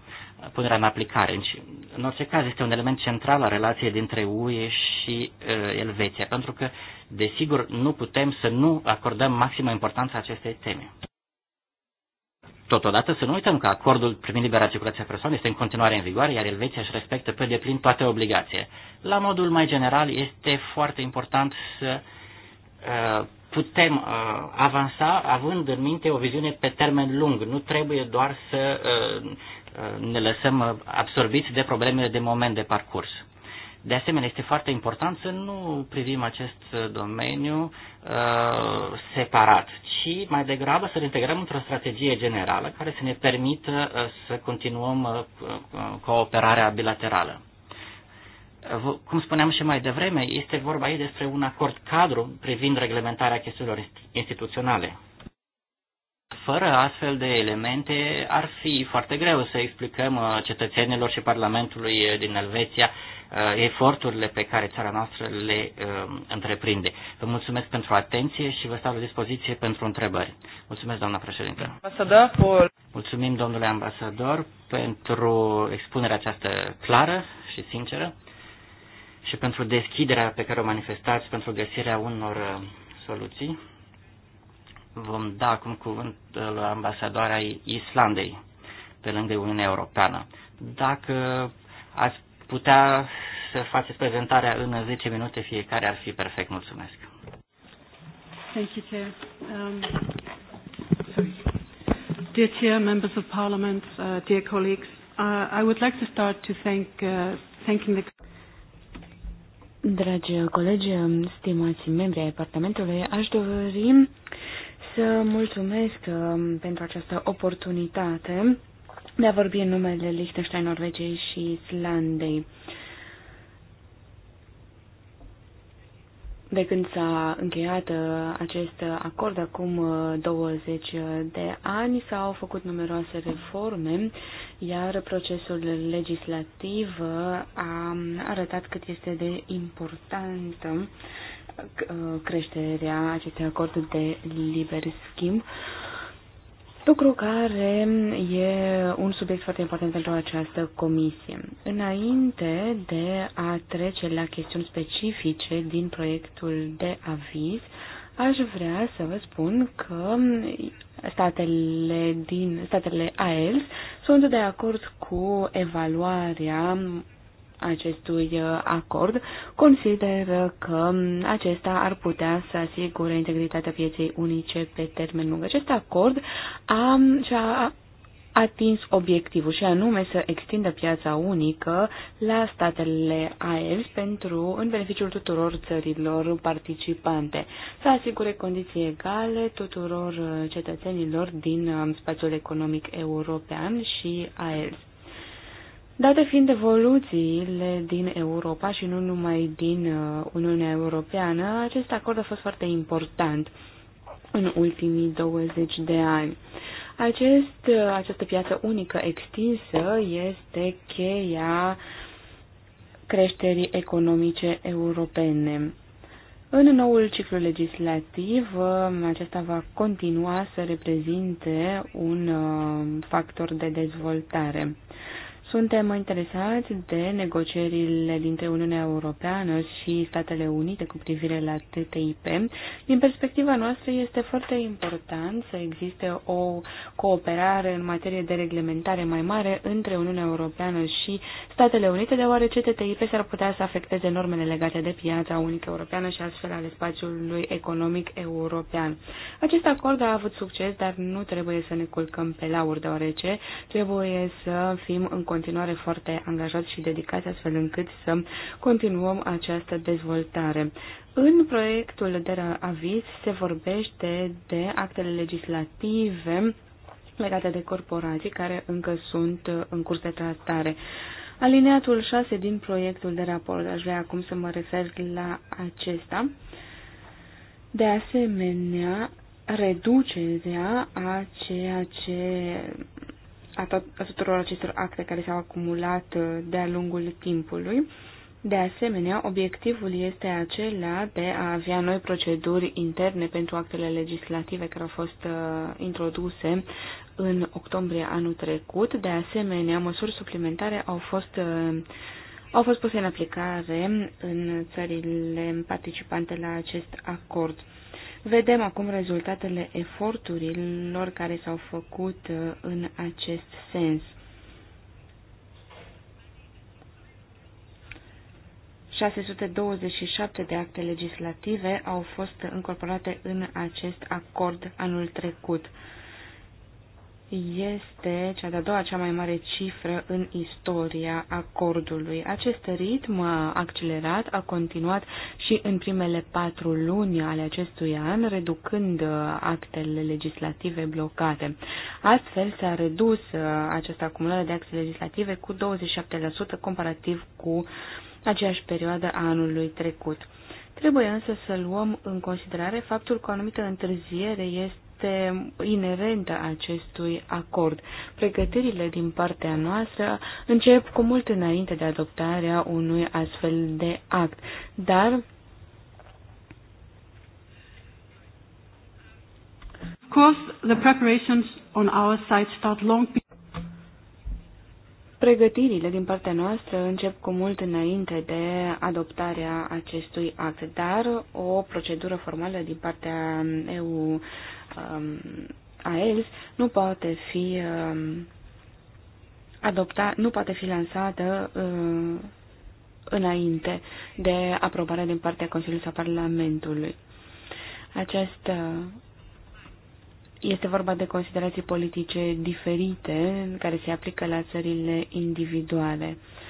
punerea în aplicare. Deci, în orice caz, este un element central a relației dintre UE și uh, Elveția, pentru că, desigur, nu putem să nu acordăm maximă importanță acestei teme. Totodată să nu uităm că acordul privind libera circulație a persoanei este în continuare în vigoare, iar Elveția își respectă pe deplin toate obligațiile. La modul mai general, este foarte important să uh, putem uh, avansa având în minte o viziune pe termen lung. Nu trebuie doar să uh, Uh, ne lăsăm uh, absorbiți de problemele de moment de parcurs. De asemenea, este foarte important să nu privim acest uh, domeniu uh, separat, ci mai degrabă să-l integrăm într-o strategie generală care să ne permită uh, să continuăm uh, cooperarea bilaterală. Uh, cum spuneam și mai devreme, este vorba aici despre un acord cadru privind reglementarea chestiunilor instituționale. Fără astfel de elemente ar fi foarte greu să explicăm uh, cetățenilor și Parlamentului uh, din Elveția uh, eforturile pe care țara noastră le um, întreprinde. Vă mulțumesc pentru atenție și vă stau la dispoziție pentru întrebări. Mulțumesc, doamna președintă. Mulțumim, domnule ambasador, pentru expunerea aceasta clară și sinceră și pentru deschiderea pe care o manifestați pentru găsirea unor soluții vom da acum cuvântul ambasadoarei Islandei pe lângă Uniunea Europeană. Dacă ați putea să faceți prezentarea în 10 minute fiecare, ar fi perfect. Mulțumesc. Thank you, Chair. Um, sorry. Dear Chair, members of Parliament, uh, dear colleagues, uh, I would like to start to thank, uh, thanking the Dragi colegi, stimați membri ai Parlamentului, aș dori să uh, mulțumesc um, pentru această oportunitate de a vorbi în numele Liechtenstein, Norvegiei și Islandei. De când s-a încheiat uh, acest acord acum 20 uh, de ani, s-au făcut numeroase reforme, iar procesul legislativ a arătat cât este de importantă creșterea acestui acord de liber schimb, lucru care e un subiect foarte important pentru această comisie. Înainte de a trece la chestiuni specifice din proiectul de aviz, aș vrea să vă spun că statele, din, statele AELS sunt de acord cu evaluarea acestui uh, acord, consider că acesta ar putea să asigure integritatea pieței unice pe termen lung. Acest acord a, a atins obiectivul și anume să extindă piața unică la statele AES pentru în beneficiul tuturor țărilor participante, să asigure condiții egale tuturor uh, cetățenilor din uh, spațiul economic european și AELS. Date fiind evoluțiile din Europa și nu numai din uh, Uniunea Europeană, acest acord a fost foarte important în ultimii 20 de ani. Acest, uh, această piață unică extinsă este cheia creșterii economice europene. În noul ciclu legislativ, uh, acesta va continua să reprezinte un factor de dezvoltare. Suntem interesați de negocierile dintre Uniunea Europeană și Statele Unite cu privire la TTIP. Din perspectiva noastră este foarte important să existe o cooperare în materie de reglementare mai mare între Uniunea Europeană și Statele Unite, deoarece TTIP s-ar putea să afecteze normele legate de piața unică europeană și astfel ale spațiului economic european. Acest acord a avut succes, dar nu trebuie să ne culcăm pe lauri, deoarece trebuie să fim în continuare continuare foarte angajați și dedicați astfel încât să continuăm această dezvoltare. În proiectul de aviz se vorbește de actele legislative legate de corporații care încă sunt în curs de tratare. Alineatul 6 din proiectul de raport, aș vrea acum să mă refer la acesta. De asemenea, reducerea a ceea ce a, tot, a tuturor acestor acte care s-au acumulat uh, de-a lungul timpului. De asemenea, obiectivul este acela de a avea noi proceduri interne pentru actele legislative care au fost uh, introduse în octombrie anul trecut. De asemenea, măsuri suplimentare au fost uh, au fost puse în aplicare în țările participante la acest acord. Vedem acum rezultatele eforturilor care s-au făcut uh, în acest sens. ...627 de acte legislative au fost încorporate în acest acord anul trecut este cea de-a doua cea mai mare cifră în istoria acordului. Acest ritm accelerat a continuat și în primele patru luni ale acestui an, reducând uh, actele legislative blocate. Astfel s-a redus uh, această acumulare de acte legislative cu 27% comparativ cu aceeași perioadă a anului trecut. Trebuie însă să luăm în considerare faptul că o anumită întârziere este este inerentă acestui acord. Pregătirile din partea noastră încep cu mult înainte de adoptarea unui astfel de act, dar Of course, the preparations on our side start long Pregătirile din partea noastră încep cu mult înainte de adoptarea acestui act, dar o procedură formală din partea EU Um, a AELS nu poate fi um, adoptat, nu poate fi lansată uh, înainte de aprobarea din partea Consiliului sau Parlamentului. Acest este vorba de considerații politice diferite care se aplică la țările individuale. Uh,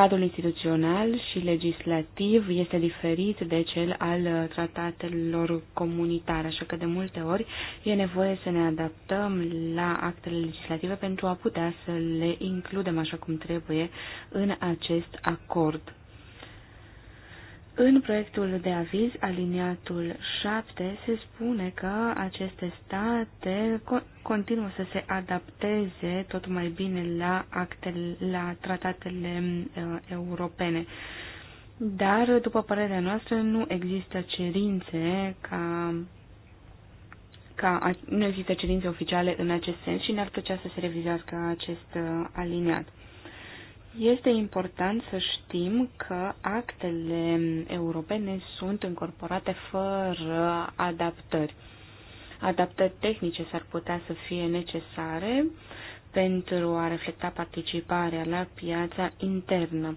Cadrul instituțional și legislativ este diferit de cel al tratatelor comunitare, așa că de multe ori e nevoie să ne adaptăm la actele legislative pentru a putea să le includem așa cum trebuie în acest acord. În proiectul de aviz, aliniatul 7, se spune că aceste state continuă să se adapteze tot mai bine la, actele, la tratatele uh, europene. Dar, după părerea noastră, nu există cerințe ca, ca nu există cerințe oficiale în acest sens și ne-ar plăcea să se revizească acest uh, aliniat. Este important să știm că actele europene sunt incorporate fără adaptări. Adaptări tehnice s-ar putea să fie necesare pentru a reflecta participarea la piața internă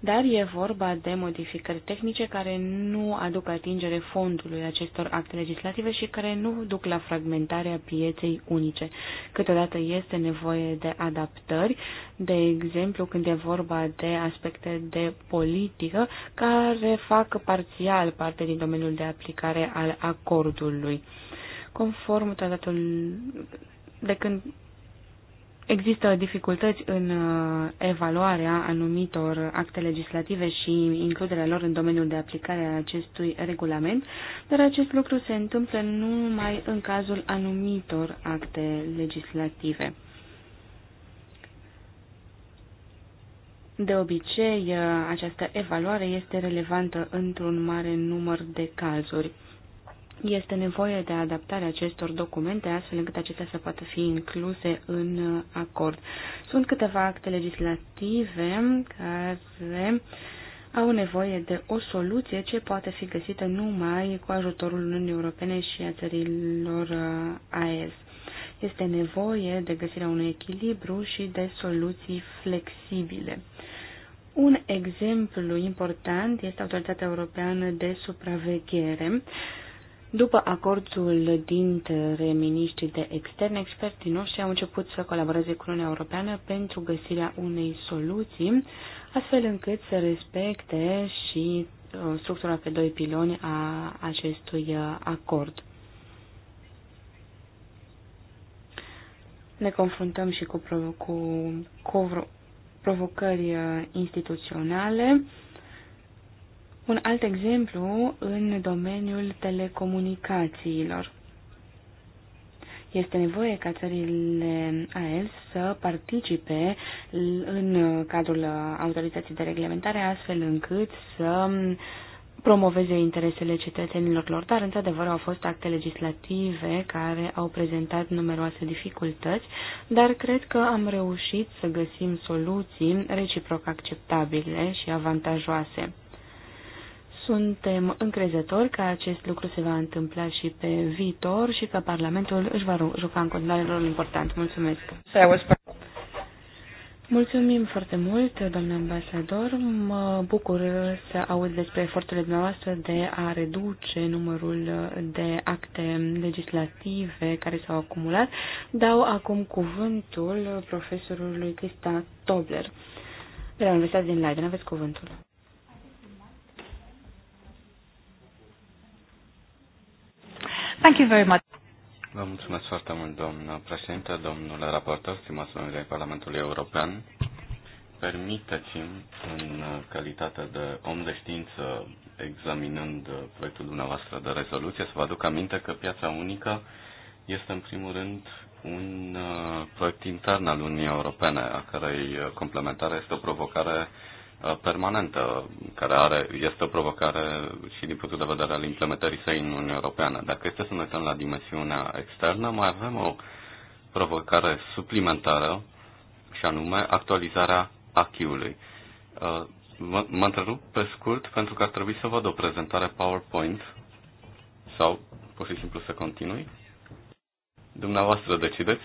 dar e vorba de modificări tehnice care nu aduc atingere fondului acestor acte legislative și care nu duc la fragmentarea pieței unice. Câteodată este nevoie de adaptări, de exemplu când e vorba de aspecte de politică care fac parțial parte din domeniul de aplicare al acordului. Conform tratatul de când Există dificultăți în uh, evaluarea anumitor acte legislative și includerea lor în domeniul de aplicare a acestui regulament, dar acest lucru se întâmplă numai în cazul anumitor acte legislative. De obicei, uh, această evaluare este relevantă într-un mare număr de cazuri. Este nevoie de adaptarea acestor documente astfel încât acestea să poată fi incluse în acord. Sunt câteva acte legislative care au nevoie de o soluție ce poate fi găsită numai cu ajutorul Uniunii Europene și a țărilor uh, AES. Este nevoie de găsirea unui echilibru și de soluții flexibile. Un exemplu important este Autoritatea Europeană de Supraveghere, după acordul dintre miniștrii de externe, expertii noștri au început să colaboreze cu Uniunea Europeană pentru găsirea unei soluții, astfel încât să respecte și uh, structura pe doi piloni a acestui uh, acord. Ne confruntăm și cu, cu, cu provocări uh, instituționale un alt exemplu în domeniul telecomunicațiilor. Este nevoie ca țările AES să participe în cadrul autorității de reglementare astfel încât să promoveze interesele cetățenilor lor, dar într-adevăr au fost acte legislative care au prezentat numeroase dificultăți, dar cred că am reușit să găsim soluții reciproc acceptabile și avantajoase. Suntem încrezători că acest lucru se va întâmpla și pe viitor și că Parlamentul își va juca în continuare rol important. Mulțumesc! Mulțumim foarte mult, domnule ambasador. Mă bucur să aud despre eforturile dumneavoastră de a reduce numărul de acte legislative care s-au acumulat. Dau acum cuvântul profesorului Crista Tobler de la Universitatea din Leiden. Aveți cuvântul. Thank you very much. Vă mulțumesc foarte mult, doamnă președinte, domnule raportor, stimați membri ai Parlamentului European. Permiteți-mi, în calitate de om de știință, examinând proiectul dumneavoastră de rezoluție, să vă aduc aminte că piața unică este, în primul rând, un uh, proiect intern al Uniunii Europene, a cărei complementare este o provocare uh, Uh, permanentă, care are, este o provocare și din punctul de vedere al implementării săi în Uniunea Europeană. Dacă este să ne uităm la dimensiunea externă, mai avem o provocare suplimentară și anume actualizarea achiului. Uh, mă, mă întrerup pe scurt pentru că ar trebui să văd o prezentare PowerPoint sau pur și simplu să continui. Dumneavoastră decideți.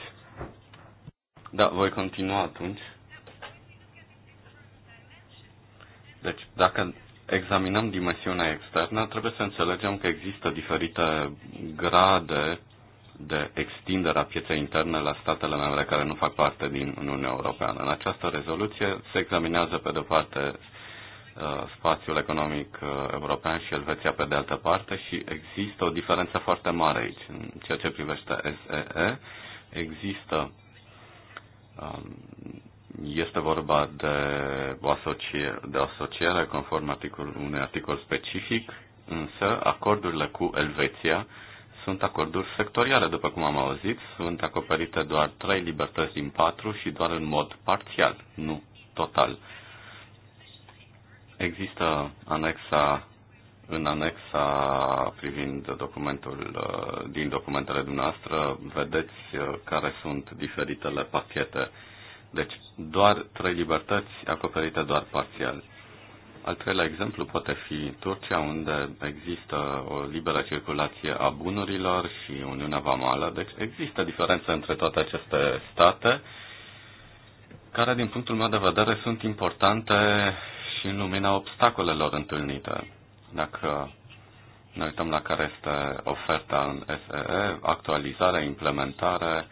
Da, voi continua atunci. Deci, dacă examinăm dimensiunea externă, trebuie să înțelegem că există diferite grade de extindere a pieței interne la statele membre care nu fac parte din Uniunea Europeană. În această rezoluție se examinează pe de-o parte uh, spațiul economic uh, european și Elveția pe de altă parte și există o diferență foarte mare aici. În ceea ce privește SEE, există um, este vorba de o asociere, de asociere conform articol, unui articol specific, însă acordurile cu Elveția sunt acorduri sectoriale, după cum am auzit, sunt acoperite doar trei libertăți din patru și doar în mod parțial, nu total. Există anexa în anexa privind documentul din documentele dumneavoastră, vedeți uh, care sunt diferitele pachete deci, doar trei libertăți acoperite doar parțial. Al treilea exemplu poate fi Turcia, unde există o liberă circulație a bunurilor și Uniunea Vamală. Deci există diferență între toate aceste state, care, din punctul meu de vedere, sunt importante și în lumina obstacolelor întâlnite. Dacă ne uităm la care este oferta în SEE, actualizare, implementare,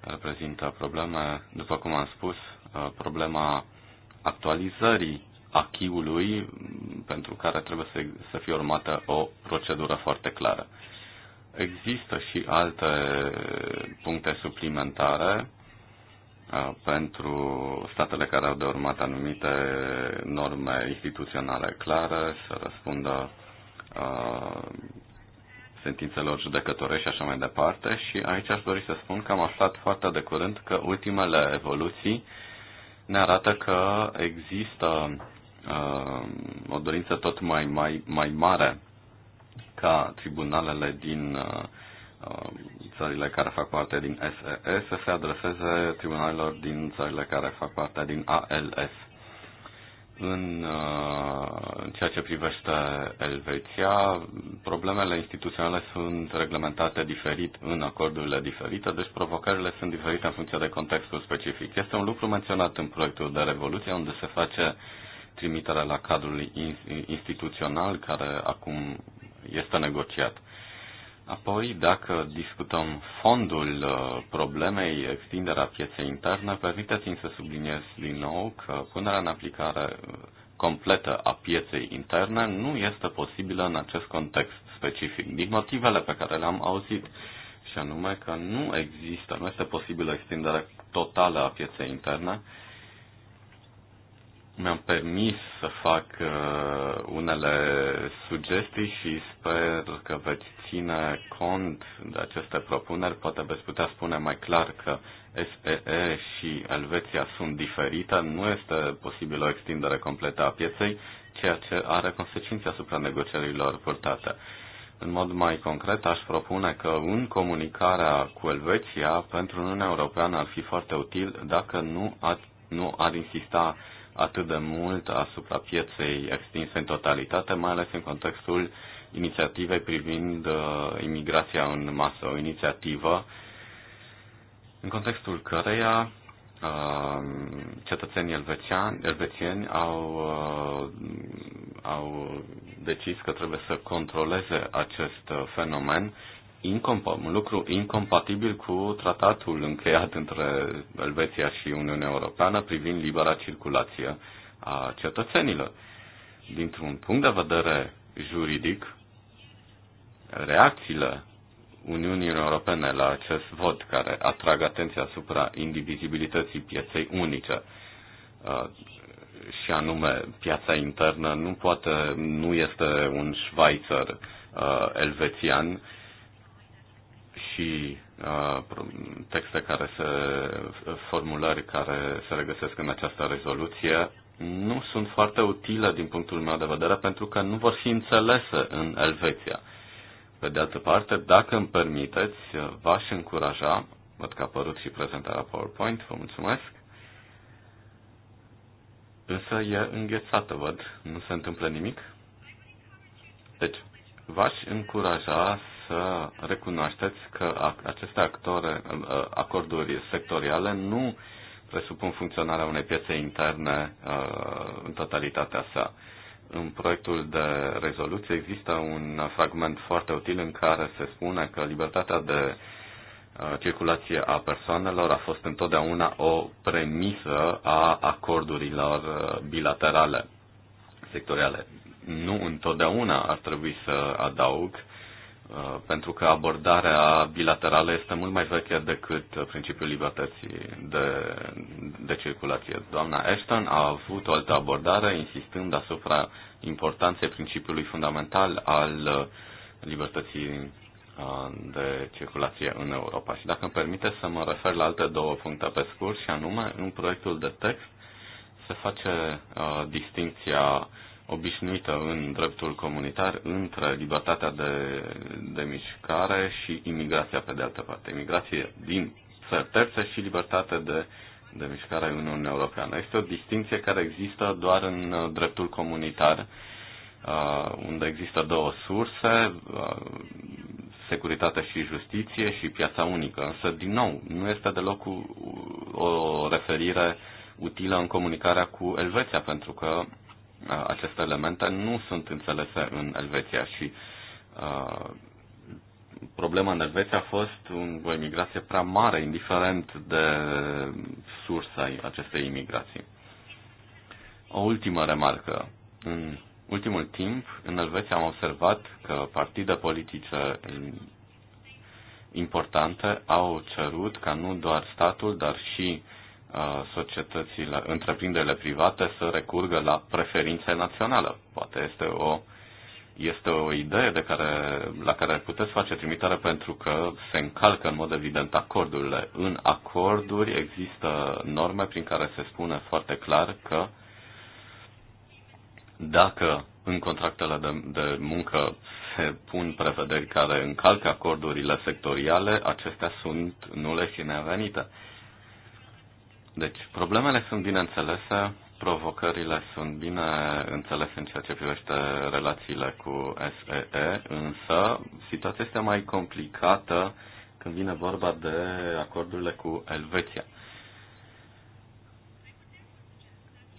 reprezintă probleme, după cum am spus, uh, problema actualizării achiului mm, pentru care trebuie să, să fie urmată o procedură foarte clară. Există și alte puncte suplimentare uh, pentru statele care au de urmat anumite norme instituționale clare, să răspundă uh, sentințelor judecătorești și așa mai departe. Și aici aș dori să spun că am aflat foarte de curând că ultimele evoluții ne arată că există uh, o dorință tot mai, mai, mai mare ca tribunalele din uh, uh țările care fac parte din SES să se adreseze tribunalelor din țările care fac parte din ALS. Uh, în ceea ce privește Elveția, problemele instituționale sunt reglementate diferit în acordurile diferite, deci provocările sunt diferite în funcție de contextul specific. Este un lucru menționat în proiectul de revoluție, unde se face trimiterea la cadrul instituțional care acum este negociat. Apoi, dacă discutăm fondul uh, problemei, extinderea pieței interne, permiteți-mi să subliniez din nou că punerea în aplicare uh, completă a pieței interne nu este posibilă în acest context specific, din motivele pe care le-am auzit, și anume că nu există, nu este posibilă extinderea totală a pieței interne, mi-am permis să fac uh, unele sugestii și sper că veți ține cont de aceste propuneri. Poate veți putea spune mai clar că SPE și Elveția sunt diferite. Nu este posibil o extindere completă a pieței, ceea ce are consecințe asupra negocierilor purtate. În mod mai concret, aș propune că în comunicarea cu Elveția pentru Uniunea Europeană ar fi foarte util dacă nu ar, nu ar insista atât de mult asupra pieței extinse în totalitate, mai ales în contextul inițiativei privind uh, imigrația în masă, o inițiativă în contextul căreia uh, cetățenii elvețiani, elvețieni au, uh, au decis că trebuie să controleze acest uh, fenomen incompa- un lucru incompatibil cu tratatul încheiat între Elveția și Uniunea Europeană privind libera circulație a cetățenilor. Dintr-un punct de vedere juridic, reacțiile Uniunii Europene la acest vot care atrag atenția asupra indivizibilității pieței unice, uh, și anume piața internă nu poate, nu este un șvaițăr uh, elvețian, și uh, texte care se, formulări care se regăsesc în această rezoluție nu sunt foarte utile din punctul meu de vedere pentru că nu vor fi înțelese în Elveția. Pe de altă parte, dacă îmi permiteți, v-aș încuraja, văd că a apărut și prezentarea PowerPoint, vă mulțumesc, însă e înghețată, văd, nu se întâmplă nimic. Deci, v-aș încuraja să recunoașteți că aceste actore, uh, acorduri sectoriale nu presupun funcționarea unei piețe interne uh, în totalitatea sa. În proiectul de rezoluție există un fragment foarte util în care se spune că libertatea de uh, circulație a persoanelor a fost întotdeauna o premisă a acordurilor bilaterale sectoriale. Nu întotdeauna ar trebui să adaug Uh, pentru că abordarea bilaterală este mult mai veche decât principiul libertății de, de circulație. Doamna Ashton a avut o altă abordare, insistând asupra importanței principiului fundamental al uh, libertății uh, de circulație în Europa. Și dacă îmi permite să mă refer la alte două puncte pe scurt, și anume, în proiectul de text se face uh, distinția obișnuită în dreptul comunitar între libertatea de, de mișcare și imigrația pe de altă parte. Imigrație din țări terțe și libertate de, de mișcare în Uniunea Europeană. Este o distinție care există doar în uh, dreptul comunitar, uh, unde există două surse, uh, securitate și justiție și piața unică. Însă, din nou, nu este deloc o referire utilă în comunicarea cu Elveția, pentru că Uh, aceste elemente nu sunt înțelese în Elveția și uh, problema în Elveția a fost o imigrație prea mare, indiferent de sursa acestei imigrații. O ultimă remarcă. În ultimul timp, în Elveția am observat că partide politice importante au cerut ca nu doar statul, dar și societățile, întreprinderile private să recurgă la preferințe naționale. Poate este o, este o idee de care, la care puteți face trimitere pentru că se încalcă în mod evident acordurile. În acorduri există norme prin care se spune foarte clar că dacă în contractele de, de muncă se pun prevederi care încalcă acordurile sectoriale, acestea sunt nule și nevenite. Deci, problemele sunt bine înțelese, provocările sunt bine înțelese în ceea ce privește relațiile cu SEE, însă situația este mai complicată când vine vorba de acordurile cu Elveția.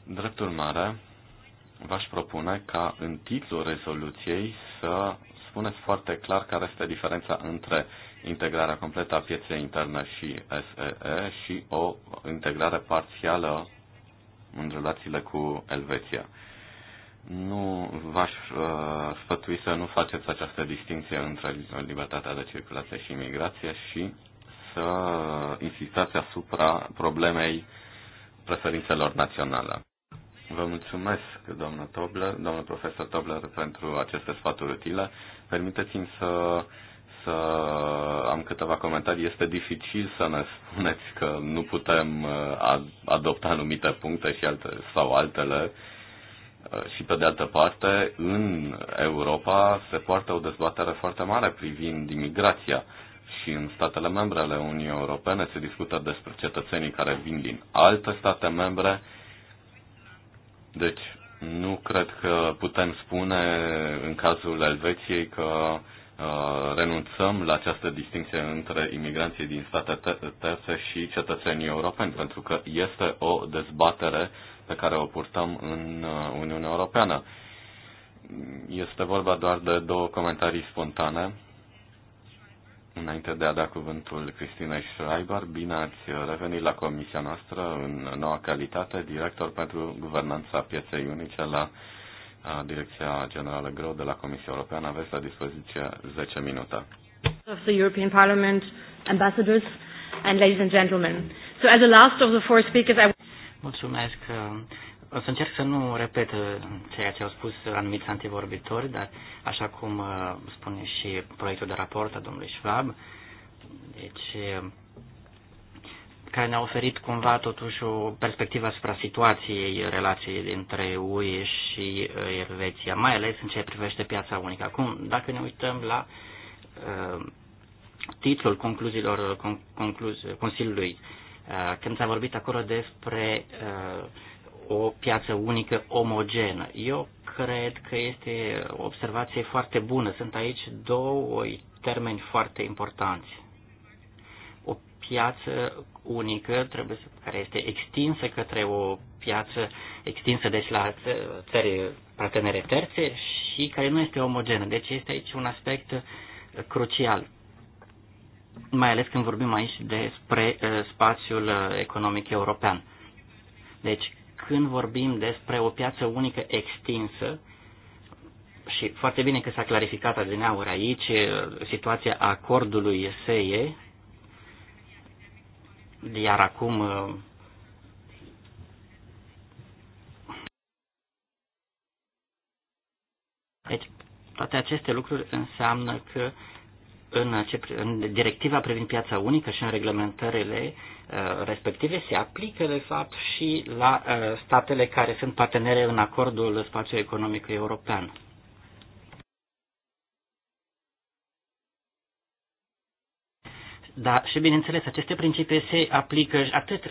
Drept urmare, v-aș propune ca în titlul rezoluției să spuneți foarte clar care este diferența între uh, integrarea completă a pieței interne și SEE și o integrare parțială în relațiile cu Elveția. Nu v-aș uh, sfătui să nu faceți această distinție între libertatea de circulație și imigrație și să insistați asupra problemei preferințelor naționale. Vă mulțumesc, domnul Tobler, domnul profesor Tobler, pentru aceste sfaturi utile. Permiteți-mi să să am câteva comentarii. Este dificil să ne spuneți că nu putem uh, adopta anumite puncte și alte, sau altele. Uh, și pe de altă parte, în Europa se poartă o dezbatere foarte mare privind imigrația și în statele membre ale Uniunii Europene se discută despre cetățenii care vin din alte state membre. Deci, nu cred că putem spune în cazul Elveției că Uh, renunțăm la această distinție între imigranții din state terțe și cetățenii europeni, pentru că este o dezbatere pe care o purtăm în uh, Uniunea Europeană. Este vorba doar de două comentarii spontane. Înainte de a da cuvântul Cristinei Schreiber, bine ați revenit la comisia noastră în noua calitate, director pentru guvernanța pieței unice la Direcția Generală Grow de la Comisia Europeană. Aveți la dispoziție 10 minute. Of the European Parliament, ambassadors and ladies and gentlemen. So as the last of the four speakers, I... Mulțumesc. O să încerc să nu repet ceea ce au spus anumiți antivorbitori, dar așa cum spune și proiectul de raport a domnului Schwab, deci care ne-a oferit cumva totuși o perspectivă asupra situației relației dintre UE și uh, Elveția, mai ales în ce privește piața unică. Acum, dacă ne uităm la uh, titlul concluziilor con, concluz, Consiliului, uh, când s-a vorbit acolo despre uh, o piață unică omogenă, eu cred că este o observație foarte bună. Sunt aici două termeni foarte importanți piață unică trebuie să, care este extinsă către o piață extinsă deci la țări partenere terțe și care nu este omogenă. Deci este aici un aspect uh, crucial, mai ales când vorbim aici despre uh, spațiul uh, economic european. Deci când vorbim despre o piață unică extinsă, și foarte bine că s-a clarificat adineaur aici situația acordului SEE, iar acum uh, Deci, toate aceste lucruri înseamnă că în, ce, în directiva privind piața unică și în reglementările uh, respective se aplică, de fapt, și la uh, statele care sunt partenere în acordul spațiului economic european. Da, și bineînțeles, aceste principii se aplică atât ă,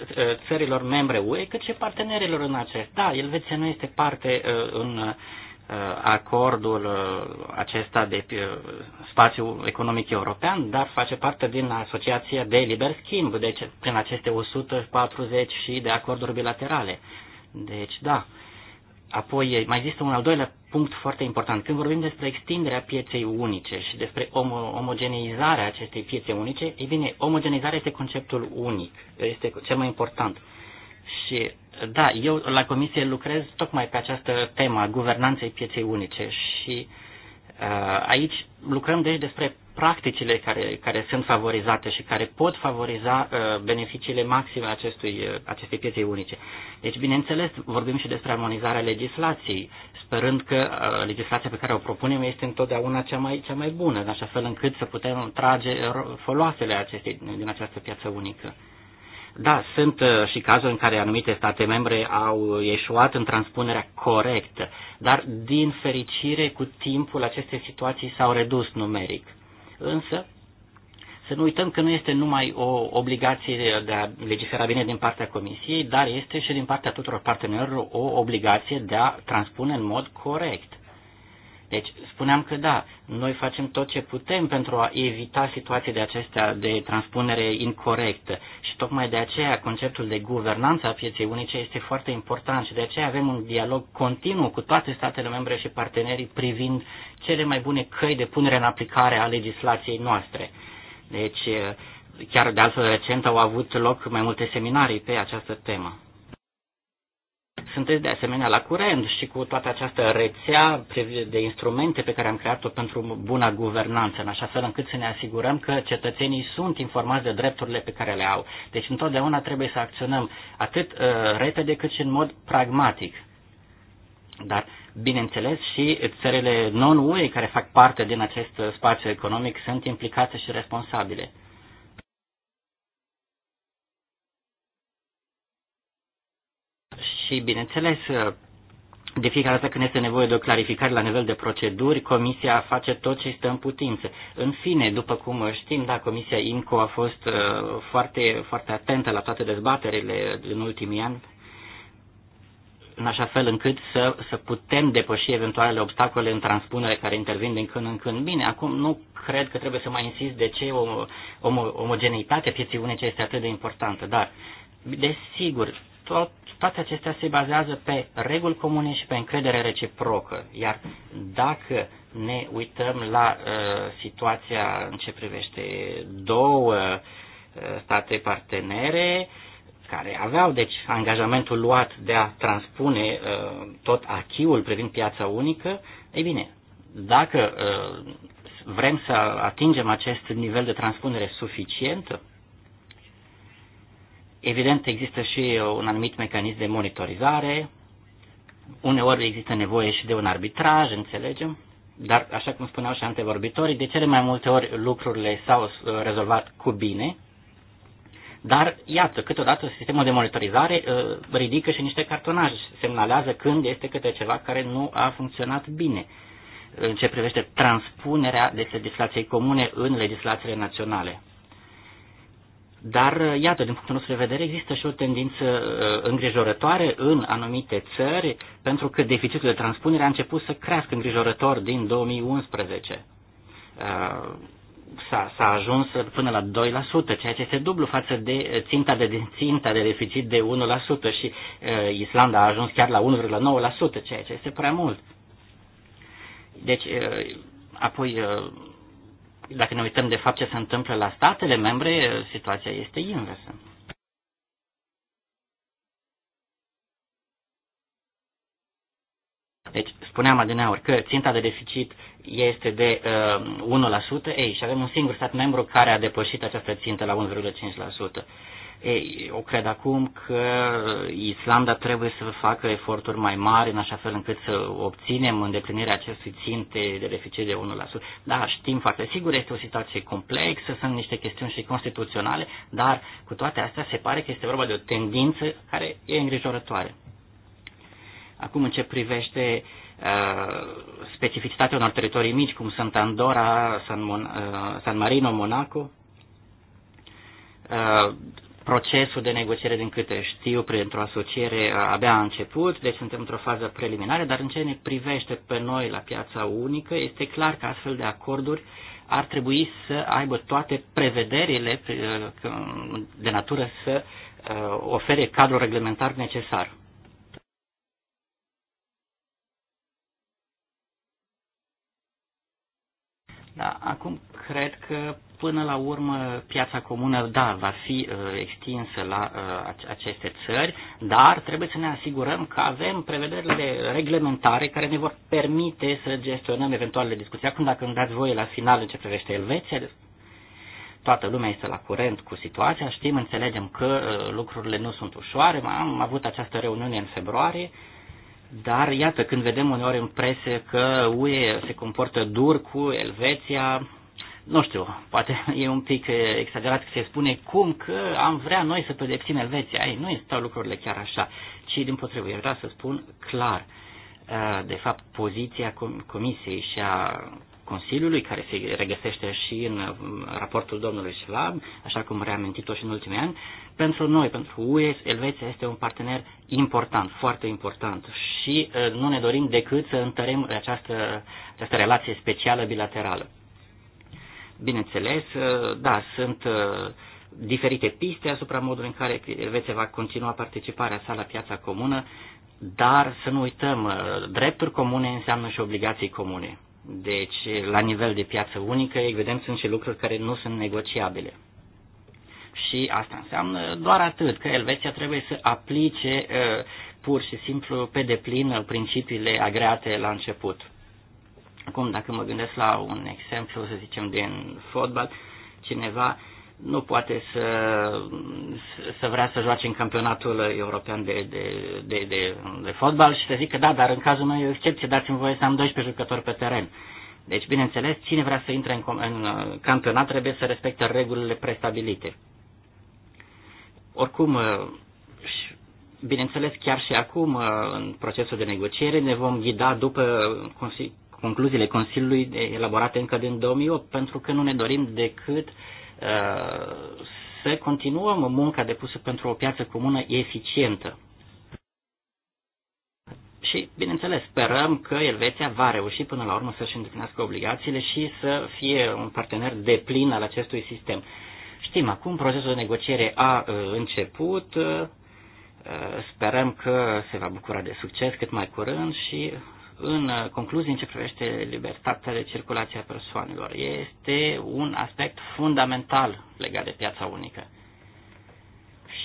țărilor membre UE, cât și partenerilor în acest. Da, Elveția nu este parte ă, în ă, acordul acesta de spațiu economic european, dar face parte din Asociația de Liber Schimb, deci prin aceste 140 și de acorduri bilaterale. Deci, da, Apoi, mai există un al doilea punct foarte important. Când vorbim despre extinderea pieței unice și despre om- omogenizarea acestei piețe unice, e bine, omogenizarea este conceptul unic, este cel mai important. Și da, eu la comisie lucrez tocmai pe această temă a guvernanței pieței unice și uh, aici lucrăm deci despre practicile care, care sunt favorizate și care pot favoriza uh, beneficiile maxime acestui, uh, acestei piețe unice. Deci, bineînțeles, vorbim și despre armonizarea legislației, sperând că uh, legislația pe care o propunem este întotdeauna cea mai, cea mai bună, în așa fel încât să putem trage foloasele acestei, din această piață unică. Da, sunt uh, și cazuri în care anumite state membre au ieșuat în transpunerea corectă, dar din fericire cu timpul aceste situații s-au redus numeric. Însă, să nu uităm că nu este numai o obligație de a legifera bine din partea Comisiei, dar este și din partea tuturor partenerilor o obligație de a transpune în mod corect deci, spuneam că da, noi facem tot ce putem pentru a evita situații de acestea de transpunere incorrectă și tocmai de aceea conceptul de guvernanță a pieței unice este foarte important și de aceea avem un dialog continuu cu toate statele membre și partenerii privind cele mai bune căi de punere în aplicare a legislației noastre. Deci, chiar de altfel recent au avut loc mai multe seminarii pe această temă sunteți de asemenea la curent și cu toată această rețea de instrumente pe care am creat-o pentru buna guvernanță, în așa fel încât să ne asigurăm că cetățenii sunt informați de drepturile pe care le au. Deci întotdeauna trebuie să acționăm atât uh, repede cât și în mod pragmatic. Dar, bineînțeles, și țările non-UE care fac parte din acest uh, spațiu economic sunt implicate și responsabile. Și, bineînțeles, de fiecare dată când este nevoie de o clarificare la nivel de proceduri, Comisia face tot ce stă în putință. În fine, după cum știm, da, Comisia IMCO a fost uh, foarte, foarte atentă la toate dezbaterile în ultimii ani, în așa fel încât să, să putem depăși eventualele obstacole în transpunere care intervin din când în când. Bine, acum nu cred că trebuie să mai insist de ce o o, omogeneitatea pieții unice este atât de importantă, dar, desigur, tot, toate acestea se bazează pe reguli comune și pe încredere reciprocă. Iar dacă ne uităm la uh, situația în ce privește două uh, state partenere, care aveau, deci, angajamentul luat de a transpune uh, tot achiul privind piața unică, ei bine, dacă uh, vrem să atingem acest nivel de transpunere suficient, Evident, există și un anumit mecanism de monitorizare. Uneori există nevoie și de un arbitraj, înțelegem, dar, așa cum spuneau și antevorbitorii, de cele mai multe ori lucrurile s-au uh, rezolvat cu bine, dar, iată, câteodată sistemul de monitorizare uh, ridică și niște cartonaje, semnalează când este câte ceva care nu a funcționat bine în ce privește transpunerea de legislației comune în legislațiile naționale. Dar, uh, iată, din punctul nostru de vedere, există și o tendință uh, îngrijorătoare în anumite țări, pentru că deficitul de transpunere a început să crească îngrijorător din 2011. Uh, s-a, ajuns până la 2%, ceea ce este dublu față de ținta de, ținta de deficit de 1% și Islanda a ajuns chiar la 1,9%, ceea ce este prea mult. Deci, apoi dacă ne uităm de fapt ce se întâmplă la statele membre, situația este inversă. Deci, spuneam adineauri că ținta de deficit este de uh, 1%, ei, și avem un singur stat membru care a depășit această țintă la 1,5%. Ei, eu cred acum că Islanda trebuie să facă eforturi mai mari în așa fel încât să obținem îndeplinirea acestui ținte de deficit de 1%. Da, știm foarte sigur, este o situație complexă, sunt niște chestiuni și constituționale, dar cu toate astea se pare că este vorba de o tendință care e îngrijorătoare. Acum, în ce privește uh, specificitatea unor teritorii mici, cum sunt Andorra, San, Mon- uh, San Marino, Monaco, uh, Procesul de negociere, din câte știu, pentru asociere abia a început, deci suntem într-o fază preliminară, dar în ce ne privește pe noi la piața unică, este clar că astfel de acorduri ar trebui să aibă toate prevederile de natură să ofere cadrul reglementar necesar. Da, acum cred că Până la urmă, piața comună, da, va fi uh, extinsă la uh, aceste țări, dar trebuie să ne asigurăm că avem prevederile de reglementare care ne vor permite să gestionăm eventualele discuții. Acum, dacă îmi dați voie la final în ce privește Elveția, toată lumea este la curent cu situația, știm, înțelegem că uh, lucrurile nu sunt ușoare, am avut această reuniune în februarie, dar iată, când vedem uneori în presă că UE se comportă dur cu Elveția, nu știu, poate e un pic exagerat că se spune cum că am vrea noi să pedepsim Elveția. Ei, nu stau lucrurile chiar așa, ci din potrivă. Eu vreau să spun clar, de fapt, poziția Comisiei și a Consiliului, care se regăsește și în um, raportul domnului Schwab, așa cum reamintit-o și în ultimii ani, pentru noi, pentru UE, Elveția este un partener important, foarte important și uh, nu ne dorim decât să întărim această, această relație specială bilaterală. Bineînțeles, uh, da, sunt uh, diferite piste asupra modului în care Elveția va continua participarea sa la piața comună, dar să nu uităm, uh, drepturi comune înseamnă și obligații comune. Deci, la nivel de piață unică, evident, sunt și lucruri care nu sunt negociabile. Și asta înseamnă doar atât, că Elveția trebuie să aplice pur și simplu pe deplin principiile agreate la început. Acum, dacă mă gândesc la un exemplu, să zicem, din fotbal, cineva nu poate să, să vrea să joace în campionatul european de, de, de, de, de fotbal și să zică, da, dar în cazul meu e o excepție, dați-mi voie să am 12 jucători pe teren. Deci, bineînțeles, cine vrea să intre în, în uh, campionat trebuie să respecte regulile prestabilite. Oricum, uh, bineînțeles, chiar și acum, uh, în procesul de negociere, ne vom ghida după concluziile Consiliului elaborate încă din 2008, pentru că nu ne dorim decât uh, să continuăm munca depusă pentru o piață comună eficientă. Și, bineînțeles, sperăm că Elveția va reuși până la urmă să-și îndeplinească obligațiile și să fie un partener de plin al acestui sistem. Știm acum, procesul de negociere a uh, început, uh, sperăm că se va bucura de succes cât mai curând și în concluzie, în ce privește libertatea de circulație a persoanelor, este un aspect fundamental legat de piața unică.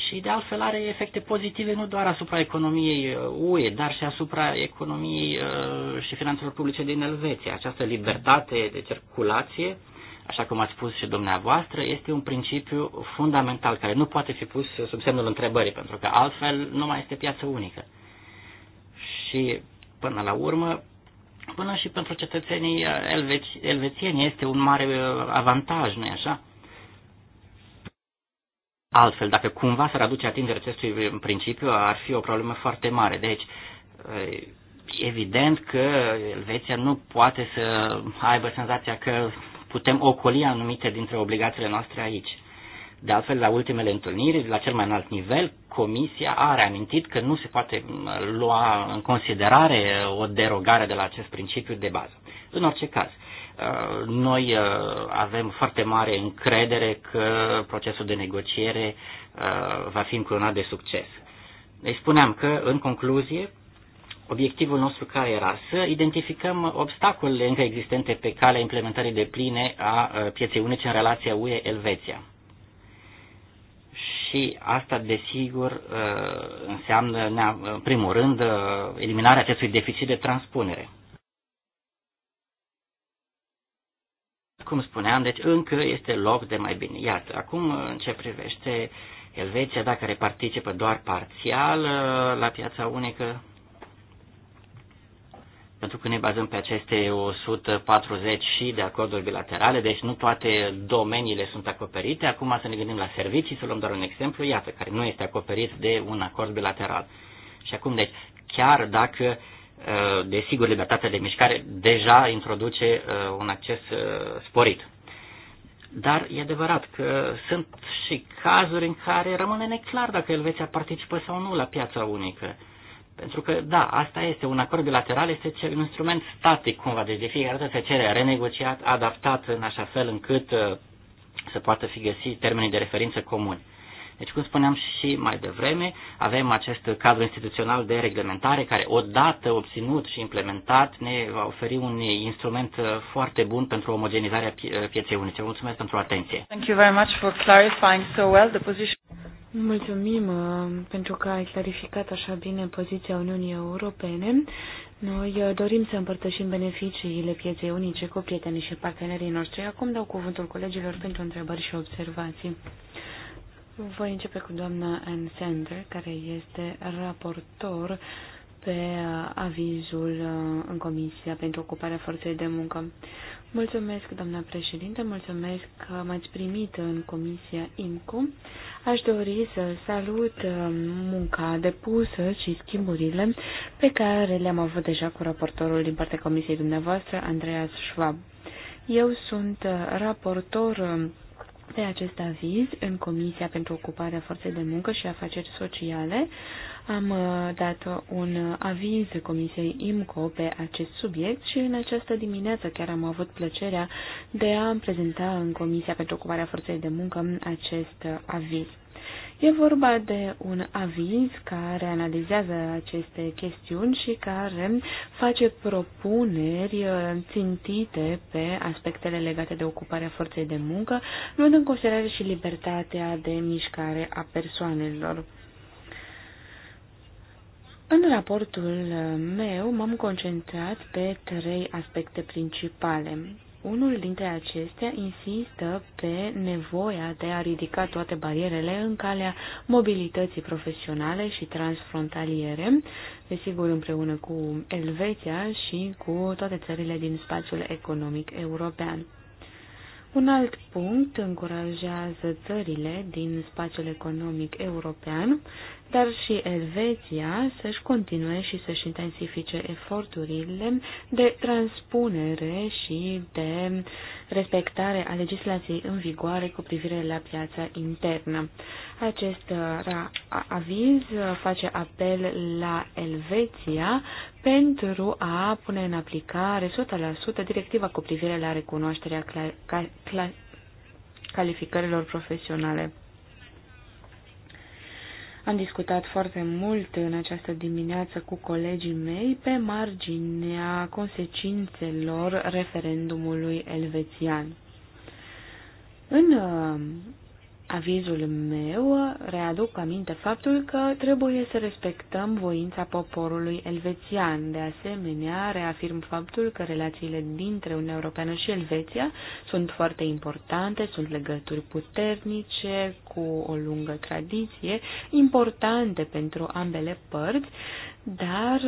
Și de altfel are efecte pozitive nu doar asupra economiei uh, UE, dar și asupra economiei uh, și finanțelor publice din Elveția. Această libertate de circulație așa cum ați spus și dumneavoastră, este un principiu fundamental care nu poate fi pus sub semnul întrebării, pentru că altfel nu mai este piață unică. Și Până la urmă, până și pentru cetățenii elveți, elvețieni este un mare uh, avantaj, nu-i așa? Altfel, dacă cumva s-ar aduce atingere acestui principiu, ar fi o problemă foarte mare. Deci, uh, evident că Elveția nu poate să aibă senzația că putem ocoli anumite dintre obligațiile noastre aici. De altfel, la ultimele întâlniri, la cel mai înalt nivel, Comisia a reamintit că nu se poate lua în considerare uh, o derogare de la acest principiu de bază. În orice caz, uh, noi uh, avem foarte mare încredere că procesul de negociere va fi încurunat de succes. Îi deci spuneam că, în concluzie, obiectivul nostru care era? Să identificăm obstacolele încă existente pe calea implementării de pline a pieței unice în relația UE-Elveția și asta, desigur, uh, înseamnă, în primul rând, uh, eliminarea acestui deficit de transpunere. Cum spuneam, deci încă este loc de mai bine. Iată, acum în ce privește Elveția, dacă reparticipă doar parțial uh, la piața unică, pentru că ne bazăm pe aceste 140 și de acorduri bilaterale, deci nu toate domeniile sunt acoperite. Acum să ne gândim la servicii, să luăm doar un exemplu, iată, care nu este acoperit de un acord bilateral. Și acum, deci, chiar dacă, uh, desigur, libertatea de mișcare deja introduce uh, un acces uh, sporit. Dar e adevărat că sunt și cazuri în care rămâne neclar dacă Elveția participă sau nu la piața unică pentru că, da, asta este, un acord bilateral este un instrument static cumva, deci de fiecare dată se cere renegociat, adaptat în așa fel încât uh, să poată fi găsit termenii de referință comuni. Deci, cum spuneam și mai devreme, avem acest cadru instituțional de reglementare care, odată obținut și implementat, ne va oferi un instrument uh, foarte bun pentru omogenizarea uh, pieței unice. Mulțumesc pentru atenție. Thank you very much for clarifying so well the position. Mulțumim uh, pentru că ai clarificat așa bine poziția Uniunii Europene. Noi uh, dorim să împărtășim beneficiile pieței unice cu prietenii și partenerii noștri. Acum dau cuvântul colegilor pentru întrebări și observații. Voi începe cu doamna Anne Sander, care este raportor pe uh, avizul în Comisia pentru Ocuparea Forței de Muncă. Mulțumesc, doamna președinte, mulțumesc că m-ați primit în Comisia IMCO. Aș dori să salut uh, munca depusă și schimburile pe care le-am avut deja cu raportorul din partea Comisiei dumneavoastră, Andreas Schwab. Eu sunt uh, raportor uh, pe acest aviz în Comisia pentru Ocuparea Forței de Muncă și Afaceri Sociale am uh, dat un aviz Comisiei IMCO pe acest subiect și în această dimineață chiar am avut plăcerea de a prezenta în Comisia pentru Ocuparea Forței de Muncă acest aviz. E vorba de un aviz care analizează aceste chestiuni și care face propuneri uh, țintite pe aspectele legate de ocuparea forței de muncă, luând în considerare și libertatea de mișcare a persoanelor. În raportul meu m-am concentrat pe trei aspecte principale. Unul dintre acestea insistă pe nevoia de a ridica toate barierele în calea mobilității profesionale și transfrontaliere, desigur împreună cu Elveția și cu toate țările din spațiul economic european. Un alt punct încurajează țările din spațiul economic european dar și Elveția să-și continue și să-și intensifice eforturile de transpunere și de respectare a legislației în vigoare cu privire la piața internă. Acest aviz face apel la Elveția pentru a pune în aplicare 100% directiva cu privire la recunoașterea cla- cla- calificărilor profesionale. Am discutat foarte mult în această dimineață cu colegii mei pe marginea consecințelor referendumului elvețian. În uh, avizul meu readuc aminte faptul că trebuie să respectăm voința poporului elvețian. De asemenea, reafirm faptul că relațiile dintre Uniunea Europeană și Elveția sunt foarte importante, sunt legături puternice cu o lungă tradiție, importante pentru ambele părți, dar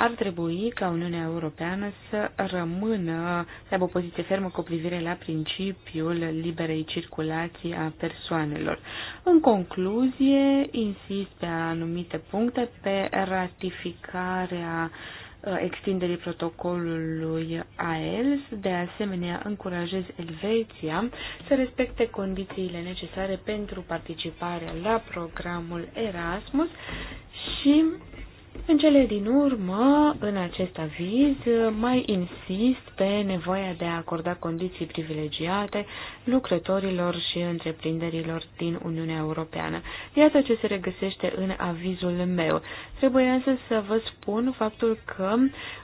ar trebui ca Uniunea Europeană să rămână, să aibă o poziție fermă cu privire la principiul liberei circulații a persoanelor. În concluzie, insist pe anumite puncte pe ratificarea uh, extinderii protocolului AELS. De asemenea, încurajez Elveția să respecte condițiile necesare pentru participarea la programul Erasmus și în cele din urmă, în acest aviz, mai insist pe nevoia de a acorda condiții privilegiate lucrătorilor și întreprinderilor din Uniunea Europeană. Iată ce se regăsește în avizul meu. Trebuie însă să vă spun faptul că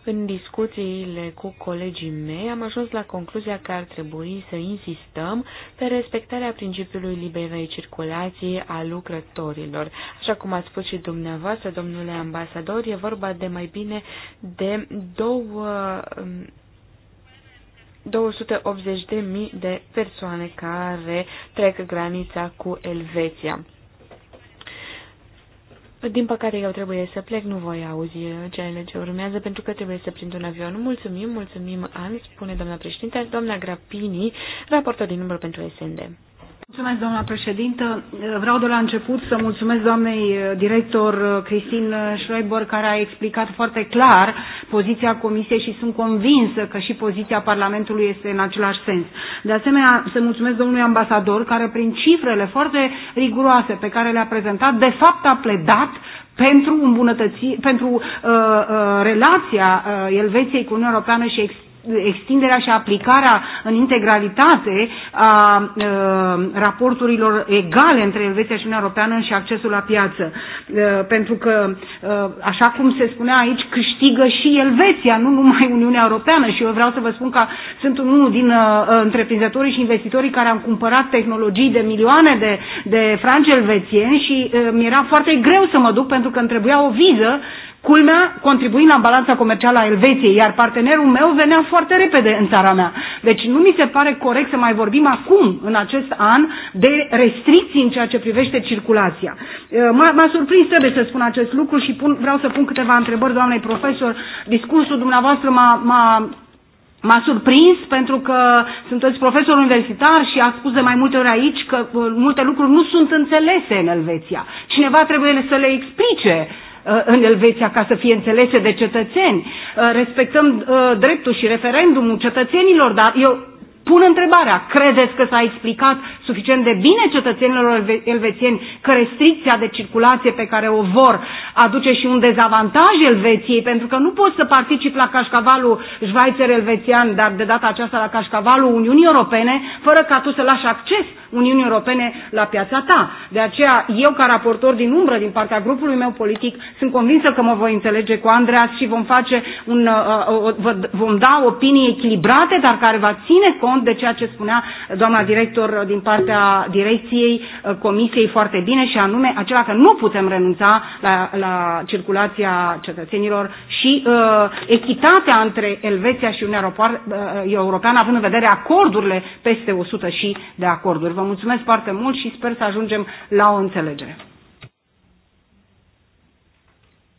în discuțiile cu colegii mei am ajuns la concluzia că ar trebui să insistăm pe respectarea principiului liberei circulații a lucrătorilor, așa cum a spus și dumneavoastră, domnule ambasador Salvador, e vorba de mai bine de 280.000 um, de persoane care trec granița cu Elveția. Din păcate eu trebuie să plec, nu voi auzi cele ce urmează, pentru că trebuie să prind un avion. Mulțumim, mulțumim, An, spune doamna președinte, doamna Grapini, raportor din număr pentru SND. Mulțumesc, doamna președintă. Vreau de la început să mulțumesc doamnei uh, director uh, Cristin uh, Schreiber, care a explicat foarte clar poziția Comisiei și sunt convinsă că și poziția Parlamentului este în același sens. De asemenea, să mulțumesc domnului ambasador, care prin cifrele foarte riguroase pe care le-a prezentat, de fapt a pledat pentru, pentru uh, uh, relația uh, Elveției cu Uniunea Europeană și ex, extinderea și aplicarea în integralitate a ă, raporturilor egale între Elveția și Uniunea Europeană și accesul la piață. Ă, pentru că, ă, așa cum se spunea aici, câștigă și Elveția, nu numai Uniunea Europeană. Și eu vreau să vă spun că sunt unul din întreprinzătorii și investitorii care am cumpărat tehnologii de milioane de, de franci elvețieni și mi era foarte greu să mă duc pentru că îmi trebuia o viză Culmea, contribuind la balanța comercială a Elveției, iar partenerul meu venea foarte repede în țara mea. Deci nu mi se pare corect să mai vorbim acum, în acest an, de restricții în ceea ce privește circulația. Uh, m-a surprins, trebuie să spun acest lucru și pun, vreau să pun câteva întrebări doamnei profesor. Discursul dumneavoastră m-a M-a surprins pentru că sunteți profesor universitar și a spus de mai multe ori aici că uh, multe lucruri nu sunt înțelese în Elveția. Cineva trebuie să le explice Uh, în Elveția ca să fie înțelese de cetățeni. Uh, respectăm uh, dreptul și referendumul cetățenilor, dar eu pun întrebarea, credeți că s-a explicat suficient de bine cetățenilor elvețieni că restricția de circulație pe care o vor aduce și un dezavantaj Elveției, pentru că nu poți să particip la cașcavalul șvaițer-elvețian, dar de data aceasta la cașcavalul Uniunii Europene, fără ca tu să lași acces Uniunii Europene la piața ta. De aceea, eu, ca raportor din umbră, din partea grupului meu politic, sunt convinsă că mă voi înțelege cu Andreas și vom face un, uh, uh, uh vom da opinii echilibrate, dar care va ține cont cont de ceea ce spunea doamna director din partea direcției uh, Comisiei foarte bine și anume acela că nu putem renunța la, la circulația cetățenilor și uh, echitatea între Elveția și Uniunea uh, Europeană, având în vedere acordurile peste 100 și de acorduri. Vă mulțumesc foarte mult și sper să ajungem la o înțelegere.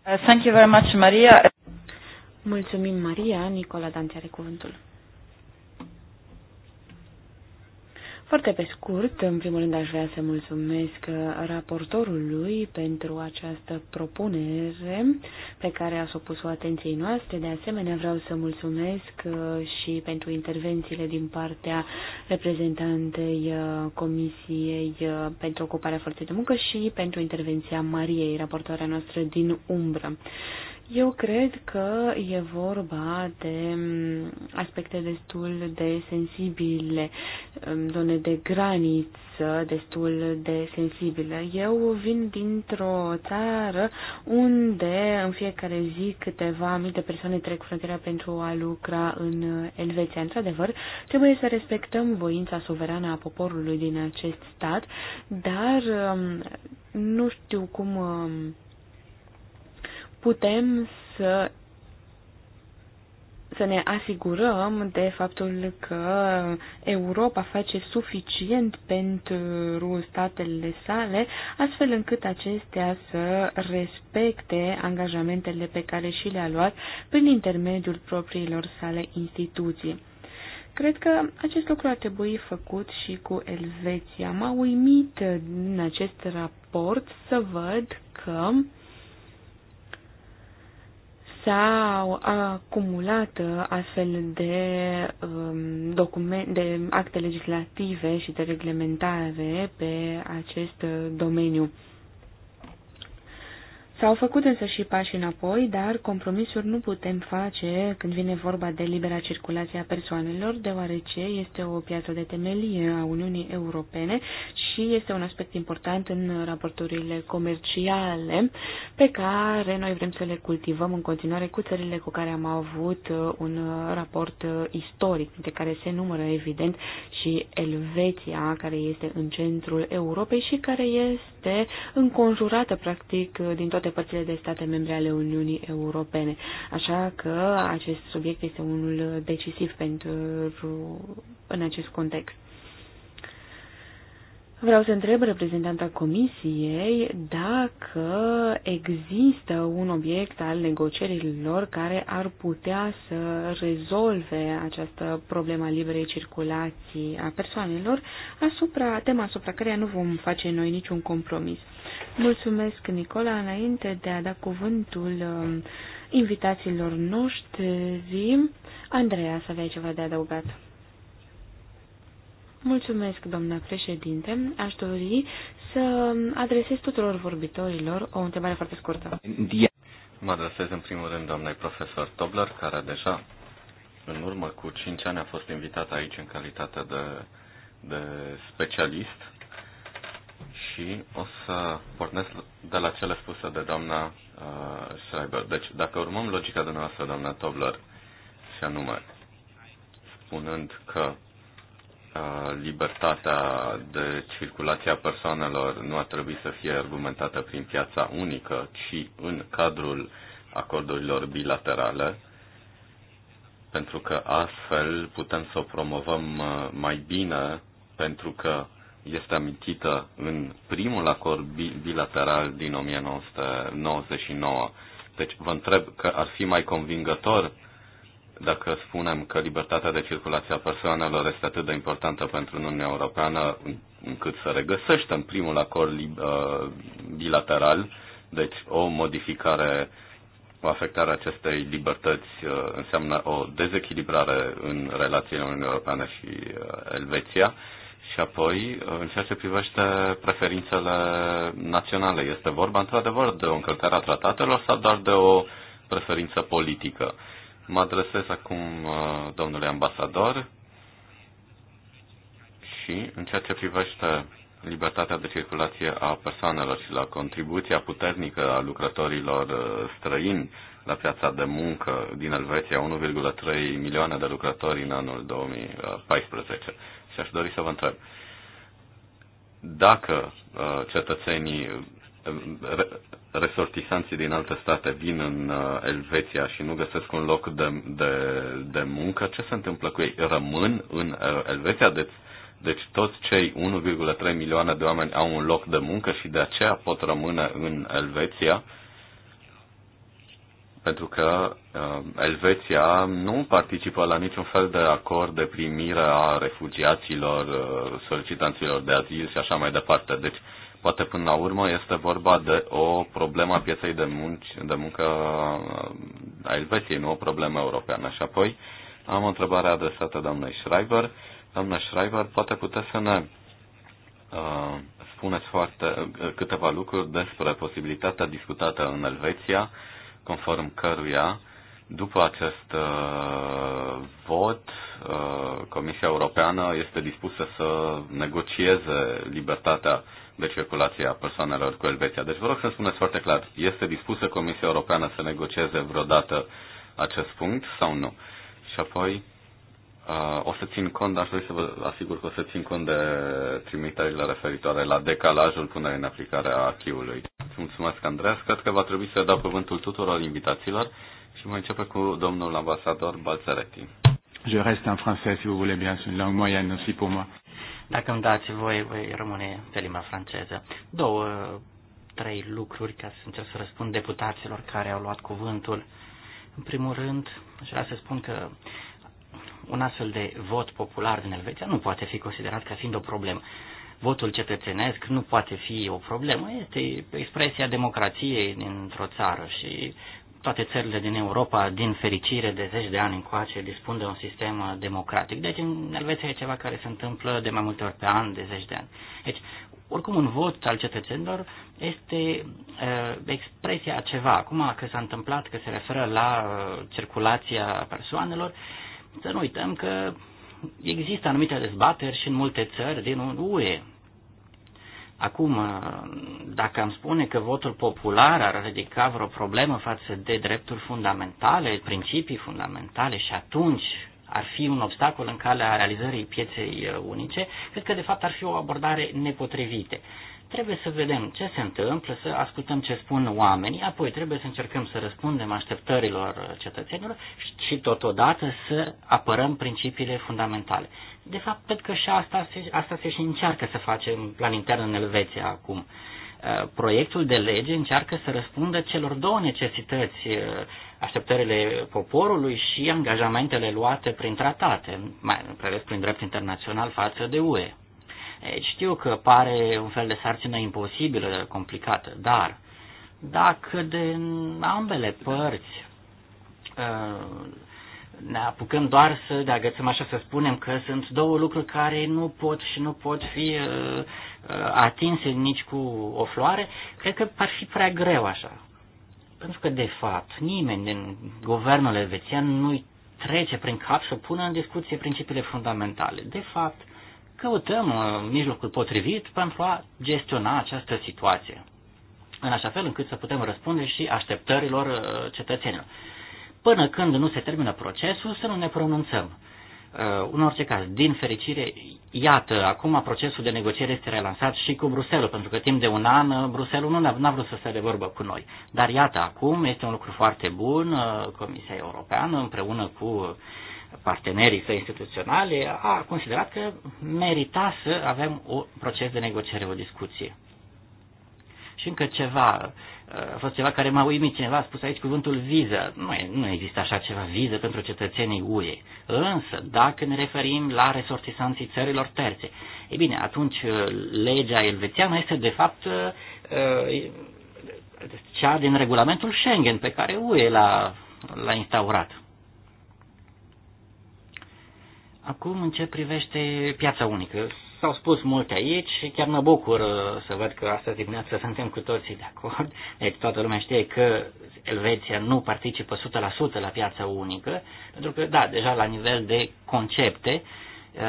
Uh, thank you very much, Maria. Mulțumim, Maria. Nicola Dante are cuvântul. Foarte pe scurt, în primul rând aș vrea să mulțumesc raportorului pentru această propunere pe care a supus-o atenției noastre. De asemenea, vreau să mulțumesc uh, și pentru intervențiile din partea reprezentantei uh, Comisiei uh, pentru Ocuparea Forței de Muncă și pentru intervenția Mariei, raportoarea noastră din umbră. Eu cred că e vorba de mm, aspecte destul de sensibile, mm, zone de graniță destul de sensibile. Eu vin dintr-o țară unde în fiecare zi câteva mii de persoane trec frontiera pentru a lucra în eh, Elveția. Într-adevăr, trebuie să respectăm voința suverană a poporului din acest stat, dar mm, nu știu cum putem să să ne asigurăm de faptul că Europa face suficient pentru statele sale, astfel încât acestea să respecte angajamentele pe care și le-a luat prin intermediul propriilor sale instituții. Cred că acest lucru ar trebui făcut și cu Elveția. M-a uimit în acest raport să văd că s-au acumulat astfel de, um, document, de acte legislative și de reglementare pe acest domeniu. S-au făcut însă și pași înapoi, dar compromisuri nu putem face când vine vorba de libera circulație a persoanelor, deoarece este o piatră de temelie a Uniunii Europene și este un aspect important în raporturile comerciale pe care noi vrem să le cultivăm în continuare cu țările cu care am avut un raport istoric, de care se numără evident și Elveția, care este în centrul Europei și care este înconjurată practic din toate toate părțile de state membre ale Uniunii Europene. Așa că acest subiect este unul decisiv pentru, în acest context. Vreau să întreb reprezentanta Comisiei dacă există un obiect al negocierilor care ar putea să rezolve această problemă a liberei circulații a persoanelor asupra, tema asupra care nu vom face noi niciun compromis. Mulțumesc, Nicola. Înainte de a da cuvântul um, invitațiilor noștri, Andreea, să aveai ceva de adăugat. Mulțumesc, doamna președinte. Aș dori să adresez tuturor vorbitorilor o întrebare foarte scurtă. Mă adresez în primul rând doamnei profesor Tobler, care deja în urmă cu 5 ani a fost invitată aici în calitate de, de specialist și o să pornesc de la cele spuse de doamna uh, Schreiber. Deci, dacă urmăm logica de noastră, doamna Tobler, și anume, spunând că uh, libertatea de circulație a persoanelor nu ar trebui să fie argumentată prin piața unică, ci în cadrul acordurilor bilaterale, pentru că astfel putem să o promovăm uh, mai bine, pentru că este amintită în primul acord bilateral din 1999. Deci vă întreb că ar fi mai convingător dacă spunem că libertatea de circulație a persoanelor este atât de importantă pentru Uniunea Europeană încât să regăsește în primul acord uh, bilateral, deci o modificare, o afectare a acestei libertăți uh, înseamnă o dezechilibrare în relațiile Uniunii Europeană și uh, Elveția și apoi, în ceea ce privește preferințele naționale, este vorba într-adevăr de o încălcare a tratatelor sau doar de o preferință politică? Mă adresez acum uh, domnului ambasador și în ceea ce privește libertatea de circulație a persoanelor și la contribuția puternică a lucrătorilor uh, străini la piața de muncă din Elveția, 1,3 milioane de lucrători în anul 2014. Și deci aș dori să vă întreb. Dacă uh, cetățenii uh, resortisanții din alte state vin în uh, Elveția și nu găsesc un loc de, de, de muncă, ce se întâmplă cu ei? Rămân în Elveția? Deci, deci toți cei 1,3 milioane de oameni au un loc de muncă și de aceea pot rămâne în Elveția pentru că uh, Elveția nu participă la niciun fel de acord de primire a refugiaților, uh, solicitanților de azil și așa mai departe. Deci, poate până la urmă este vorba de o problemă a pieței de, munci, de muncă uh, a Elveției, nu o problemă europeană. Și apoi am o întrebare adresată doamnei Schreiber. Doamna Schreiber, poate puteți să ne uh, spuneți foarte, uh, câteva lucruri despre posibilitatea discutată în Elveția uh, conform căruia, după acest uh, vot, uh, Comisia Europeană este dispusă să negocieze libertatea de circulație a persoanelor cu Elveția. Deci vă rog să spuneți foarte clar, este dispusă Comisia Europeană să negocieze vreodată acest punct sau nu? Și apoi, Uh, o să țin cont, aș dori să vă asigur că o să țin cont de trimiterile referitoare la decalajul punerii în aplicare a acquis Mulțumesc, Andreas. Cred că va trebui să dau cuvântul tuturor invitațiilor și mai începe cu domnul ambasador Balzaretti. Je reste en français, si vous voulez bien, c'est une langue moyenne aussi pour moi. Dacă îmi dați voi, voi rămâne pe limba franceză. Două, trei lucruri ca să încerc să răspund deputaților care au luat cuvântul. În primul rând, aș vrea să spun că uh, un astfel de vot popular din Elveția nu poate fi considerat ca fiind o problemă. Votul cetățenesc nu poate fi o problemă, este expresia democrației dintr-o țară și toate țările din Europa, din fericire, de zeci de ani încoace, dispun de un sistem democratic. Deci, în Elveția e ceva care se întâmplă de mai multe ori pe an, de zeci de ani. Deci, oricum, un vot al cetățenilor este uh, expresia a ceva. Acum, că s-a întâmplat, că se referă la uh, circulația persoanelor, uh, să nu uităm că există anumite dezbateri și în multe țări din UE. Acum, dacă am spune că votul popular ar ridica vreo problemă față de drepturi fundamentale, principii fundamentale și atunci ar fi un obstacol în calea realizării pieței unice, cred că de fapt ar fi o abordare nepotrivită. Trebuie să vedem ce se întâmplă, să ascultăm ce spun oamenii, apoi trebuie să încercăm să răspundem așteptărilor cetățenilor și totodată să apărăm principiile fundamentale. De fapt, cred că și asta se, asta se și încearcă să facem la intern în Elveția acum. Uh, proiectul de lege încearcă să răspundă celor două necesități, uh, așteptările poporului și angajamentele luate prin tratate, mai ales prin drept internațional față de UE. Eh, știu că pare un fel de sarcină imposibilă, complicată, dar dacă de ambele părți eh, ne apucăm doar să de agățăm așa să spunem că sunt două lucruri care nu pot și nu pot fi eh, atinse nici cu o floare, cred că ar fi prea greu așa. Pentru că, de fapt, nimeni din guvernul elvețian nu-i trece prin cap să pună în discuție principiile fundamentale. De fapt, căutăm uh, mijlocul potrivit pentru a gestiona această situație, în așa fel încât să putem răspunde și așteptărilor uh, cetățenilor. Până când nu se termină procesul, să nu ne pronunțăm. Uh, în orice caz, din fericire, iată, acum procesul de negociere este relansat și cu Bruselul, pentru că timp de un an Bruselul nu n-a vrut să se de vorbă cu noi. Dar iată, acum este un lucru foarte bun, Comisia Europeană împreună cu partenerii săi instituționale a considerat că merita să avem un proces de negociere, o discuție. Și încă ceva, a fost ceva care m-a uimit, cineva a spus aici cuvântul viză. Nu, nu există așa ceva viză pentru cetățenii UE. Însă, dacă ne referim la resortisanții țărilor terțe, e bine, atunci uh, legea elvețiană este de fapt uh, uh, cea din regulamentul Schengen pe care UE l-a, l-a instaurat. Acum, în ce privește piața unică, s-au spus multe aici și chiar mă bucur uh, să văd că astăzi dimineața suntem cu toții de acord. Deci toată lumea știe că Elveția nu participă 100% la piața unică, pentru că, da, deja la nivel de concepte, uh,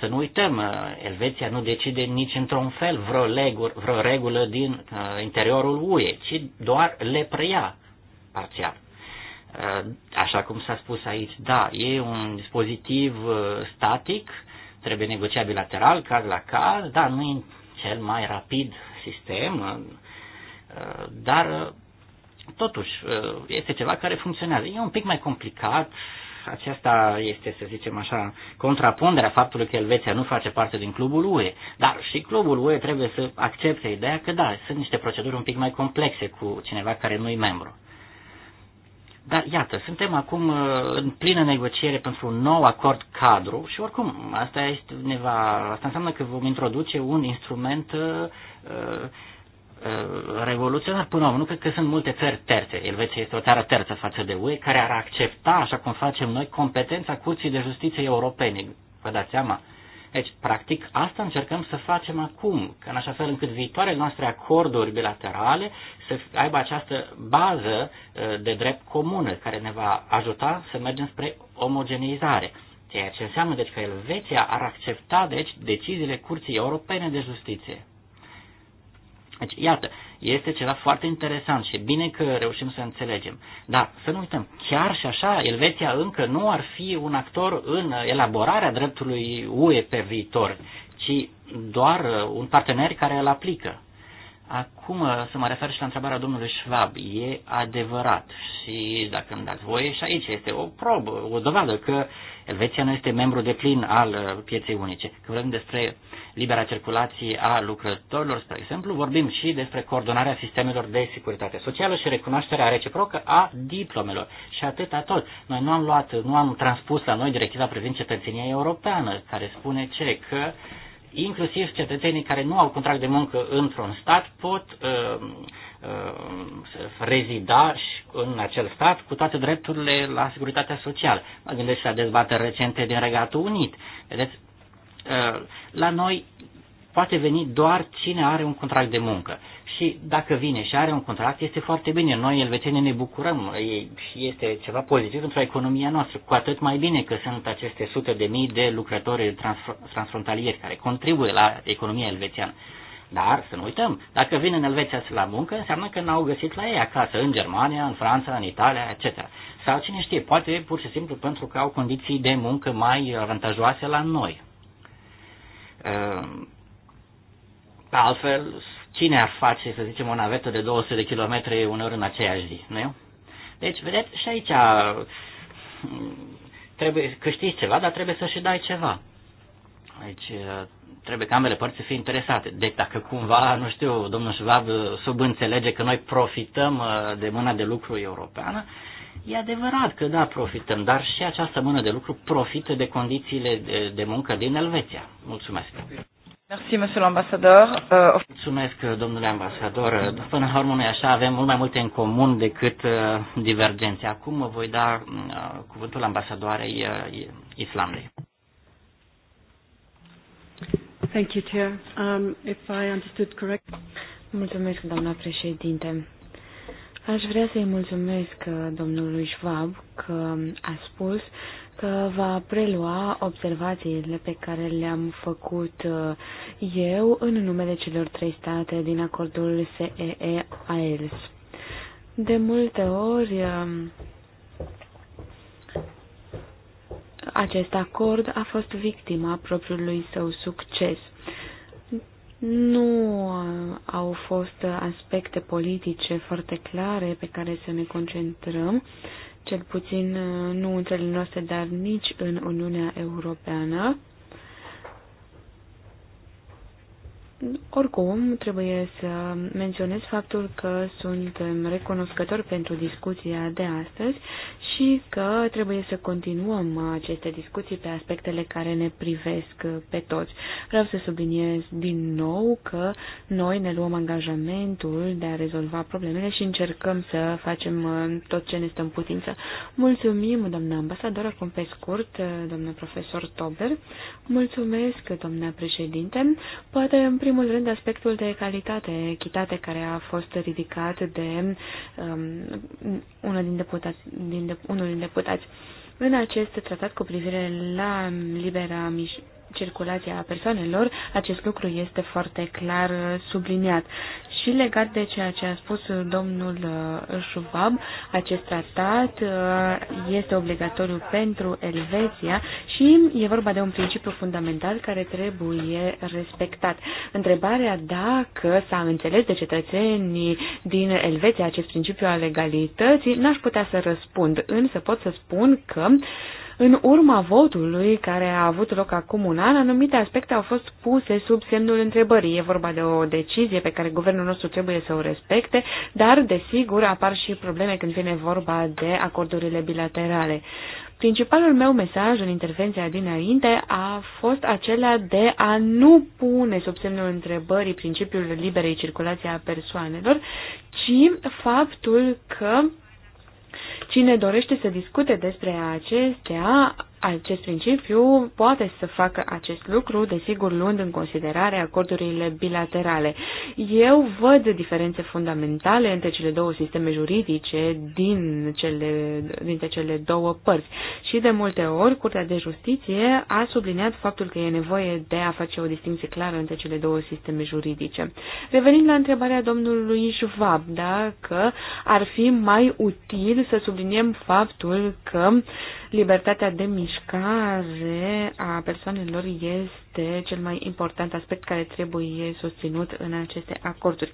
să nu uităm, uh, Elveția nu decide nici într-un fel vreo, legur, vreo regulă din interiorul UE, ci doar le preia parțial. Uh, așa cum s-a spus aici, da, e un dispozitiv uh, static, trebuie negociat bilateral, caz la caz, dar nu e cel mai rapid sistem, uh, dar totuși este ceva care funcționează. E un pic mai complicat, aceasta este, să zicem așa, contraponderea faptului că Elveția nu face parte din clubul UE. Dar și clubul UE trebuie să accepte ideea că da, sunt niște proceduri un pic mai complexe cu cineva care nu e membru. Dar iată, suntem acum uh, în plină negociere pentru un nou acord cadru și oricum asta, este, neva. asta înseamnă că vom introduce un instrument uh, uh, revoluționar până la urmă. Nu cred că sunt multe țări terțe. Elveția este o țară terță față de UE care ar accepta, așa cum facem noi, competența Curții de Justiție Europene. Vă dați seama? Deci, practic, asta încercăm să facem acum, în așa fel încât viitoarele noastre acorduri bilaterale să aibă această bază uh, de drept comună care ne va ajuta să mergem spre omogeneizare. Ceea ce înseamnă deci că Elveția ar accepta deci deciziile Curții Europene de Justiție. Deci, iată, este ceva foarte interesant și bine că reușim să înțelegem. Dar să nu uităm, chiar și așa, Elveția încă nu ar fi un actor în elaborarea dreptului UE pe viitor, ci doar uh, un partener care îl aplică. Acum uh, să mă refer și la întrebarea domnului Schwab. E adevărat și, dacă îmi dați voie, și aici este o probă, o dovadă că Elveția nu este membru de plin al uh, pieței unice. Când vorbim despre libera circulație a lucrătorilor, spre exemplu, vorbim și despre coordonarea sistemelor de securitate socială și recunoașterea reciprocă a diplomelor. Și atâta tot. Noi nu am luat, nu am transpus la noi directiva privind cetățenia europeană, care spune ce? Că inclusiv cetățenii care nu au contract de muncă într-un stat pot uh, uh, rezida în acel stat cu toate drepturile la securitatea socială. Mă gândesc la dezbateri recente din Regatul Unit. Vedeți, Eh, la noi poate veni doar cine are un contract de muncă. Și dacă vine și are un contract, este foarte bine. Noi, elvețenii, ne bucurăm și este ceva pozitiv pentru economia noastră. Cu atât mai bine că sunt aceste sute de mii de lucrători transfrontalieri care contribuie la economia elvețiană. Dar să nu uităm, dacă vin în Elveția la muncă, înseamnă că n-au găsit la ei acasă, în Germania, în Franța, în Italia, etc. Sau cine știe, poate pur și simplu pentru că au condiții de muncă mai avantajoase la noi. Ehm, altfel, cine ar face, să zicem, o navetă de 200 de kilometri uneori în aceeași zi, nu Deci, vedeți, și aici mm, trebuie câștigi ceva, dar trebuie să și dai ceva. Deci eh, trebuie ca ambele părți să fie interesate. Deci dacă cumva, nu știu, domnul Șvab eh, subînțelege că noi profităm eh, de mâna de lucru europeană, E adevărat că da, profităm, dar și această mână de lucru profită de condițiile de, de muncă din Elveția. Mulțumesc! Merci, monsieur l'ambassadeur. Euh, Mulțumesc, domnule ambasador. Până la urmă, noi așa avem mult mai multe în comun decât uh, divergențe. Acum voi da uh, cuvântul ambasadoarei uh, Islandei. Thank you, Chair. Um, if I understood correct... Mulțumesc, doamna președinte. Aș vrea să-i mulțumesc uh, domnului Schwab că a spus că va prelua observațiile pe care le-am făcut uh, eu în numele celor trei state din acordul cee aels De multe ori, um, acest acord a fost victima propriului său succes nu au fost aspecte politice foarte clare pe care să ne concentrăm, cel puțin nu în țările noastre, dar nici în Uniunea Europeană. Oricum, trebuie să menționez faptul că suntem recunoscători pentru discuția de astăzi și că trebuie să continuăm aceste discuții pe aspectele care ne privesc pe toți. Vreau să subliniez din nou că noi ne luăm angajamentul de a rezolva problemele și încercăm să facem uh, tot ce ne stă în putință. Mulțumim, doamna ambasador, acum pe scurt, uh, doamna profesor Tober. Mulțumesc, doamna președinte. Poate în primul rând, aspectul de calitate, echitate, care a fost ridicat de um, unul din deputați. Din de, unul din deputați. În acest tratat cu privire la libera circulație a persoanelor, acest lucru este foarte clar subliniat. Și legat de ceea ce a spus domnul uh, Schwab, acest tratat uh, este obligatoriu pentru Elveția și e vorba de un principiu fundamental care trebuie respectat. Întrebarea dacă s-a înțeles de cetățenii din Elveția acest principiu al legalității, n-aș putea să răspund, însă pot să spun că uh, în urma votului care a avut loc acum un an, anumite aspecte au fost puse sub semnul întrebării. E vorba de o decizie pe care guvernul nostru trebuie să o respecte, dar, desigur, apar și probleme când vine vorba de acordurile bilaterale. Principalul meu mesaj în intervenția dinainte a fost acela de a nu pune sub semnul întrebării principiul liberei circulației a persoanelor, ci faptul că Cine dorește să discute despre acestea acest principiu poate să facă acest lucru, desigur luând în considerare acordurile bilaterale. Eu văd diferențe fundamentale între cele două sisteme juridice din cele, dintre cele două părți și de multe ori Curtea de Justiție a subliniat faptul că e nevoie de a face o distinție clară între cele două sisteme juridice. Revenind la întrebarea domnului Schwab, dacă ar fi mai util să subliniem faptul că uh, Libertatea de mișcare a persoanelor este cel mai important aspect care trebuie susținut în aceste acorduri.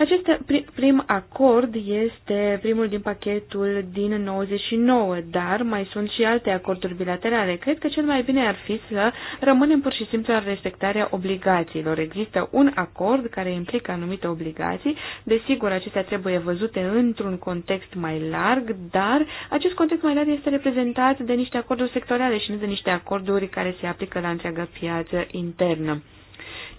Acest prim acord este primul din pachetul din 99, dar mai sunt și alte acorduri bilaterale. Cred că cel mai bine ar fi să rămânem pur și simplu la respectarea obligațiilor. Există un acord care implică anumite obligații. Desigur, acestea trebuie văzute într-un context mai larg, dar acest context mai larg este reprezentat de niște acorduri sectoriale și nu de niște acorduri care se aplică la întreaga piață internă.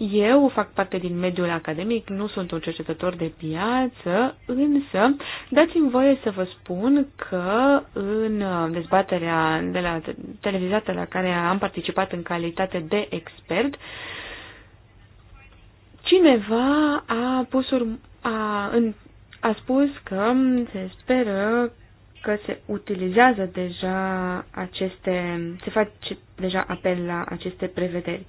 Eu fac parte din mediul academic, nu sunt un cercetător de piață, însă dați-mi voie să vă spun că în uh, dezbaterea de la televizată la care am participat în calitate de expert, cineva a pus urm- a, în, a spus că se speră că se utilizează deja aceste, se face deja apel la aceste prevederi.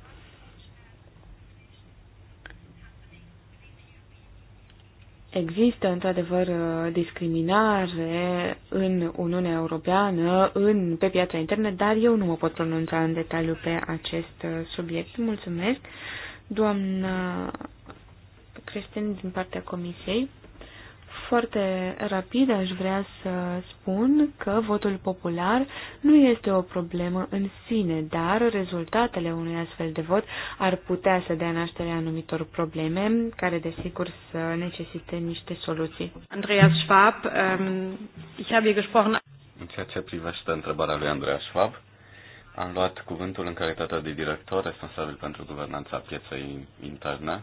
Există într-adevăr discriminare în Uniunea Europeană, în, pe piața internet, dar eu nu mă pot pronunța în detaliu pe acest subiect. Mulțumesc. Doamna Cristin, din partea Comisiei. Foarte rapid aș vrea să spun că votul popular nu este o problemă în sine, dar rezultatele unui astfel de vot ar putea să dea naștere anumitor probleme, care desigur să necesite niște soluții. Andreas Schwab, um, ich habe hier gesprochen. În ceea ce privește întrebarea lui Andreas Schwab, am luat cuvântul în calitatea de director responsabil pentru guvernanța pieței interne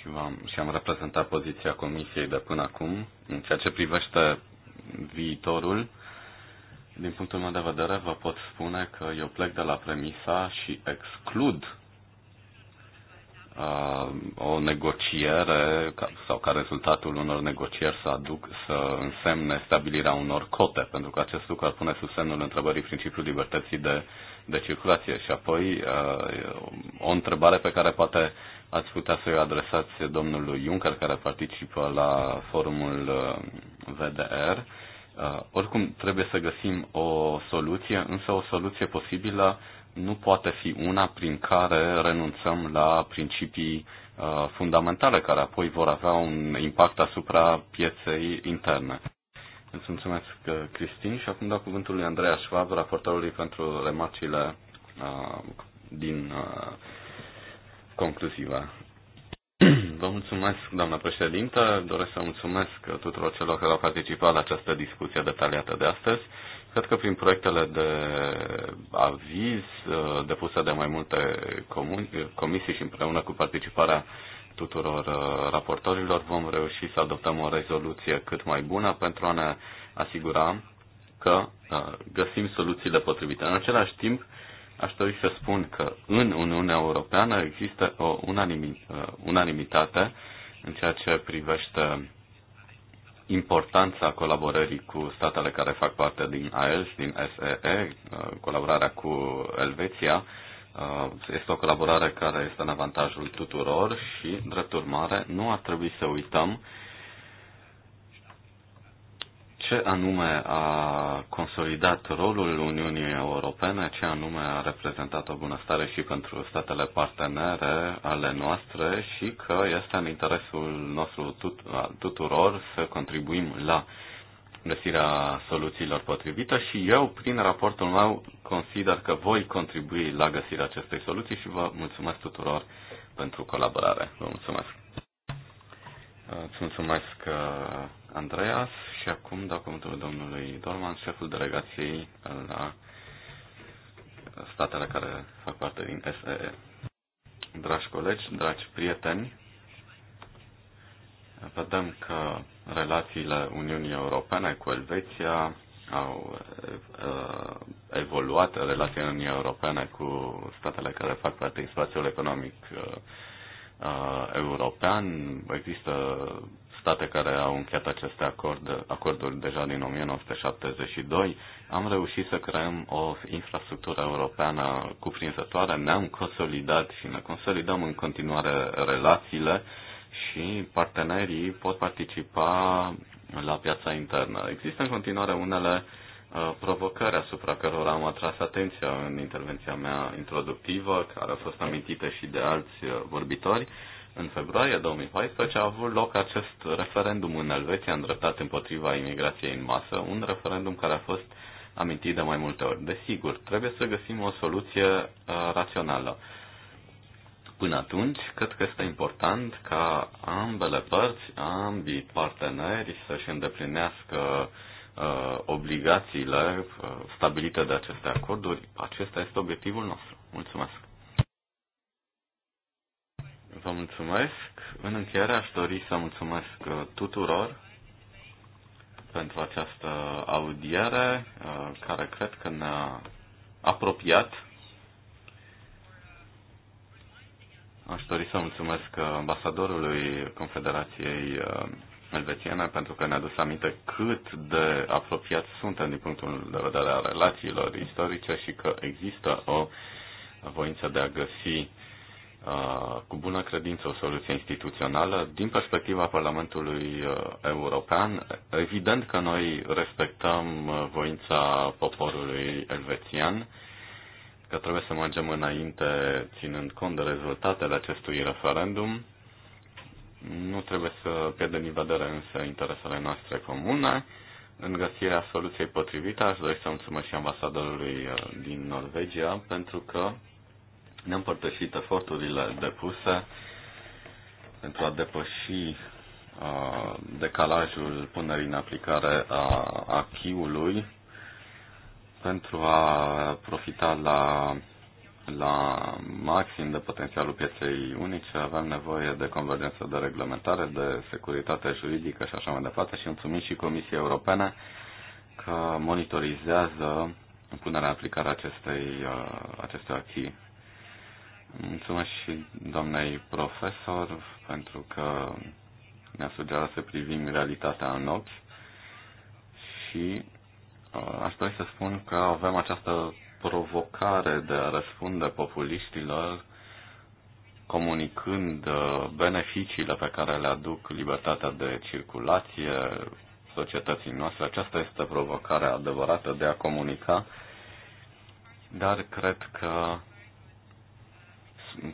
și, am și am reprezentat poziția Comisiei de până acum. În ceea ce privește viitorul, din punctul meu de vedere, vă pot spune că eu plec de la premisa și exclud uh, o negociere sau ca rezultatul unor negocieri să aduc să însemne stabilirea unor cote, pentru că acest lucru ar pune sub semnul întrebării principiul libertății de, de circulație. Și apoi uh, o întrebare pe care poate ați putea să-i adresați domnului Juncker, care participă la forumul uh, VDR. Uh, oricum, trebuie să găsim o soluție, însă o soluție posibilă nu poate fi una prin care renunțăm la principii uh, fundamentale, care apoi vor avea un impact asupra pieței interne. Îți mulțumesc, Cristin, și acum dau cuvântul lui Andreea Schwab, raportorului pentru remarcile uh, din uh, concluzivă. Vă mulțumesc, doamnă președintă. Doresc să mulțumesc tuturor celor care au participat la această discuție detaliată de astăzi. Cred că prin proiectele de aviz uh, depuse de mai multe uh, comisii și împreună cu participarea tuturor uh, raportorilor vom reuși să adoptăm o rezoluție cât mai bună pentru a ne asigura că găsim soluțiile potrivite. În același timp, Aș dori să spun că în Uniunea Europeană există o uh, unanimitate în ceea ce privește importanța colaborării cu statele care fac parte din AELS, din SEE, uh, colaborarea cu Elveția. Uh, este o colaborare care este în avantajul tuturor și, drept urmare, nu ar trebui să uităm ce anume a consolidat rolul Uniunii Europene, ce anume a reprezentat o bunăstare și pentru statele partenere ale noastre și că este în interesul nostru tut- tuturor să contribuim la găsirea soluțiilor potrivite și eu, prin raportul meu, consider că voi contribui la găsirea acestei soluții și vă mulțumesc tuturor pentru colaborare. Vă mulțumesc! Îți mulțumesc, uh, Andreas, și acum dau cuvântul domnului Dorman, șeful delegației la statele care fac parte din SEE. Dragi colegi, dragi prieteni, vedem că relațiile Uniunii Europene cu Elveția au uh, evoluat, relațiile Uniunii Europene cu statele care fac parte din spațiul economic uh, uh, european. Există state care au încheiat aceste acord, acorduri deja din 1972. Am reușit să creăm o infrastructură europeană cuprinzătoare, ne-am consolidat și ne consolidăm în continuare relațiile și partenerii pot participa la piața internă. Există în continuare unele uh, Uh, provocări asupra cărora am atras atenția în intervenția mea introductivă, care a fost amintită și de alți uh, vorbitori. În februarie 2014 a avut loc acest referendum în Elveția îndreptat împotriva imigrației în masă, un referendum care a fost amintit de mai multe ori. Desigur, trebuie să găsim o soluție uh, rațională. Până atunci, cred că este important ca ambele părți, ambii parteneri să-și îndeplinească uh, uh, obligațiile uh, stabilite de aceste acorduri. Acesta este obiectivul nostru. Mulțumesc! Vă mulțumesc. În încheiere aș dori să mulțumesc uh, tuturor pentru această audiere uh, care cred că ne-a apropiat. Aș dori să mulțumesc uh, ambasadorului Confederației elvețiene, pentru că ne-a dus aminte cât de apropiat suntem din punctul de vedere al relațiilor istorice și că există o voință de a găsi uh, cu bună credință o soluție instituțională. Din perspectiva Parlamentului uh, European, evident că noi respectăm uh, voința poporului elvețian, că trebuie să mergem înainte ținând cont de rezultatele acestui referendum nu trebuie să pierdem din vedere însă interesele noastre comune. În găsirea soluției potrivite aș dori să mulțumesc și ambasadorului uh, din Norvegia pentru că ne-a împărtășit eforturile depuse pentru a depăși uh, decalajul punerii în aplicare a achiului pentru a profita la la maxim de potențialul pieței unice, avem nevoie de convergență de reglementare, de securitate juridică și așa mai departe și mulțumim și Comisia Europeană că monitorizează punerea în aplicare acestei, uh, acestei acții. Mulțumesc și doamnei profesor pentru că ne-a sugerat să privim realitatea în ochi și uh, aș dori să spun că avem această provocare de a răspunde populiștilor comunicând uh, beneficiile pe care le aduc libertatea de circulație societății noastre. Aceasta este provocarea adevărată de a comunica, dar cred că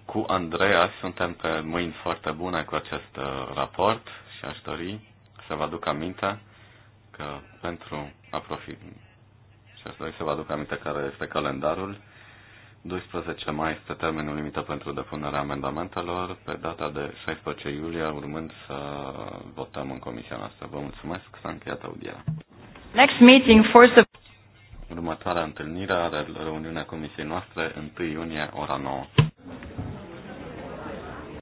cu Andreea suntem pe mâini foarte bune cu acest uh, raport și aș dori să vă aduc aminte că pentru a, profi, și aș dori să vă aduc aminte care este calendarul. 12 mai este termenul limită pentru depunerea amendamentelor, pe data de 16 iulie, urmând să votăm în comisia noastră. Vă mulțumesc, s-a încheiat audierea. Next meeting for Următoarea întâlnire are reuniunea comisiei noastre 1 iunie, ora 9.